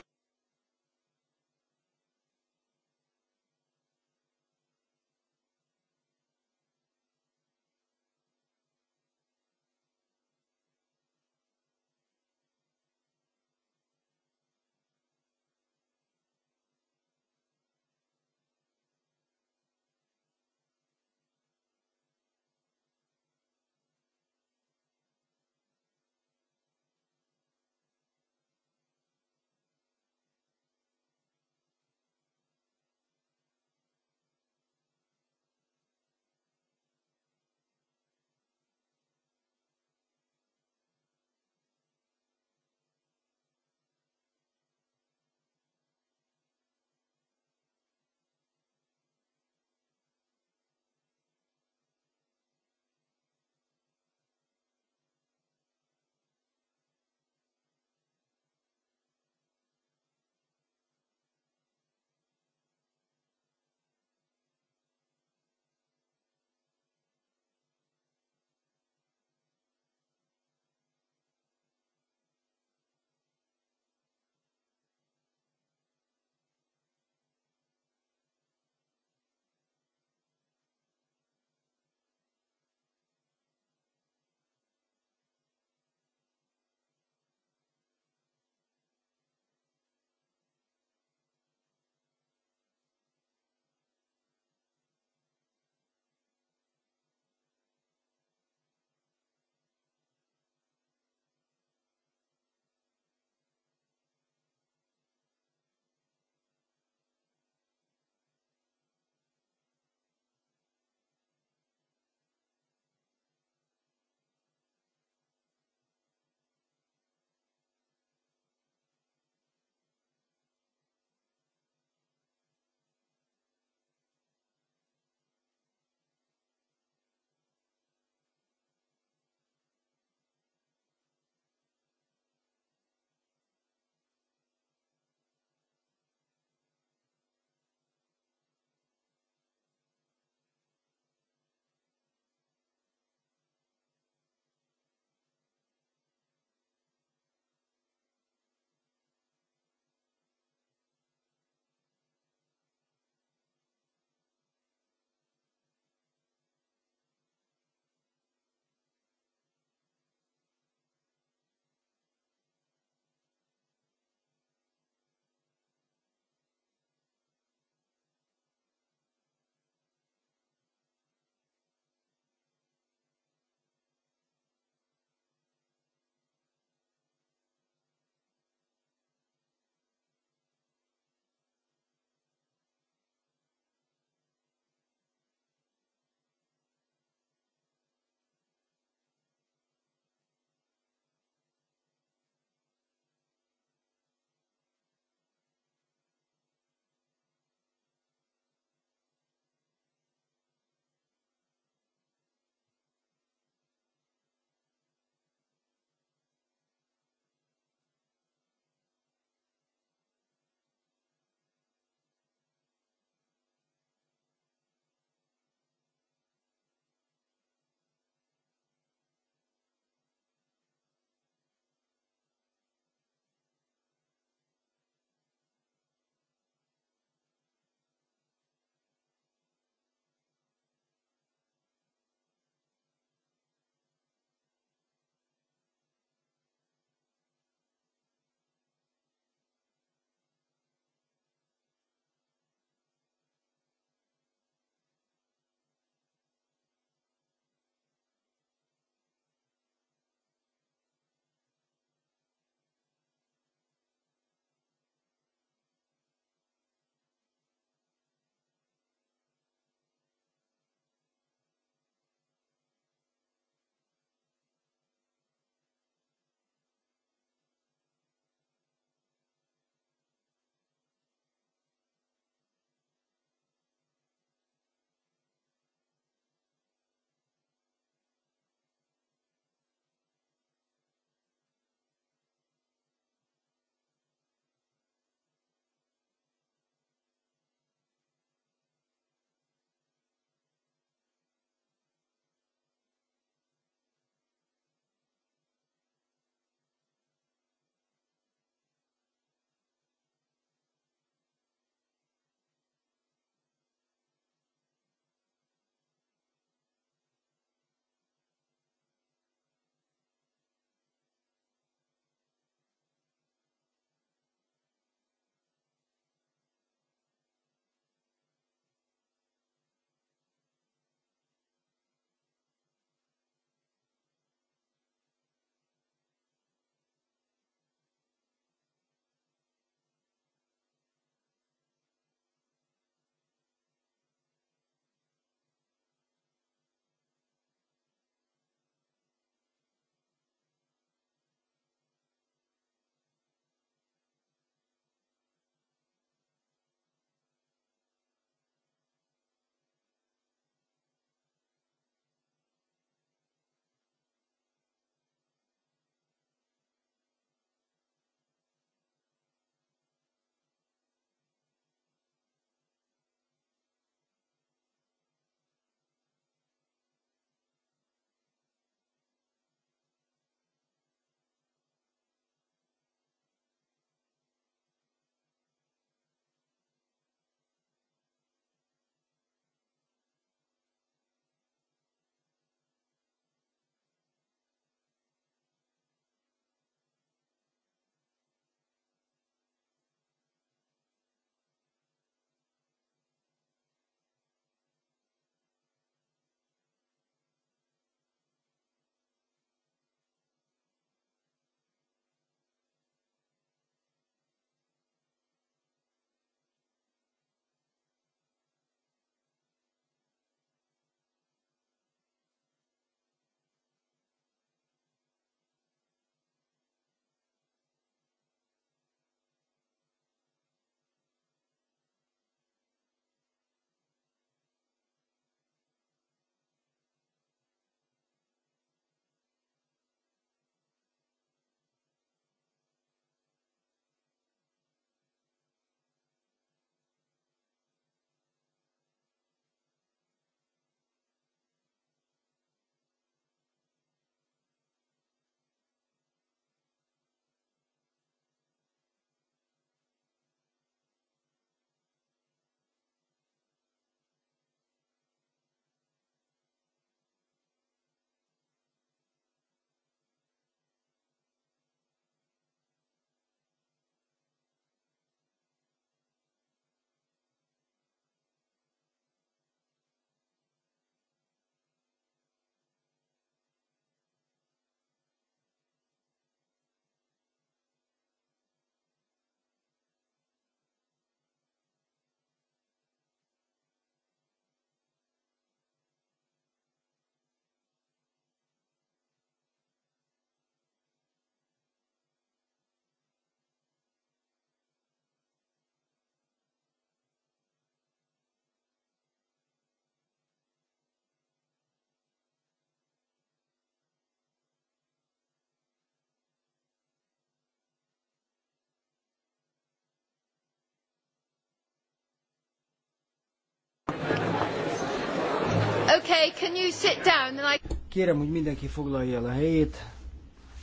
Okay, can you sit down? And I... Kérem, hogy mindenki foglalja el a helyét.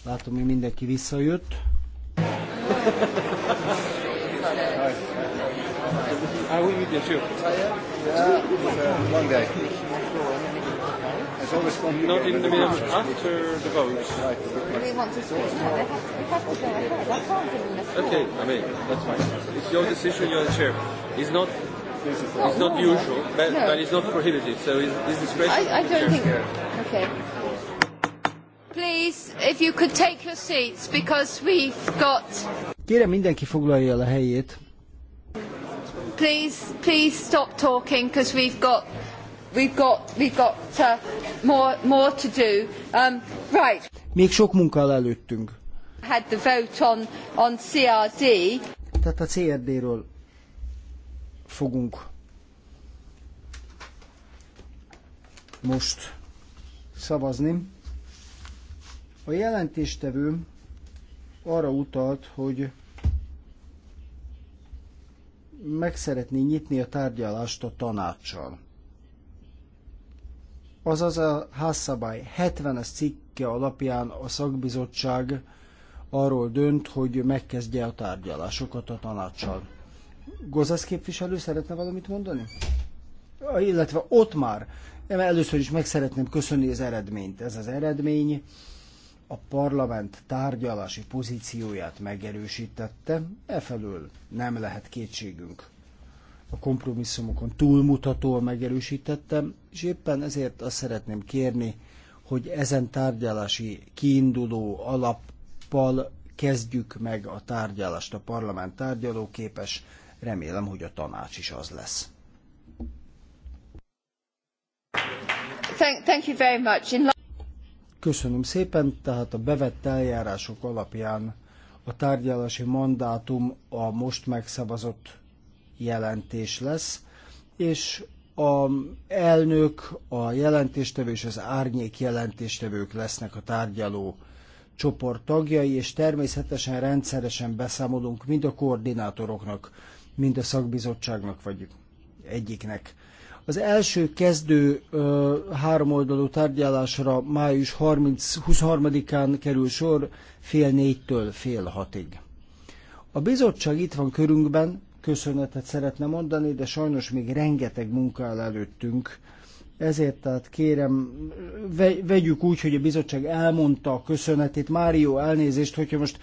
Látom, hogy mindenki visszajött. I will meet you long day. It's always fun. Not in the middle, after the vote. Right. Okay, I mean, that's fine. It's your decision, you're the chair. It's not It's not no, usual, but, no. but it's not prohibited, so it's, it's discretionary. I, I don't think. Here. Okay. Please, if you could take your seats, because we've got. Kérem, mindenki foglalja el a helyét. Please, please stop talking, because we've got. We've got, we've got uh, more, more to do. Um, right. Még sok munka előttünk. Had the vote on, on CRD. Tehát a CRD-ről fogunk most szavazni. A jelentéstevő arra utalt, hogy meg szeretné nyitni a tárgyalást a tanácssal. Azaz a házszabály 70-es cikke alapján a szakbizottság arról dönt, hogy megkezdje a tárgyalásokat a tanácssal. Gozasz képviselő szeretne valamit mondani? Illetve ott már, először is meg szeretném köszönni az eredményt. Ez az eredmény a parlament tárgyalási pozícióját megerősítette, efelől nem lehet kétségünk. A kompromisszumokon túlmutatóan megerősítettem, és éppen ezért azt szeretném kérni, hogy ezen tárgyalási kiinduló alappal kezdjük meg a tárgyalást. A parlament tárgyalóképes, Remélem, hogy a tanács is az lesz. Köszönöm szépen, tehát a bevett eljárások alapján a tárgyalási mandátum a most megszavazott jelentés lesz, és a elnök, a jelentéstevő és az árnyék jelentéstevők lesznek a tárgyaló csoport tagjai, és természetesen rendszeresen beszámolunk mind a koordinátoroknak, mind a szakbizottságnak vagy egyiknek. Az első kezdő háromoldalú tárgyalásra május 30, 23-án kerül sor fél négytől fél hatig. A bizottság itt van körünkben, köszönetet szeretne mondani, de sajnos még rengeteg munka áll előttünk. Ezért tehát kérem, vegyük úgy, hogy a bizottság elmondta a köszönetét. Mário, elnézést, hogyha most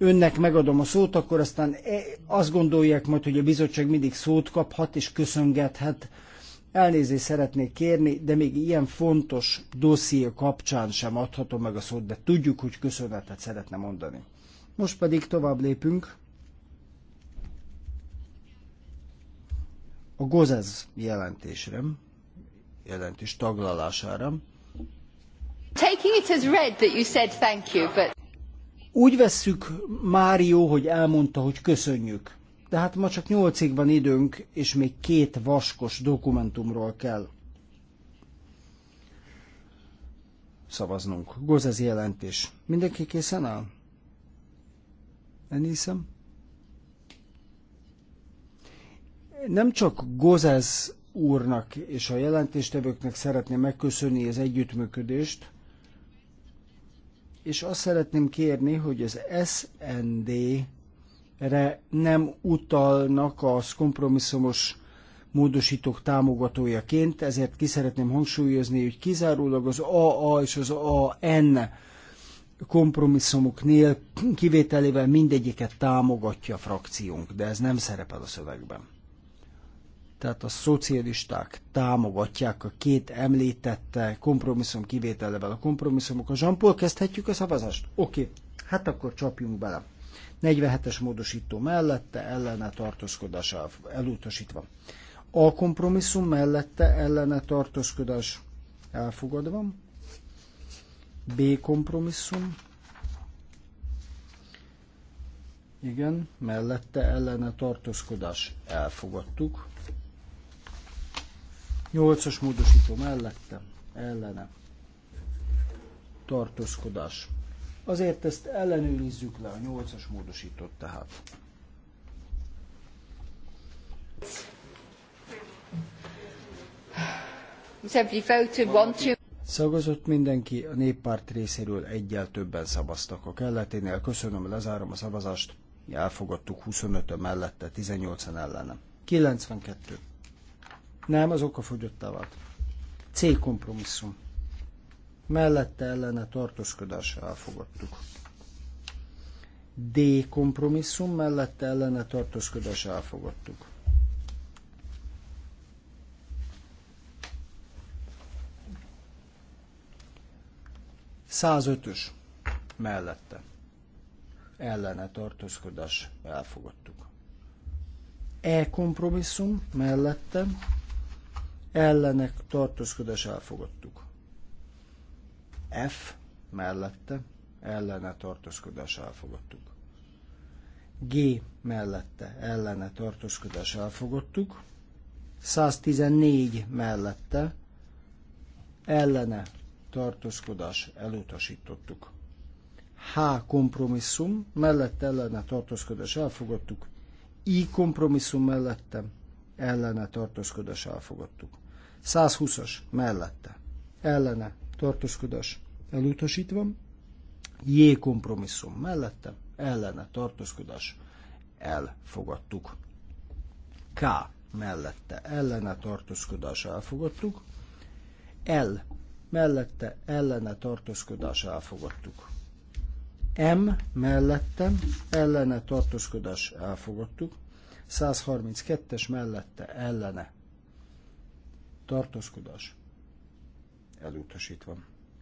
önnek megadom a szót, akkor aztán eh, azt gondolják majd, hogy a bizottság mindig szót kaphat és köszöngethet. Elnézést szeretnék kérni, de még ilyen fontos dosszié kapcsán sem adhatom meg a szót, de tudjuk, hogy köszönetet szeretne mondani. Most pedig tovább lépünk. A Gozez jelentésre, jelentés taglalására. Taking it as read that you said thank you, but... Úgy vesszük Mário, hogy elmondta, hogy köszönjük. De hát ma csak nyolcig van időnk, és még két vaskos dokumentumról kell szavaznunk. ez jelentés. Mindenki készen áll? Nem Nem csak Gozes úrnak és a jelentéstevőknek szeretném megköszönni az együttműködést, és azt szeretném kérni, hogy az SND-re nem utalnak az kompromisszumos módosítók támogatójaként, ezért ki szeretném hangsúlyozni, hogy kizárólag az AA és az AN kompromisszumoknél kivételével mindegyiket támogatja a frakciónk, de ez nem szerepel a szövegben tehát a szocialisták támogatják a két említette kompromisszum kivételevel a kompromisszumok. A Jean-Paul kezdhetjük a szavazást? Oké, okay. hát akkor csapjunk bele. 47-es módosító mellette ellene tartózkodás elutasítva. A kompromisszum mellette ellene tartózkodás elfogadva. B kompromisszum. Igen, mellette ellene tartózkodás elfogadtuk. Nyolcas módosító mellette, ellene. Tartózkodás. Azért ezt ellenőrizzük le a nyolcas módosítót tehát. Szavazott mindenki, a néppárt részéről egyel többen szavaztak. A kelleténél köszönöm, lezárom a szavazást. Elfogadtuk 25 mellette, 18-en ellenem. 92. Nem, az okafogyottá vált. C kompromisszum. Mellette ellene tartózkodás elfogadtuk. D kompromisszum, mellette ellene tartózkodás elfogadtuk. Százötös mellette ellene tartózkodás elfogadtuk. E kompromisszum mellette ellenek tartózkodás elfogadtuk. F mellette ellene tartózkodás elfogadtuk. G mellette ellene tartózkodás elfogadtuk. 114 mellette ellene tartózkodás elutasítottuk. H kompromisszum mellette ellene tartózkodás elfogadtuk. I kompromisszum mellette ellene tartózkodás elfogadtuk. 120-as mellette ellene tartózkodás elutasítva, J kompromisszum mellette ellene tartózkodás elfogadtuk. K mellette ellene tartózkodás elfogadtuk, L mellette ellene tartózkodás elfogadtuk. M mellettem ellene tartózkodás elfogadtuk. 132-es mellette ellene. Tartózkodás. Elutasítva.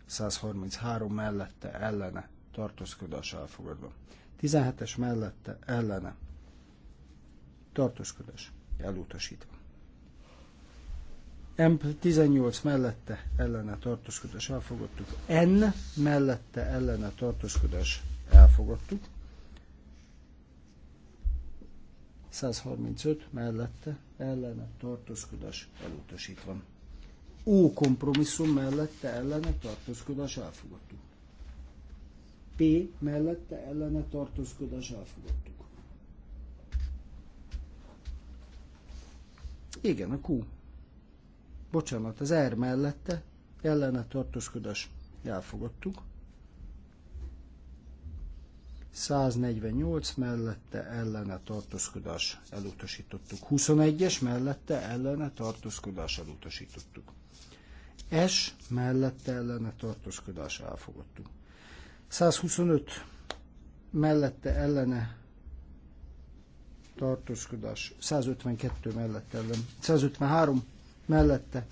133 mellette ellene. Tartózkodás elfogadva. 17-es mellette ellene. Tartózkodás. Elutasítva. M18 mellette ellene tartózkodás elfogadtuk. N mellette ellene tartózkodás elfogadtuk. 135 mellette ellene tartózkodás elutasítva. Ó kompromisszum mellette ellene tartózkodás elfogadtuk. P mellette ellene tartózkodás elfogadtuk. Igen, a Q. Bocsánat, az R mellette ellene tartózkodás elfogadtuk. 148 mellette ellene tartózkodás elutasítottuk. 21-es mellette ellene tartózkodás elutasítottuk. S mellette ellene tartózkodás elfogadtuk. 125 mellette ellene tartózkodás, 152 mellette ellen, 153 mellette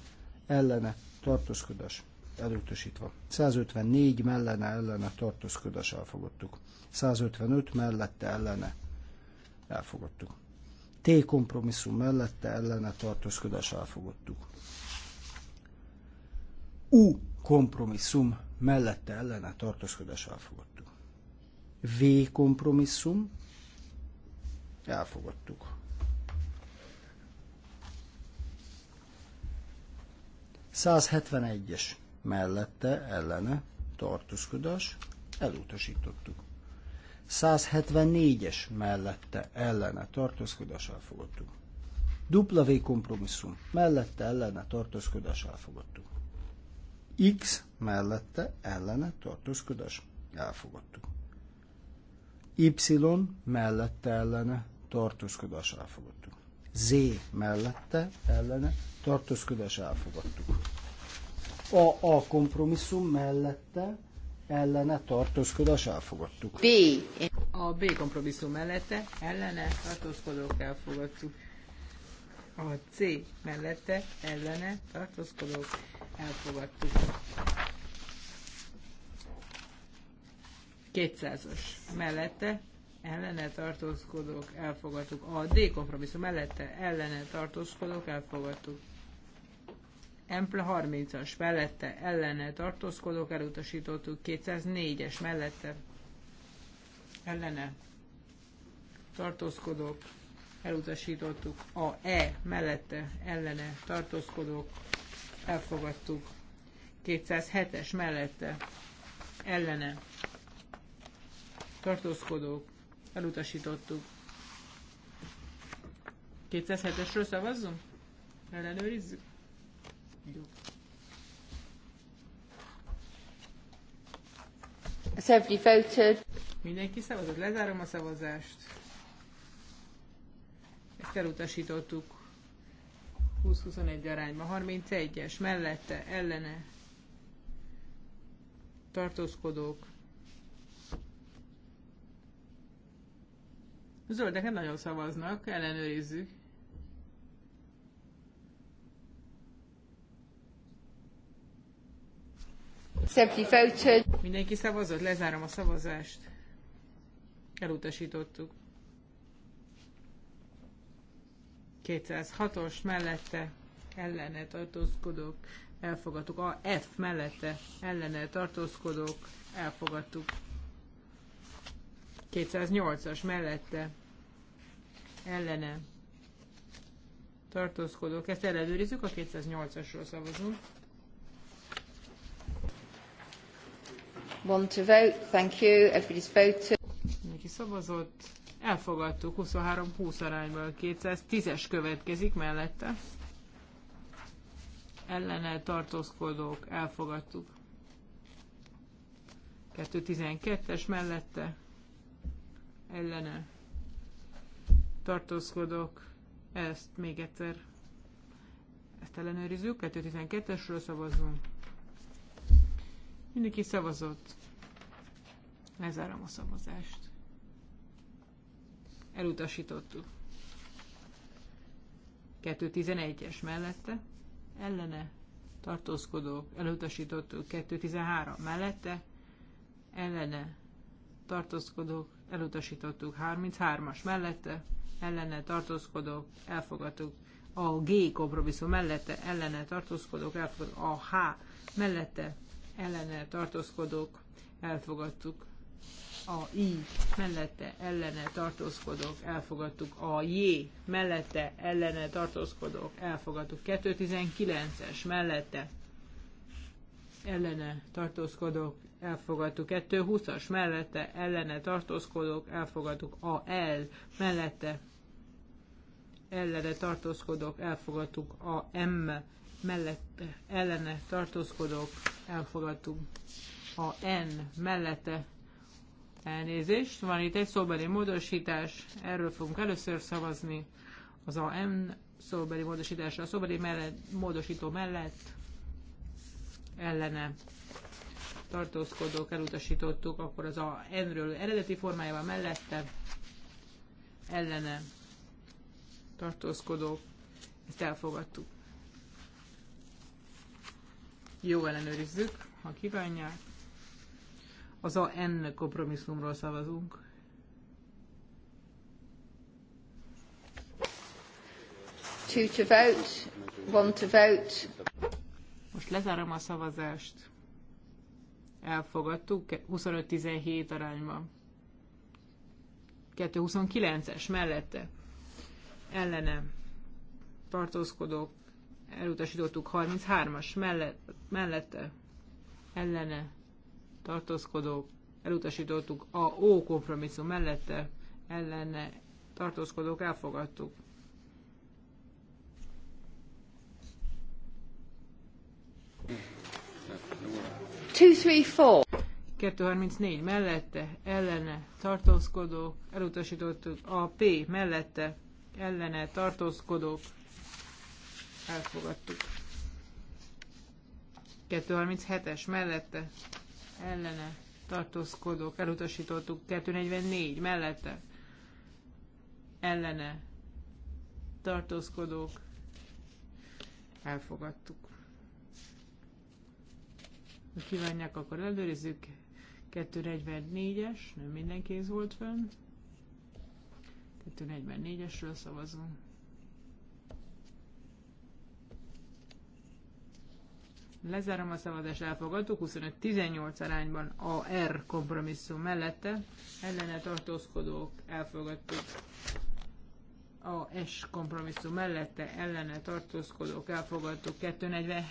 ellene tartózkodás elutasítva. 154 mellene ellene tartózkodás elfogadtuk. 155 mellette ellene elfogadtuk. T kompromisszum mellette ellene tartózkodás elfogadtuk. U kompromisszum mellette ellene tartózkodás elfogadtuk. V kompromisszum elfogadtuk. 171-es mellette ellene tartózkodás elutasítottuk. 174-es mellette ellene tartózkodás elfogadtuk. Dupla V kompromisszum mellette ellene tartózkodás elfogadtuk. X mellette ellene tartózkodás elfogadtuk. Y mellette ellene tartózkodás elfogadtuk. Z mellette ellene tartózkodás elfogadtuk. A, a kompromisszum mellette ellene tartózkodás elfogadtuk. B. A B kompromisszum mellette ellene tartózkodók elfogadtuk. A C mellette ellene tartózkodók elfogadtuk. 200-as mellette ellene tartózkodók elfogadtuk. A D kompromisszum mellette ellene tartózkodók elfogadtuk. Emple 30-as mellette ellene tartózkodók elutasítottuk, 204-es mellette ellene tartózkodók elutasítottuk, a E mellette ellene tartózkodók elfogadtuk, 207-es mellette ellene tartózkodók elutasítottuk. 207-esről szavazzunk? Ellenőrizzük. Has every voted? Mindenki szavazott, lezárom a szavazást. Ezt elutasítottuk 20-21 arányban. 31-es, mellette, ellene, tartózkodók. Zöldeket nagyon szavaznak, ellenőrizzük. Mindenki szavazott, lezárom a szavazást. Elutasítottuk. 206-os mellette ellene tartózkodok, elfogadtuk. A F mellette ellene tartózkodok, elfogadtuk. 208-as mellette ellene tartózkodok. Ezt ellenőrizzük, a 208-asról szavazunk. One to vote. Thank you. Everybody's voted. Mindenki szavazott. Elfogadtuk 23-20 arányban 210-es következik mellette. Ellene tartózkodók. Elfogadtuk. 212-es mellette. Ellene tartózkodók. Ezt még egyszer ezt ellenőrizzük. 212-esről szavazzunk. Mindenki szavazott. Lezárom a szavazást. Elutasítottuk. 2.11-es mellette, ellene, tartózkodók, elutasítottuk. 2.13 mellette, ellene, tartózkodók, elutasítottuk. 33-as mellette, ellene, tartózkodók, elfogadtuk. A G kompromisszum mellette, ellene, tartózkodók, elfogadtuk. A H mellette, ellene tartózkodók elfogadtuk. A I mellette ellene tartózkodók elfogadtuk. A J mellette ellene tartózkodók elfogadtuk. 219-es mellette ellene tartózkodók elfogadtuk. 220-as mellette ellene tartózkodók elfogadtuk. A L mellette ellene tartózkodók elfogadtuk. A M mellette ellene tartózkodók elfogadtuk. A N mellette elnézést. Van itt egy szóbeli módosítás, erről fogunk először szavazni. Az a N szóbeli módosításra, a szóbeli mellett, módosító mellett ellene tartózkodók elutasítottuk, akkor az a N-ről eredeti formájában mellette ellene tartózkodók, ezt elfogadtuk. Jó, ellenőrizzük, ha kívánják. Az a N kompromisszumról szavazunk. Two to vote, one to vote. Most lezárom a szavazást. Elfogadtuk 25-17 arányban. 229-es mellette. Ellenem. Tartózkodók elutasítottuk 33-as mellett, mellette ellene tartózkodó, elutasítottuk a O kompromisszum mellette ellene tartózkodók, elfogadtuk. Two, three, four. 234 mellette, ellene, tartózkodók, elutasítottuk a P mellette, ellene, tartózkodók, elfogadtuk. 237-es mellette ellene tartózkodók elutasítottuk. 244 mellette ellene tartózkodók elfogadtuk. Ha kívánják, akkor előrizzük. 244-es, nem mindenki kéz volt fönn. 244-esről szavazunk. Lezárom a szavazást, elfogadtuk. 25-18 arányban a R kompromisszum mellette. Ellene tartózkodók elfogadtuk. A S kompromisszum mellette ellene tartózkodók elfogadtuk. 247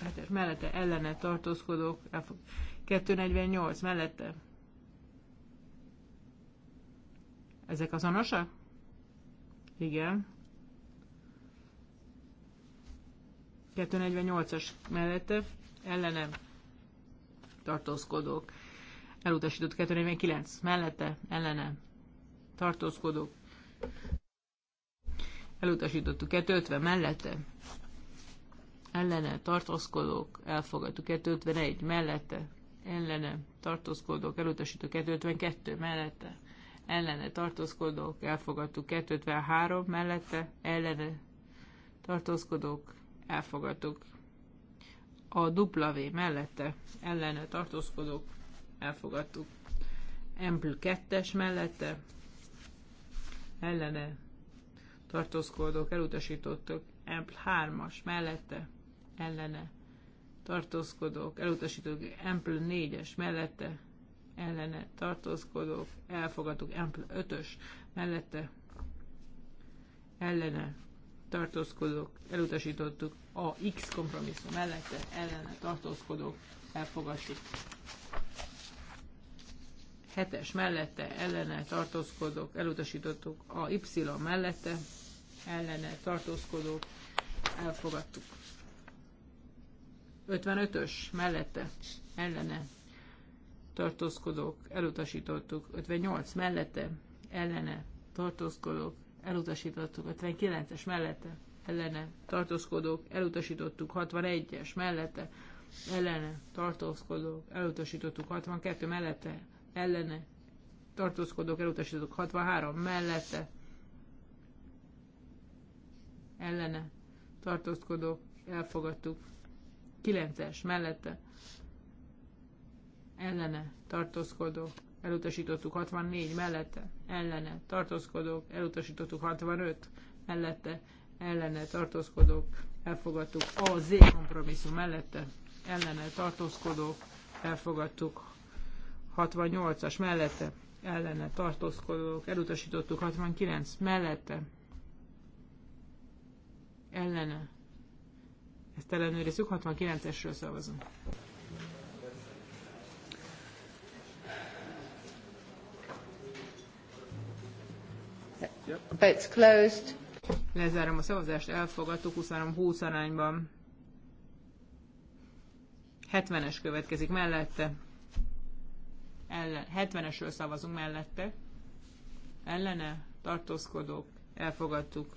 hát es mellette ellene tartózkodók, 248 mellette. Ezek azonosak? Igen. 248-as mellette ellenem tartózkodók. Elutasított 249 mellette ellenem tartózkodók. Elutasítottuk 250 mellette ellene tartózkodók. Elfogadtuk 251 mellette ellene tartózkodók. Elutasítottuk 252 mellette ellene tartózkodók. Elfogadtuk 253 mellette ellene tartózkodók elfogadtuk. A W mellette ellene tartózkodók elfogadtuk. empl 2-es mellette ellene tartózkodók elutasítottuk. empl 3-as mellette ellene tartózkodók elutasítottuk. empl 4-es mellette ellene tartózkodók elfogadtuk. empl 5-ös mellette ellene tartózkodók, elutasítottuk a X kompromisszum mellette, ellene tartózkodók, elfogadtuk. Hetes mellette, ellene tartózkodók, elutasítottuk a Y mellette, ellene tartózkodók, elfogadtuk. 55-ös mellette, ellene tartózkodók, elutasítottuk. 58 mellette, ellene tartózkodók, elutasítottuk 59-es mellette, ellene tartózkodók, elutasítottuk 61-es mellette, ellene tartózkodók, elutasítottuk 62 mellette, ellene tartózkodók, elutasítottuk 63 mellette, ellene tartózkodók, elfogadtuk 9-es mellette, ellene tartózkodók, elutasítottuk 64 mellette, ellene tartózkodók, elutasítottuk 65 mellette, ellene tartózkodók, elfogadtuk a Z kompromisszum mellette, ellene tartózkodók, elfogadtuk 68-as mellette, ellene tartózkodók, elutasítottuk 69 mellette, ellene. Ezt ellenőrizzük, 69-esről szavazunk. Votes closed. Lezárom a szavazást, elfogadtuk 23-20 arányban. 70-es következik mellette. Ellen, 70-esről szavazunk mellette. Ellene tartózkodók, elfogadtuk.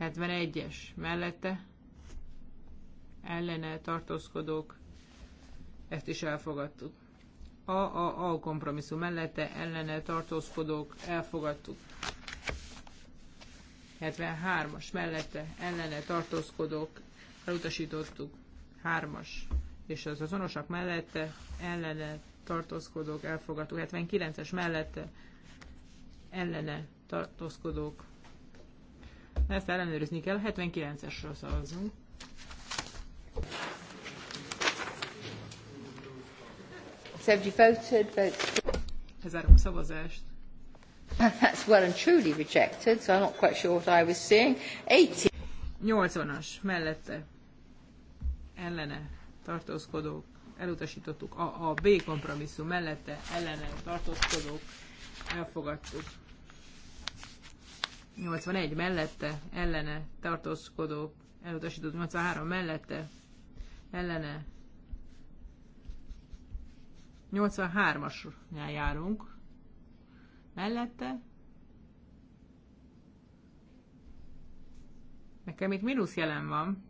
71-es mellette. Ellene tartózkodók, ezt is elfogadtuk. A, a, a kompromisszum mellette ellene tartózkodók, elfogadtuk. 73-as mellette ellene tartózkodók elutasítottuk. 3-as és az azonosak mellette ellene tartózkodók elfogadtuk. 79-es mellette ellene tartózkodók. Ezt ellenőrizni kell. 79-esről szavazunk. Ezárom a szavazást. *laughs* That's well and truly rejected, so I'm not quite sure what I was seeing. 80. 80-as mellette ellene tartózkodók, elutasítottuk a, a B kompromisszum mellette ellene tartózkodók, elfogadtuk. 81 mellette ellene tartózkodók, elutasított 83 mellette ellene 83-asnál járunk, mellette. Nekem itt mínusz jelen van.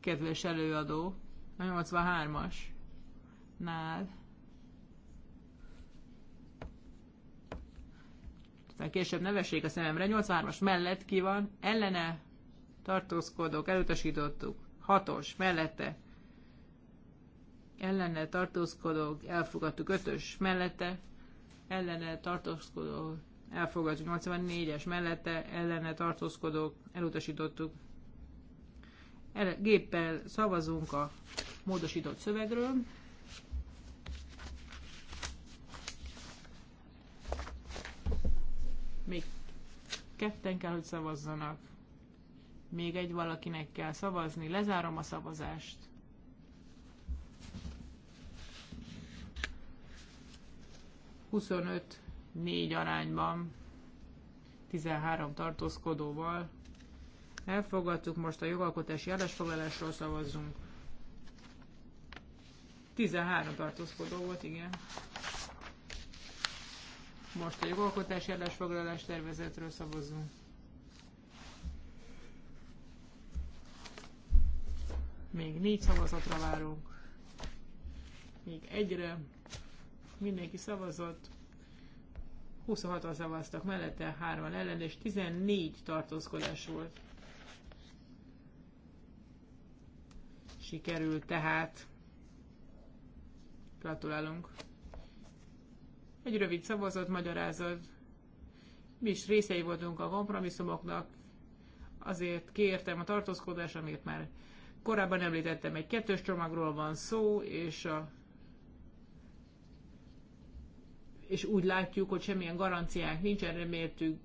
Kedves előadó, a 83-as nál. Aztán később nevessék a szememre. 83-as mellett ki van, ellene tartózkodok, elutasítottuk. 6-os mellette ellene tartózkodok, elfogadtuk. 5-ös mellette ellene tartózkodó elfogadjuk, 84-es mellette ellene tartózkodók elutasítottuk. El, géppel szavazunk a módosított szövegről. Még ketten kell, hogy szavazzanak. Még egy valakinek kell szavazni. Lezárom a szavazást. 25-4 arányban 13 tartózkodóval elfogadtuk, most a jogalkotási állásfoglalásról szavazzunk. 13 tartózkodó volt, igen. Most a jogalkotási állásfoglalás tervezetről szavazzunk. Még négy szavazatra várunk. Még egyre mindenki szavazott, 26-an szavaztak mellette, 3-an ellen, és 14 tartózkodás volt. Sikerült tehát. Gratulálunk. Egy rövid szavazat, magyarázat. Mi is részei voltunk a kompromisszumoknak, azért kértem a tartózkodás, amit már korábban említettem, egy kettős csomagról van szó, és a és úgy látjuk, hogy semmilyen garanciánk nincs, erre mértük,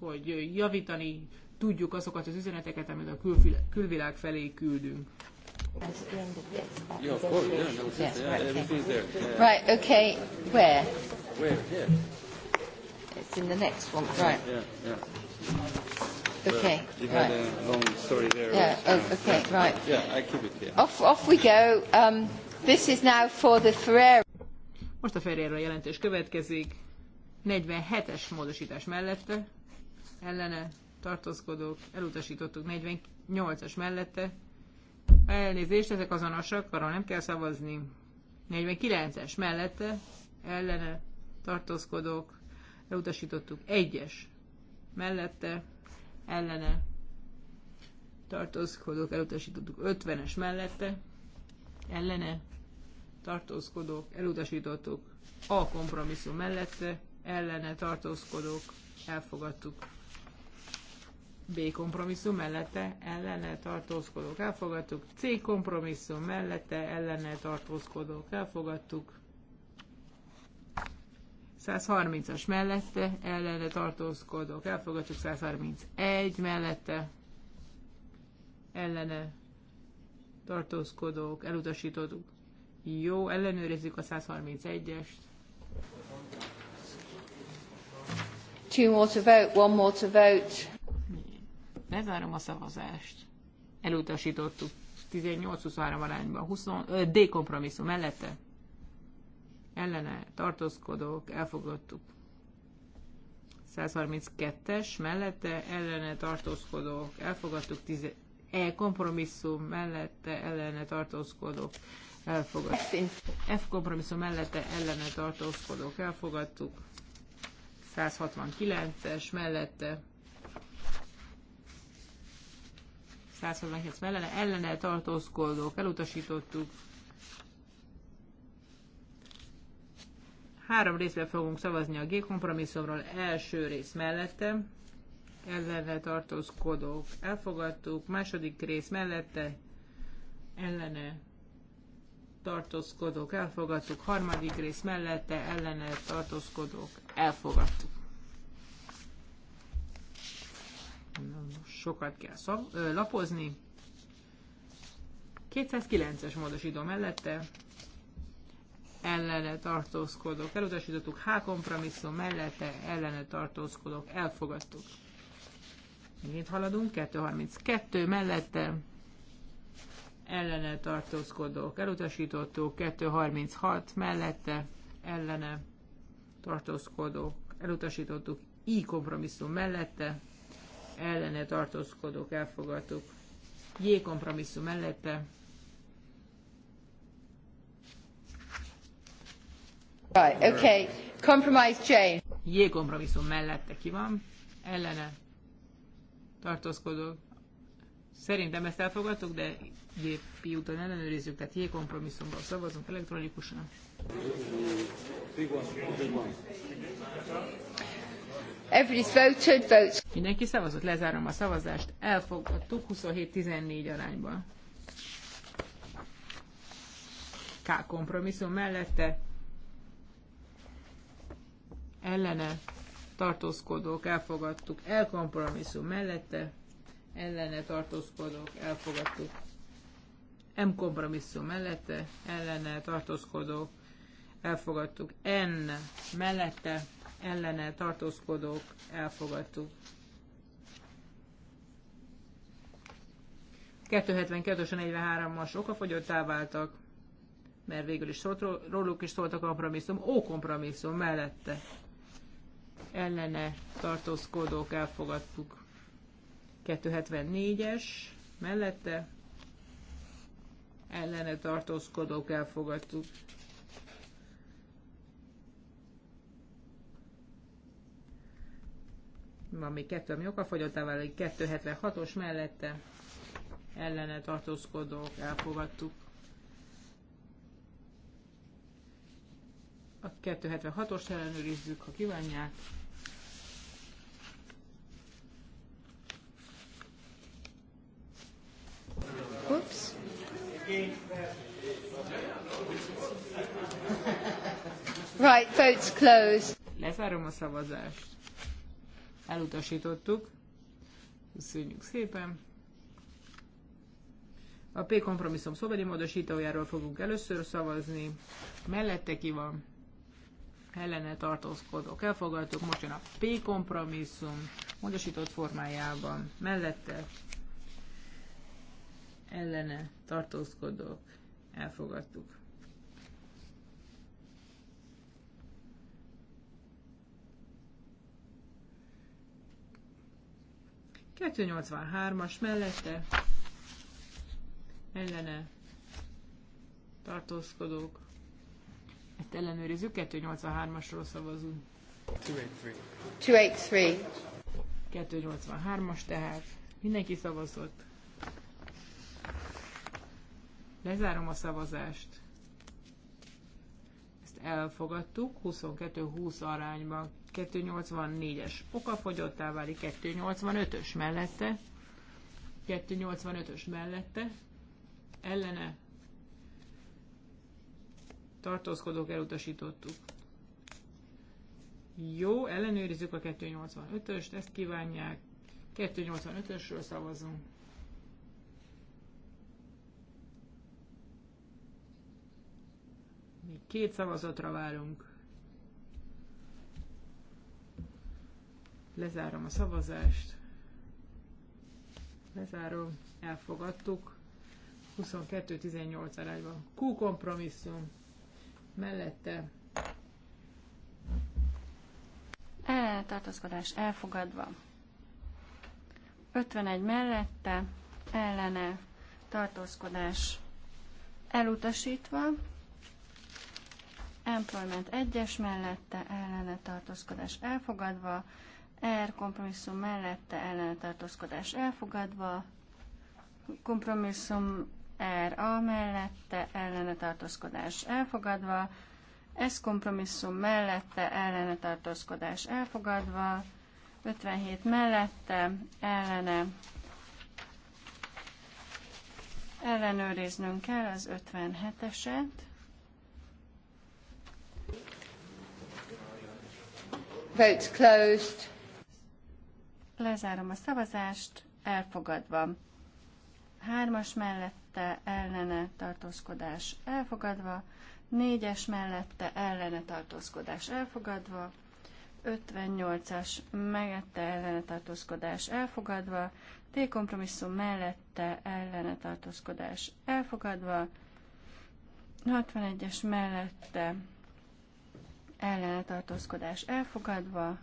hogy javítani tudjuk azokat az üzeneteket, amit a külfil- külvilág felé küldünk. Right, okay, where? Where, Here. It's in the next one, right. Yeah, yeah. Okay. You had right. a long story there. Yeah, oh, okay, yeah. right. Yeah, I keep it here. Off, off we go. Um, this is now for the Ferrari. Most a Ferrerra jelentés következik. 47-es módosítás mellette, ellene tartózkodók, elutasítottuk 48-as mellette. Elnézést, ezek azonosak, arról nem kell szavazni. 49-es mellette, ellene tartózkodók, elutasítottuk 1-es mellette, ellene tartózkodók, elutasítottuk 50-es mellette, ellene tartózkodók, elutasítottuk. A kompromisszum mellette, ellene tartózkodók, elfogadtuk. B kompromisszum mellette, ellene tartózkodók, elfogadtuk. C kompromisszum mellette, ellene tartózkodók, elfogadtuk. 130-as mellette, ellene tartózkodók, elfogadtuk 131 mellette, ellene tartózkodók, elutasítottuk jó, ellenőrizzük a 131-est. Two more to vote, one more to vote. Bezárom a szavazást. Elutasítottuk 18-23 arányban. 20, D kompromisszum mellette. Ellene tartózkodók, elfogadtuk. 132-es mellette, ellene tartózkodók, elfogadtuk 10, E kompromisszum mellette, ellene tartózkodók, Elfogadtuk. F kompromisszum mellette ellene tartózkodók elfogadtuk. 169-es mellette 169 mellene ellene tartózkodók elutasítottuk. Három részben fogunk szavazni a G kompromisszumról. Első rész mellette ellene tartózkodók elfogadtuk. Második rész mellette ellene tartózkodók, elfogadtuk. Harmadik rész mellette, ellene tartózkodók, elfogadtuk. Sokat kell szav- ö, lapozni. 209-es módosító mellette, ellene tartózkodók, elutasítottuk. H kompromisszum mellette, ellene tartózkodók, elfogadtuk. Mit haladunk, 232 mellette, ellene tartózkodók elutasítottuk, 236 mellette ellene tartózkodók elutasítottuk, így kompromisszum mellette ellene tartózkodók elfogadtuk, J kompromisszum mellette Right, okay. Compromise J. J kompromisszum mellette ki van, ellene tartózkodó. Szerintem ezt elfogadtuk, de gépi úton ellenőrizzük, tehát J kompromisszumban szavazunk elektronikusan. Everybody's voted, votes. Mindenki szavazott, lezárom a szavazást. Elfogadtuk 27-14 arányban. K kompromisszum mellette ellene tartózkodók elfogadtuk, elkompromisszum mellette ellene tartózkodók elfogadtuk. M kompromisszum mellette, ellene tartózkodók elfogadtuk. N mellette, ellene tartózkodók elfogadtuk. 272 43-as okafogyottá váltak, mert végül is szólt, róluk is szólt a kompromisszum, ó kompromisszum mellette ellene tartózkodók elfogadtuk. 274-es mellette ellene tartózkodók elfogadtuk. Van még kettő, ami okafogyottá egy 276-os mellette ellene tartózkodók elfogadtuk. A 276-os ellenőrizzük, ha kívánják. Oops. Right, vote's closed. Lezárom a szavazást. Elutasítottuk. Köszönjük szépen. A P kompromisszum szobeli módosítójáról fogunk először szavazni. Mellette ki van? Ellene tartózkodok. elfogadtuk. Most jön a P kompromisszum módosított formájában. Mellette ellene tartózkodók elfogadtuk. Kettő as mellette ellene tartózkodók. Ezt ellenőrizzük, 283-asról szavazunk. 283. 283. 283-as tehát. Mindenki szavazott. Lezárom a szavazást. Ezt elfogadtuk. 22-20 arányban. 284-es okafogyottá válik. 285-ös mellette. 285-ös mellette. Ellene tartózkodók elutasítottuk. Jó, ellenőrizzük a 285-öst, ezt kívánják. 285-ösről szavazunk. Még két szavazatra várunk. Lezárom a szavazást. Lezárom. Elfogadtuk. 22-18 arányban. Q kompromisszum. Mellette. E tartózkodás elfogadva. 51 mellette. Ellene tartózkodás elutasítva. Employment 1-es mellette ellene tartózkodás elfogadva, R kompromisszum mellette ellene tartózkodás elfogadva, kompromisszum R A mellette ellene tartózkodás elfogadva, S kompromisszum mellette ellene tartózkodás elfogadva, 57 mellette ellene ellenőriznünk kell az 57-eset. Votes closed. Lezárom a szavazást, elfogadva. Hármas mellette ellene tartózkodás elfogadva, négyes mellette ellene tartózkodás elfogadva, 58-as mellette ellene tartózkodás elfogadva, T kompromisszum mellette ellene tartózkodás elfogadva, 61-es mellette ellene tartózkodás elfogadva,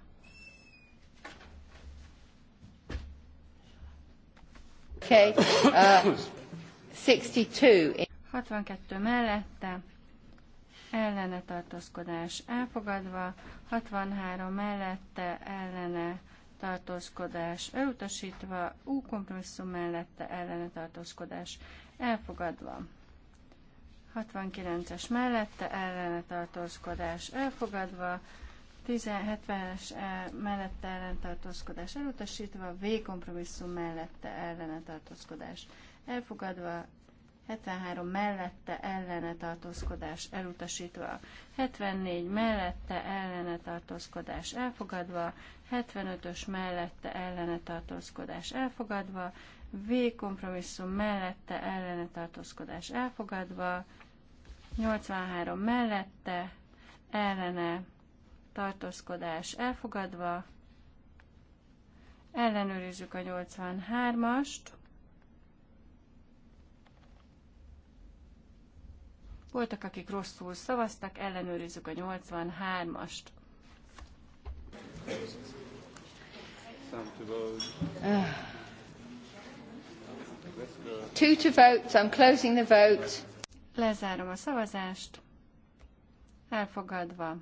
Okay. Uh, 62. 62 mellette, ellene tartózkodás elfogadva, 63 mellette ellene tartózkodás elutasítva, U kompromisszum mellette ellene tartózkodás elfogadva. 69-es mellette ellene tartózkodás elfogadva, 1770-es e, mellette ellentartózkodás elutasítva, V kompromisszum mellette ellenetartózkodás elfogadva, 73 mellette ellenetartózkodás elutasítva, 74 mellette ellenetartózkodás elfogadva, 75-ös mellette ellenetartózkodás elfogadva, V kompromisszum mellette ellenetartózkodás elfogadva, 83 mellette, ellene tartózkodás elfogadva, ellenőrizzük a 83-ast, Voltak, akik rosszul szavaztak, ellenőrizzük a 83-ast. Two to vote, I'm closing the vote. Lezárom a szavazást. Elfogadva.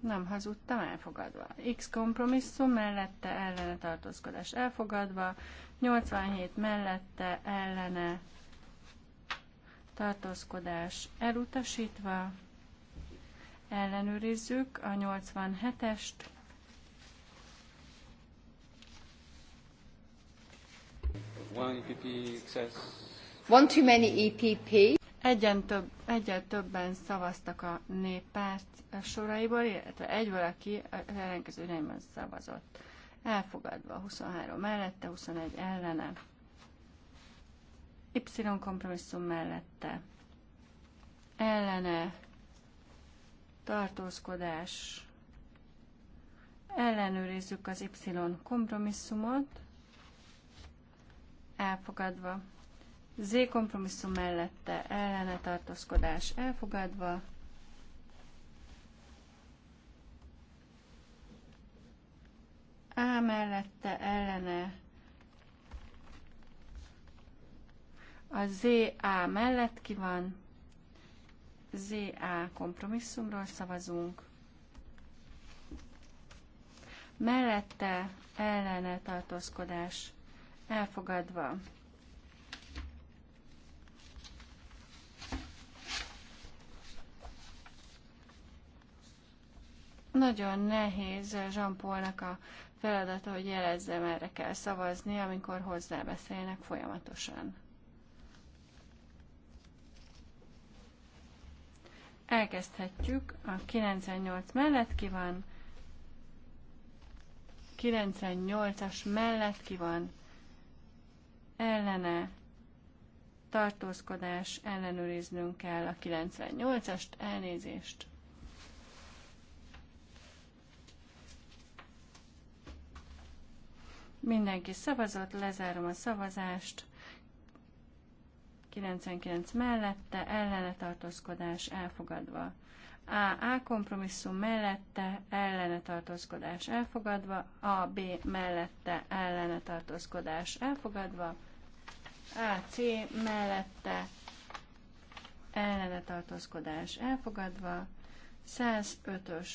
Nem hazudtam, elfogadva. X kompromisszum mellette ellene tartózkodás elfogadva, 87 mellette ellene tartózkodás elutasítva, ellenőrizzük a 87-est. One EPP excess. One too many EPP. Egyen több, egyen többen szavaztak a néppárt soraiból, illetve egy valaki ellenkező irányban szavazott. Elfogadva 23 mellette, 21 ellene. Y kompromisszum mellette. Ellene. Tartózkodás. Ellenőrizzük az Y kompromisszumot. Elfogadva Z kompromisszum mellette ellene tartózkodás elfogadva. A mellette ellene a ZA mellett ki van. ZA kompromisszumról szavazunk. Mellette ellene tartózkodás elfogadva. Nagyon nehéz jean a feladata, hogy jelezze, merre kell szavazni, amikor hozzá beszélnek folyamatosan. Elkezdhetjük a 98 mellett ki van, 98-as mellett ki van, ellene tartózkodás, ellenőriznünk kell a 98-ast, elnézést. Mindenki szavazott, lezárom a szavazást. 99 mellette, ellene tartózkodás elfogadva. A kompromisszum mellette ellene tartózkodás elfogadva, B mellette ellene tartózkodás elfogadva, C mellette ellene tartózkodás elfogadva, 105-ös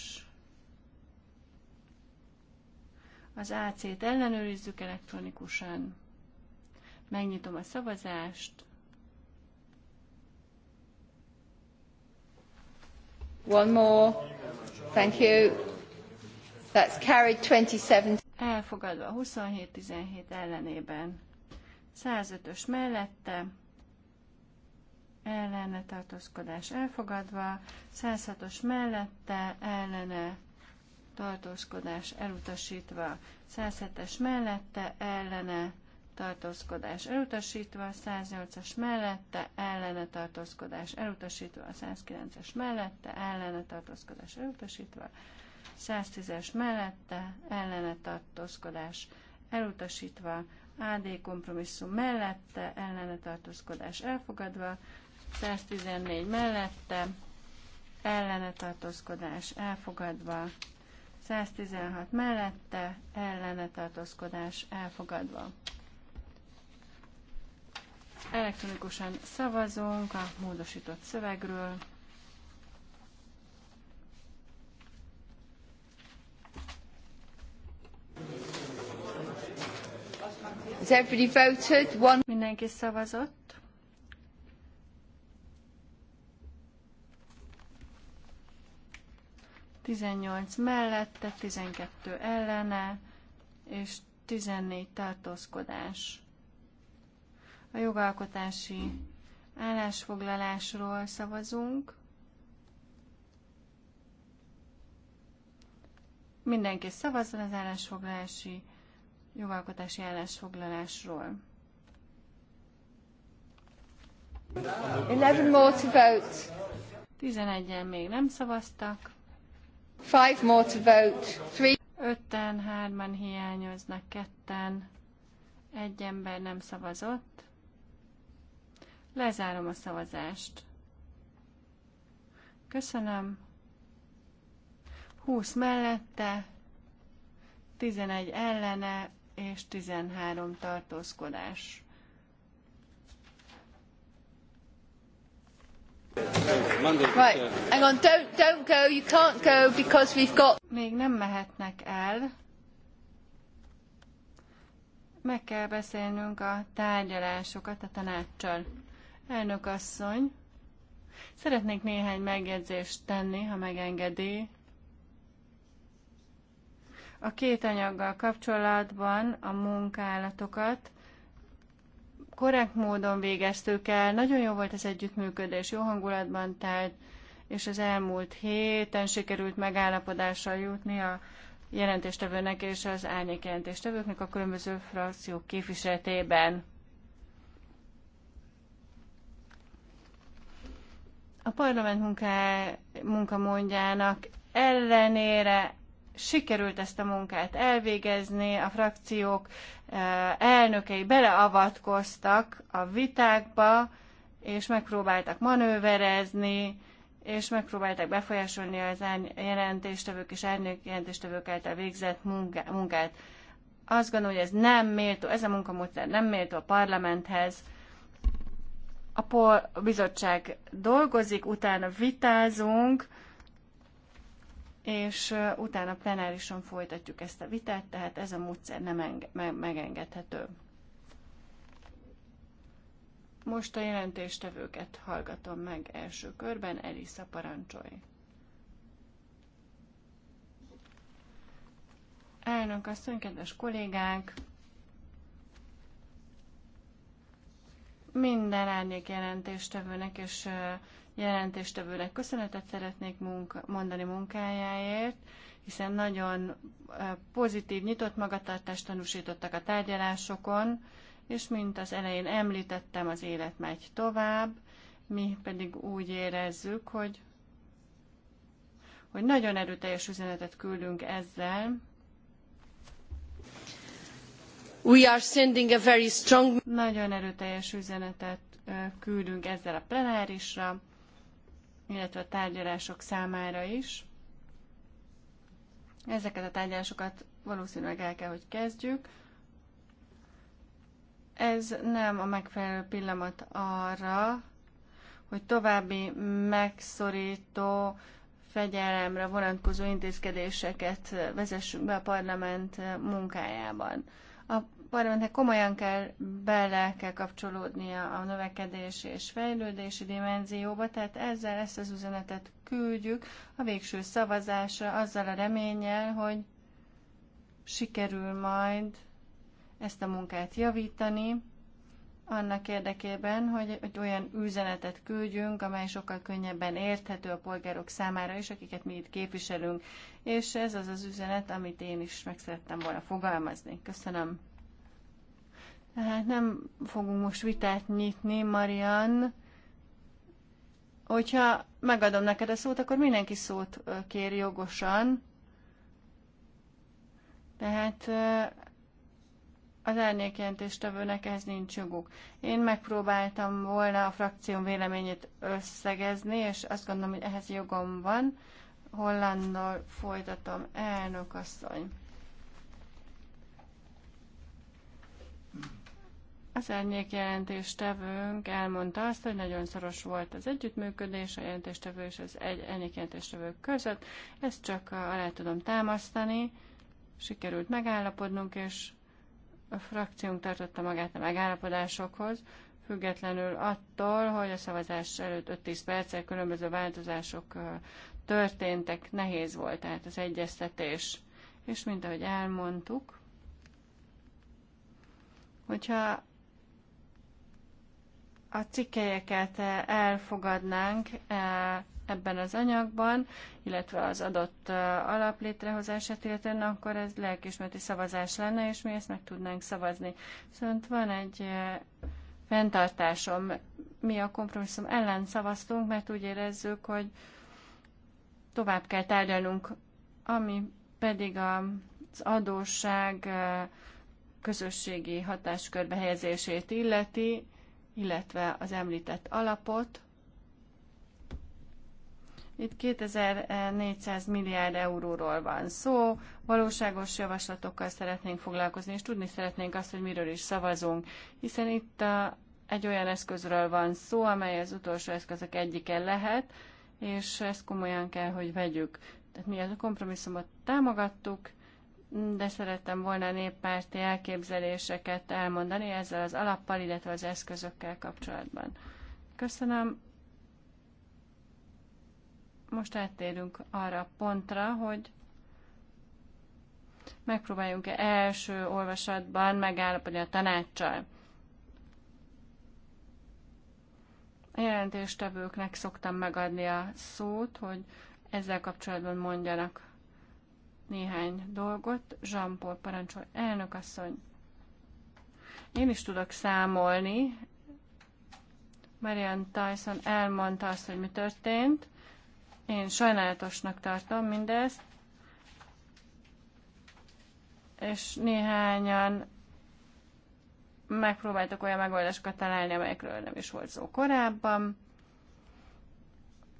az AC-t ellenőrizzük elektronikusan. Megnyitom a szavazást. One more. Thank you. That's carried 27. Elfogadva 27-17 ellenében. 105-ös mellette. Ellene tartózkodás elfogadva. 106-os mellette. Ellene tartózkodás elutasítva, 107-es mellette ellene tartózkodás elutasítva, 108-as mellette ellene tartózkodás elutasítva, 109-es mellette ellene tartózkodás elutasítva, 110-es mellette ellene tartózkodás elutasítva, AD kompromisszum mellette ellene tartózkodás elfogadva, 114 mellette ellene tartózkodás elfogadva, 116 mellette, ellene tartózkodás elfogadva. Elektronikusan szavazunk a módosított szövegről. Mindenki szavazott? 18 mellette, 12 ellene, és 14 tartózkodás. A jogalkotási állásfoglalásról szavazunk. Mindenki szavazzon az állásfoglalási, jogalkotási állásfoglalásról. 11 more to vote. 11-en még nem szavaztak. Five more to vote. Three. Ötten, hárman hiányoznak, ketten. Egy ember nem szavazott. Lezárom a szavazást. Köszönöm. 20 mellette, 11 ellene és 13 tartózkodás. Right, hang on, don't, don't go, you can't go because we've got... Még nem mehetnek el. Meg kell beszélnünk a tárgyalásokat a tanácssal. Elnök asszony, szeretnék néhány megjegyzést tenni, ha megengedi. A két anyaggal kapcsolatban a munkálatokat korrekt módon végeztük el, nagyon jó volt az együttműködés, jó hangulatban telt, és az elmúlt héten sikerült megállapodásra jutni a jelentéstevőnek és az árnyék jelentéstevőknek a különböző frakciók képviseletében. A parlament munká, munkamondjának ellenére sikerült ezt a munkát elvégezni, a frakciók eh, elnökei beleavatkoztak a vitákba, és megpróbáltak manőverezni, és megpróbáltak befolyásolni az jelentéstevők és elnök jelentéstevők által végzett munkát. Azt gondolom, hogy ez nem méltó, ez a munkamódszer nem méltó a parlamenthez. A, pol, a bizottság dolgozik, utána vitázunk, és utána plenárison folytatjuk ezt a vitát, tehát ez a módszer nem enge- megengedhető. Most a jelentéstevőket hallgatom meg első körben, Elisa parancsolj. Elnök asszony, kedves kollégánk, Minden árnyék jelentéstevőnek és jelentéstevőnek köszönetet szeretnék munka, mondani munkájáért, hiszen nagyon pozitív, nyitott magatartást tanúsítottak a tárgyalásokon, és mint az elején említettem, az élet megy tovább, mi pedig úgy érezzük, hogy, hogy nagyon erőteljes üzenetet küldünk ezzel, We are sending a very strong... Nagyon erőteljes üzenetet küldünk ezzel a plenárisra, illetve a tárgyalások számára is. Ezeket a tárgyalásokat valószínűleg el kell, hogy kezdjük. Ez nem a megfelelő pillanat arra, hogy további megszorító fegyelemre vonatkozó intézkedéseket vezessünk be a parlament munkájában. A parlamentnek komolyan kell bele kell kapcsolódnia a növekedési és fejlődési dimenzióba, tehát ezzel ezt az üzenetet küldjük a végső szavazásra, azzal a reményel, hogy sikerül majd ezt a munkát javítani, annak érdekében, hogy egy olyan üzenetet küldjünk, amely sokkal könnyebben érthető a polgárok számára is, akiket mi itt képviselünk. És ez az az üzenet, amit én is meg szerettem volna fogalmazni. Köszönöm. Tehát nem fogunk most vitát nyitni, Marian. Hogyha megadom neked a szót, akkor mindenki szót kér jogosan. Tehát az árnyékjelentéstevőnek ehhez nincs joguk. Én megpróbáltam volna a frakció véleményét összegezni, és azt gondolom, hogy ehhez jogom van. Hollandnal folytatom, elnök asszony. Az jelentéstevőnk elmondta azt, hogy nagyon szoros volt az együttműködés a jelentéstevő és az egy árnyékjelentéstevők között. Ezt csak alá tudom támasztani. Sikerült megállapodnunk, és a frakciónk tartotta magát a megállapodásokhoz, függetlenül attól, hogy a szavazás előtt 5-10 perccel különböző változások történtek, nehéz volt tehát az egyeztetés. És mint ahogy elmondtuk, hogyha a cikkelyeket eh, elfogadnánk eh, ebben az anyagban, illetve az adott eh, alaplétrehozását illetően, akkor ez lelkismereti szavazás lenne, és mi ezt meg tudnánk szavazni. Viszont szóval van egy fenntartásom, mi a kompromisszum ellen szavaztunk, mert úgy érezzük, hogy tovább kell tárgyalnunk, ami pedig az adósság közösségi hatáskörbe helyezését illeti, illetve az említett alapot. Itt 2400 milliárd euróról van szó, valóságos javaslatokkal szeretnénk foglalkozni, és tudni szeretnénk azt, hogy miről is szavazunk, hiszen itt a, egy olyan eszközről van szó, amely az utolsó eszközök egyike lehet, és ezt komolyan kell, hogy vegyük. Tehát mi a kompromisszumot támogattuk, de szerettem volna néppárti elképzeléseket elmondani ezzel az alappal, illetve az eszközökkel kapcsolatban. Köszönöm. Most áttérünk arra a pontra, hogy megpróbáljunk-e első olvasatban megállapodni a tanácssal. A jelentéstevőknek szoktam megadni a szót, hogy ezzel kapcsolatban mondjanak néhány dolgot. Jean-Paul parancsol, elnök asszony. Én is tudok számolni. Marian Tyson elmondta azt, hogy mi történt. Én sajnálatosnak tartom mindezt. És néhányan megpróbáltak olyan megoldásokat találni, amelyekről nem is volt szó korábban.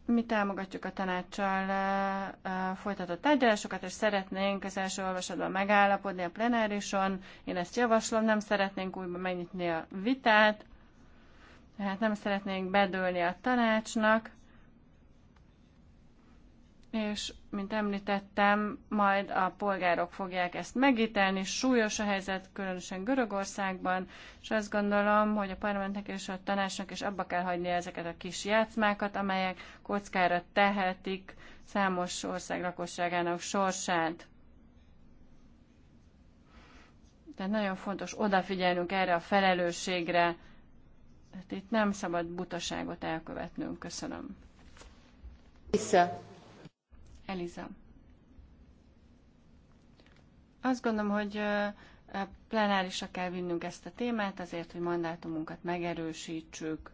Mi támogatjuk a tanácssal folytatott tárgyalásokat, és szeretnénk az első olvasatban megállapodni a plenárison. Én ezt javaslom, nem szeretnénk újra megnyitni a vitát, tehát nem szeretnénk bedőlni a tanácsnak és, mint említettem, majd a polgárok fogják ezt megítelni. Súlyos a helyzet, különösen Görögországban, és azt gondolom, hogy a parlamentnek és a tanácsnak is abba kell hagyni ezeket a kis játszmákat, amelyek kockára tehetik számos ország lakosságának sorsát. Tehát nagyon fontos odafigyelnünk erre a felelősségre. Tehát itt nem szabad butaságot elkövetnünk. Köszönöm. Vissza. Eliza. Azt gondolom, hogy plenárisra kell vinnünk ezt a témát, azért, hogy mandátumunkat megerősítsük.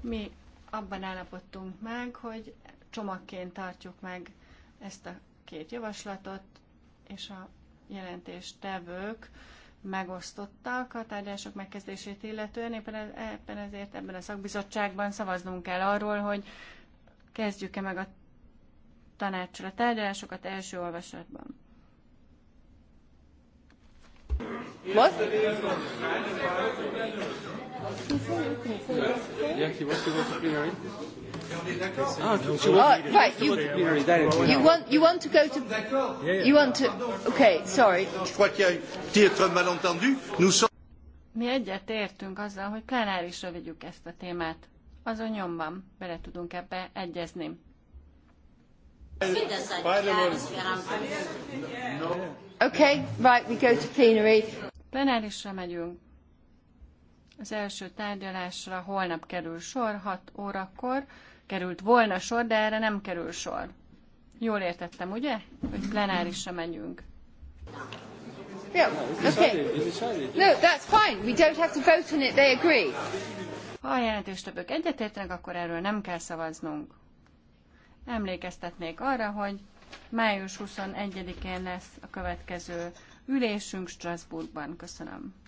Mi abban állapodtunk meg, hogy csomagként tartjuk meg ezt a két javaslatot, és a jelentéstevők tevők megosztottak a tárgyalások megkezdését illetően. Éppen, éppen ezért ebben a szakbizottságban szavaznunk kell arról, hogy kezdjük-e meg a tanácsra a tárgyalásokat első olvasatban. Most? Yeah, most most to go Oh, right, you, you, want, you want to go to... You want to... Okay, sorry. Je crois qu'il y a malentendu. Nous sommes... Mi egyet értünk azzal, hogy plenárisra vigyük ezt a témát. Azon nyomban bele tudunk ebbe egyezni. Okay, right, we go to plenary. Plenárisra megyünk. Az első tárgyalásra holnap kerül sor, 6 órakor került volna sor, de erre nem kerül sor. Jól értettem, ugye? Hogy plenárisra menjünk. Yeah, okay. No, that's fine. We don't have to vote on it. They agree. Ha a többök egyetértenek, akkor erről nem kell szavaznunk. Emlékeztetnék arra, hogy május 21-én lesz a következő ülésünk Strasbourgban. Köszönöm.